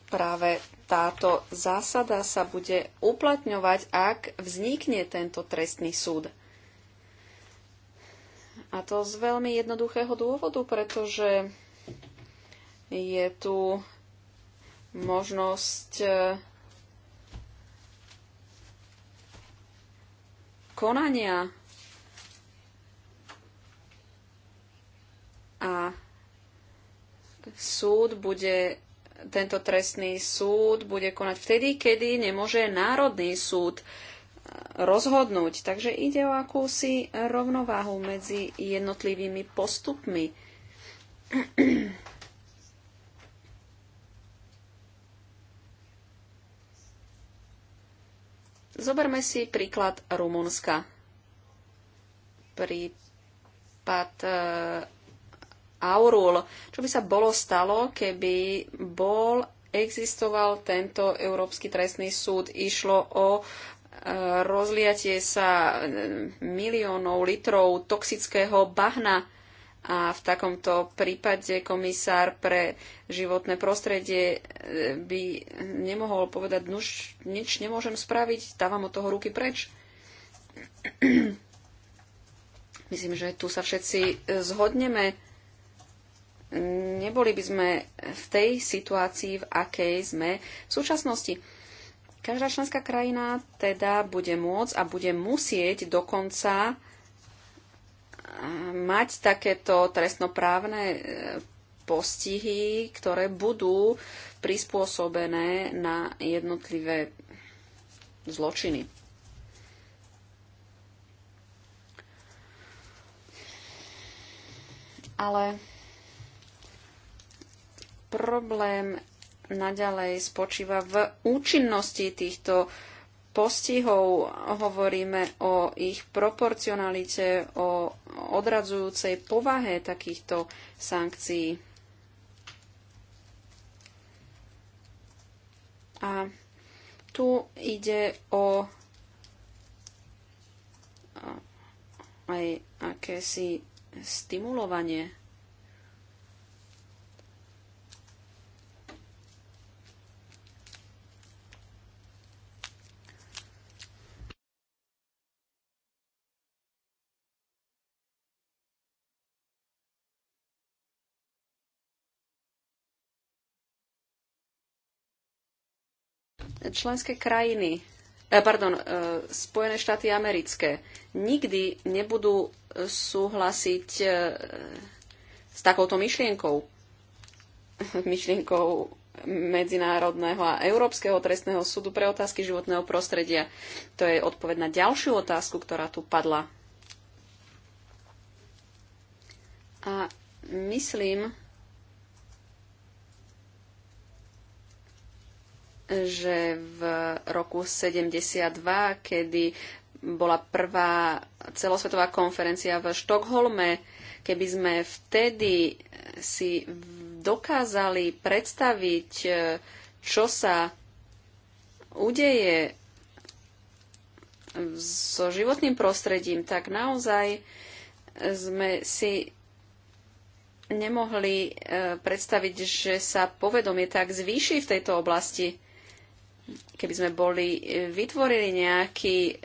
S4: práve táto zásada sa bude uplatňovať, ak vznikne tento trestný súd. A to z veľmi jednoduchého dôvodu, pretože je tu možnosť eh, konania. A súd bude, tento trestný súd bude konať vtedy, kedy nemôže Národný súd eh, rozhodnúť. Takže ide o akúsi rovnováhu medzi jednotlivými postupmi. Zoberme si príklad Rumunska. Prípad e, Aurul. Čo by sa bolo stalo, keby bol existoval tento Európsky trestný súd? Išlo o e, rozliatie sa e, miliónov litrov toxického bahna a v takomto prípade komisár pre životné prostredie eh, by nemohol povedať, nuž, nič nemôžem spraviť, dávam od toho ruky preč. Myslím, že tu sa všetci eh, zhodneme. Neboli by sme v tej situácii, v akej sme v súčasnosti. Každá členská krajina teda bude môcť a bude musieť dokonca mať takéto trestnoprávne e, postihy, ktoré budú prispôsobené na jednotlivé zločiny. Ale problém naďalej spočíva v účinnosti týchto postihov, hovoríme o ich proporcionalite, o odradzujúcej povahe takýchto sankcií. A tu ide o aj akési stimulovanie členské krajiny, eh, pardon, eh, Spojené štáty americké nikdy nebudú eh, súhlasiť s takouto myšlienkou. Myšlienkou Medzinárodného a Európskeho trestného súdu pre otázky životného prostredia. To je odpoveď na ďalšiu otázku, ktorá tu padla. A myslím, že v roku 72, kedy bola prvá celosvetová konferencia v Štokholme, keby sme vtedy si dokázali predstaviť, e, čo sa udeje so životným prostredím, tak naozaj sme si nemohli e, predstaviť, že sa povedomie tak zvýši v tejto oblasti keby sme boli e, vytvorili nejaký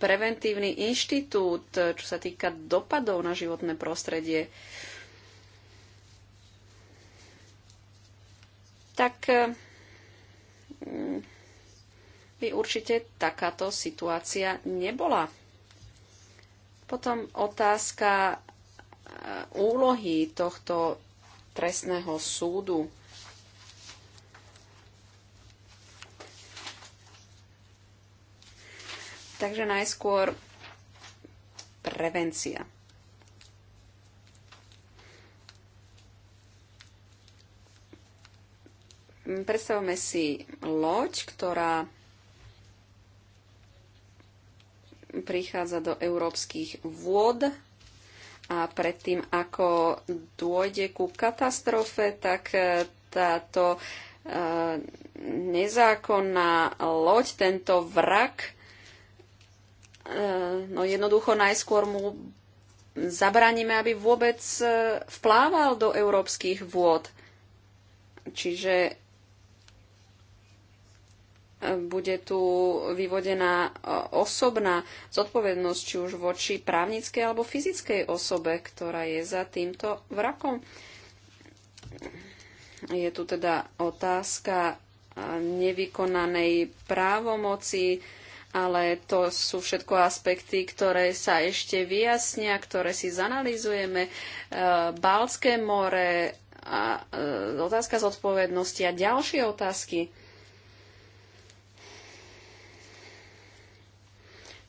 S4: preventívny inštitút, e, čo sa týka dopadov na životné prostredie, tak e, mm, by určite takáto situácia nebola. Potom otázka úlohy tohto trestného súdu Takže najskôr prevencia. Predstavme si loď, ktorá prichádza do európskych vôd a predtým, ako dôjde ku katastrofe, tak eh, táto eh, nezákonná loď, tento vrak Eh, no jednoducho najskôr mu zabraníme, aby vôbec eh, vplával do európskych vôd. Čiže eh, bude tu vyvodená osobná zodpovednosť, či už voči právnickej alebo fyzickej osobe, ktorá je za týmto vrakom. Je tu teda otázka nevykonanej právomoci, ale to sú všetko aspekty, ktoré sa ešte vyjasnia, ktoré si zanalizujeme. E, Balské more, a e, otázka zodpovednosti a ďalšie otázky.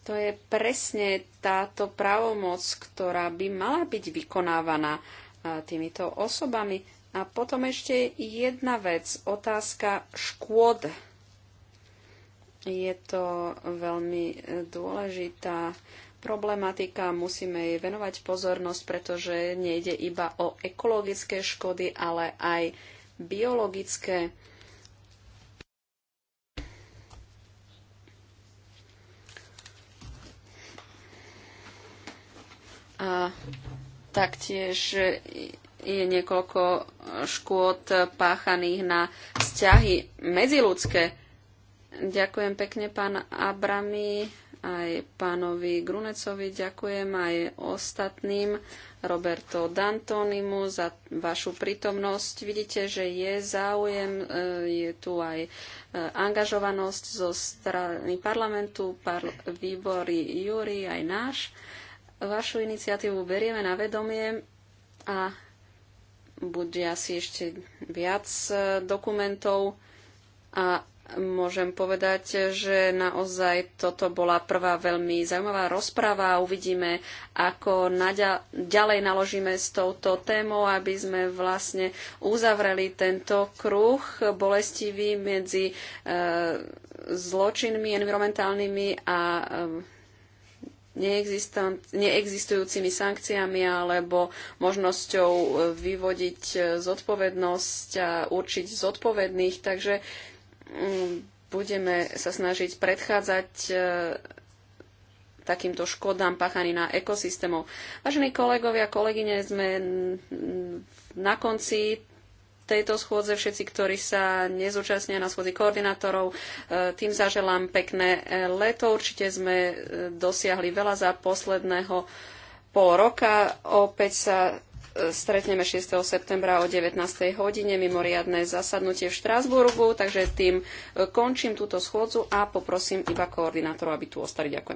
S4: To je presne táto pravomoc, ktorá by mala byť vykonávaná e, týmito osobami. A potom ešte jedna vec, otázka škôd je to veľmi e, dôležitá problematika, musíme jej venovať pozornosť, pretože nejde iba o ekologické škody, ale aj biologické. A taktiež je niekoľko škôd páchaných na vzťahy medziludské Ďakujem pekne pán Abrami, aj pánovi Grunecovi, ďakujem aj ostatným, Roberto Dantonimu za vašu prítomnosť. Vidíte, že je záujem, e, je tu aj e, angažovanosť zo strany parlamentu, par- výbory Júri, aj náš. Vašu iniciatívu berieme na vedomie a bude asi ešte viac e, dokumentov a môžem povedať, že naozaj toto bola prvá veľmi zaujímavá rozprava. Uvidíme, ako naďa- ďalej naložíme s touto témou, aby sme vlastne uzavreli tento kruh bolestivý medzi e, zločinmi environmentálnymi a e, neexistujúcimi sankciami alebo možnosťou e, vyvodiť e, zodpovednosť a určiť zodpovedných. Takže Mm, budeme sa snažiť predchádzať e, takýmto škodám páchaný na ekosystémov. Vážení kolegovia, kolegyne, sme na konci tejto schôdze všetci, ktorí sa nezúčastnia na schôdzi koordinátorov. E, tým zaželám pekné e, leto. Určite sme dosiahli veľa za posledného pol roka. Opäť sa stretneme 6. septembra o 19. hodine mimoriadne zasadnutie v Štrásburgu, takže tým e, končím túto schôdzu a poprosím iba koordinátorov, aby tu ostali. Ďakujem.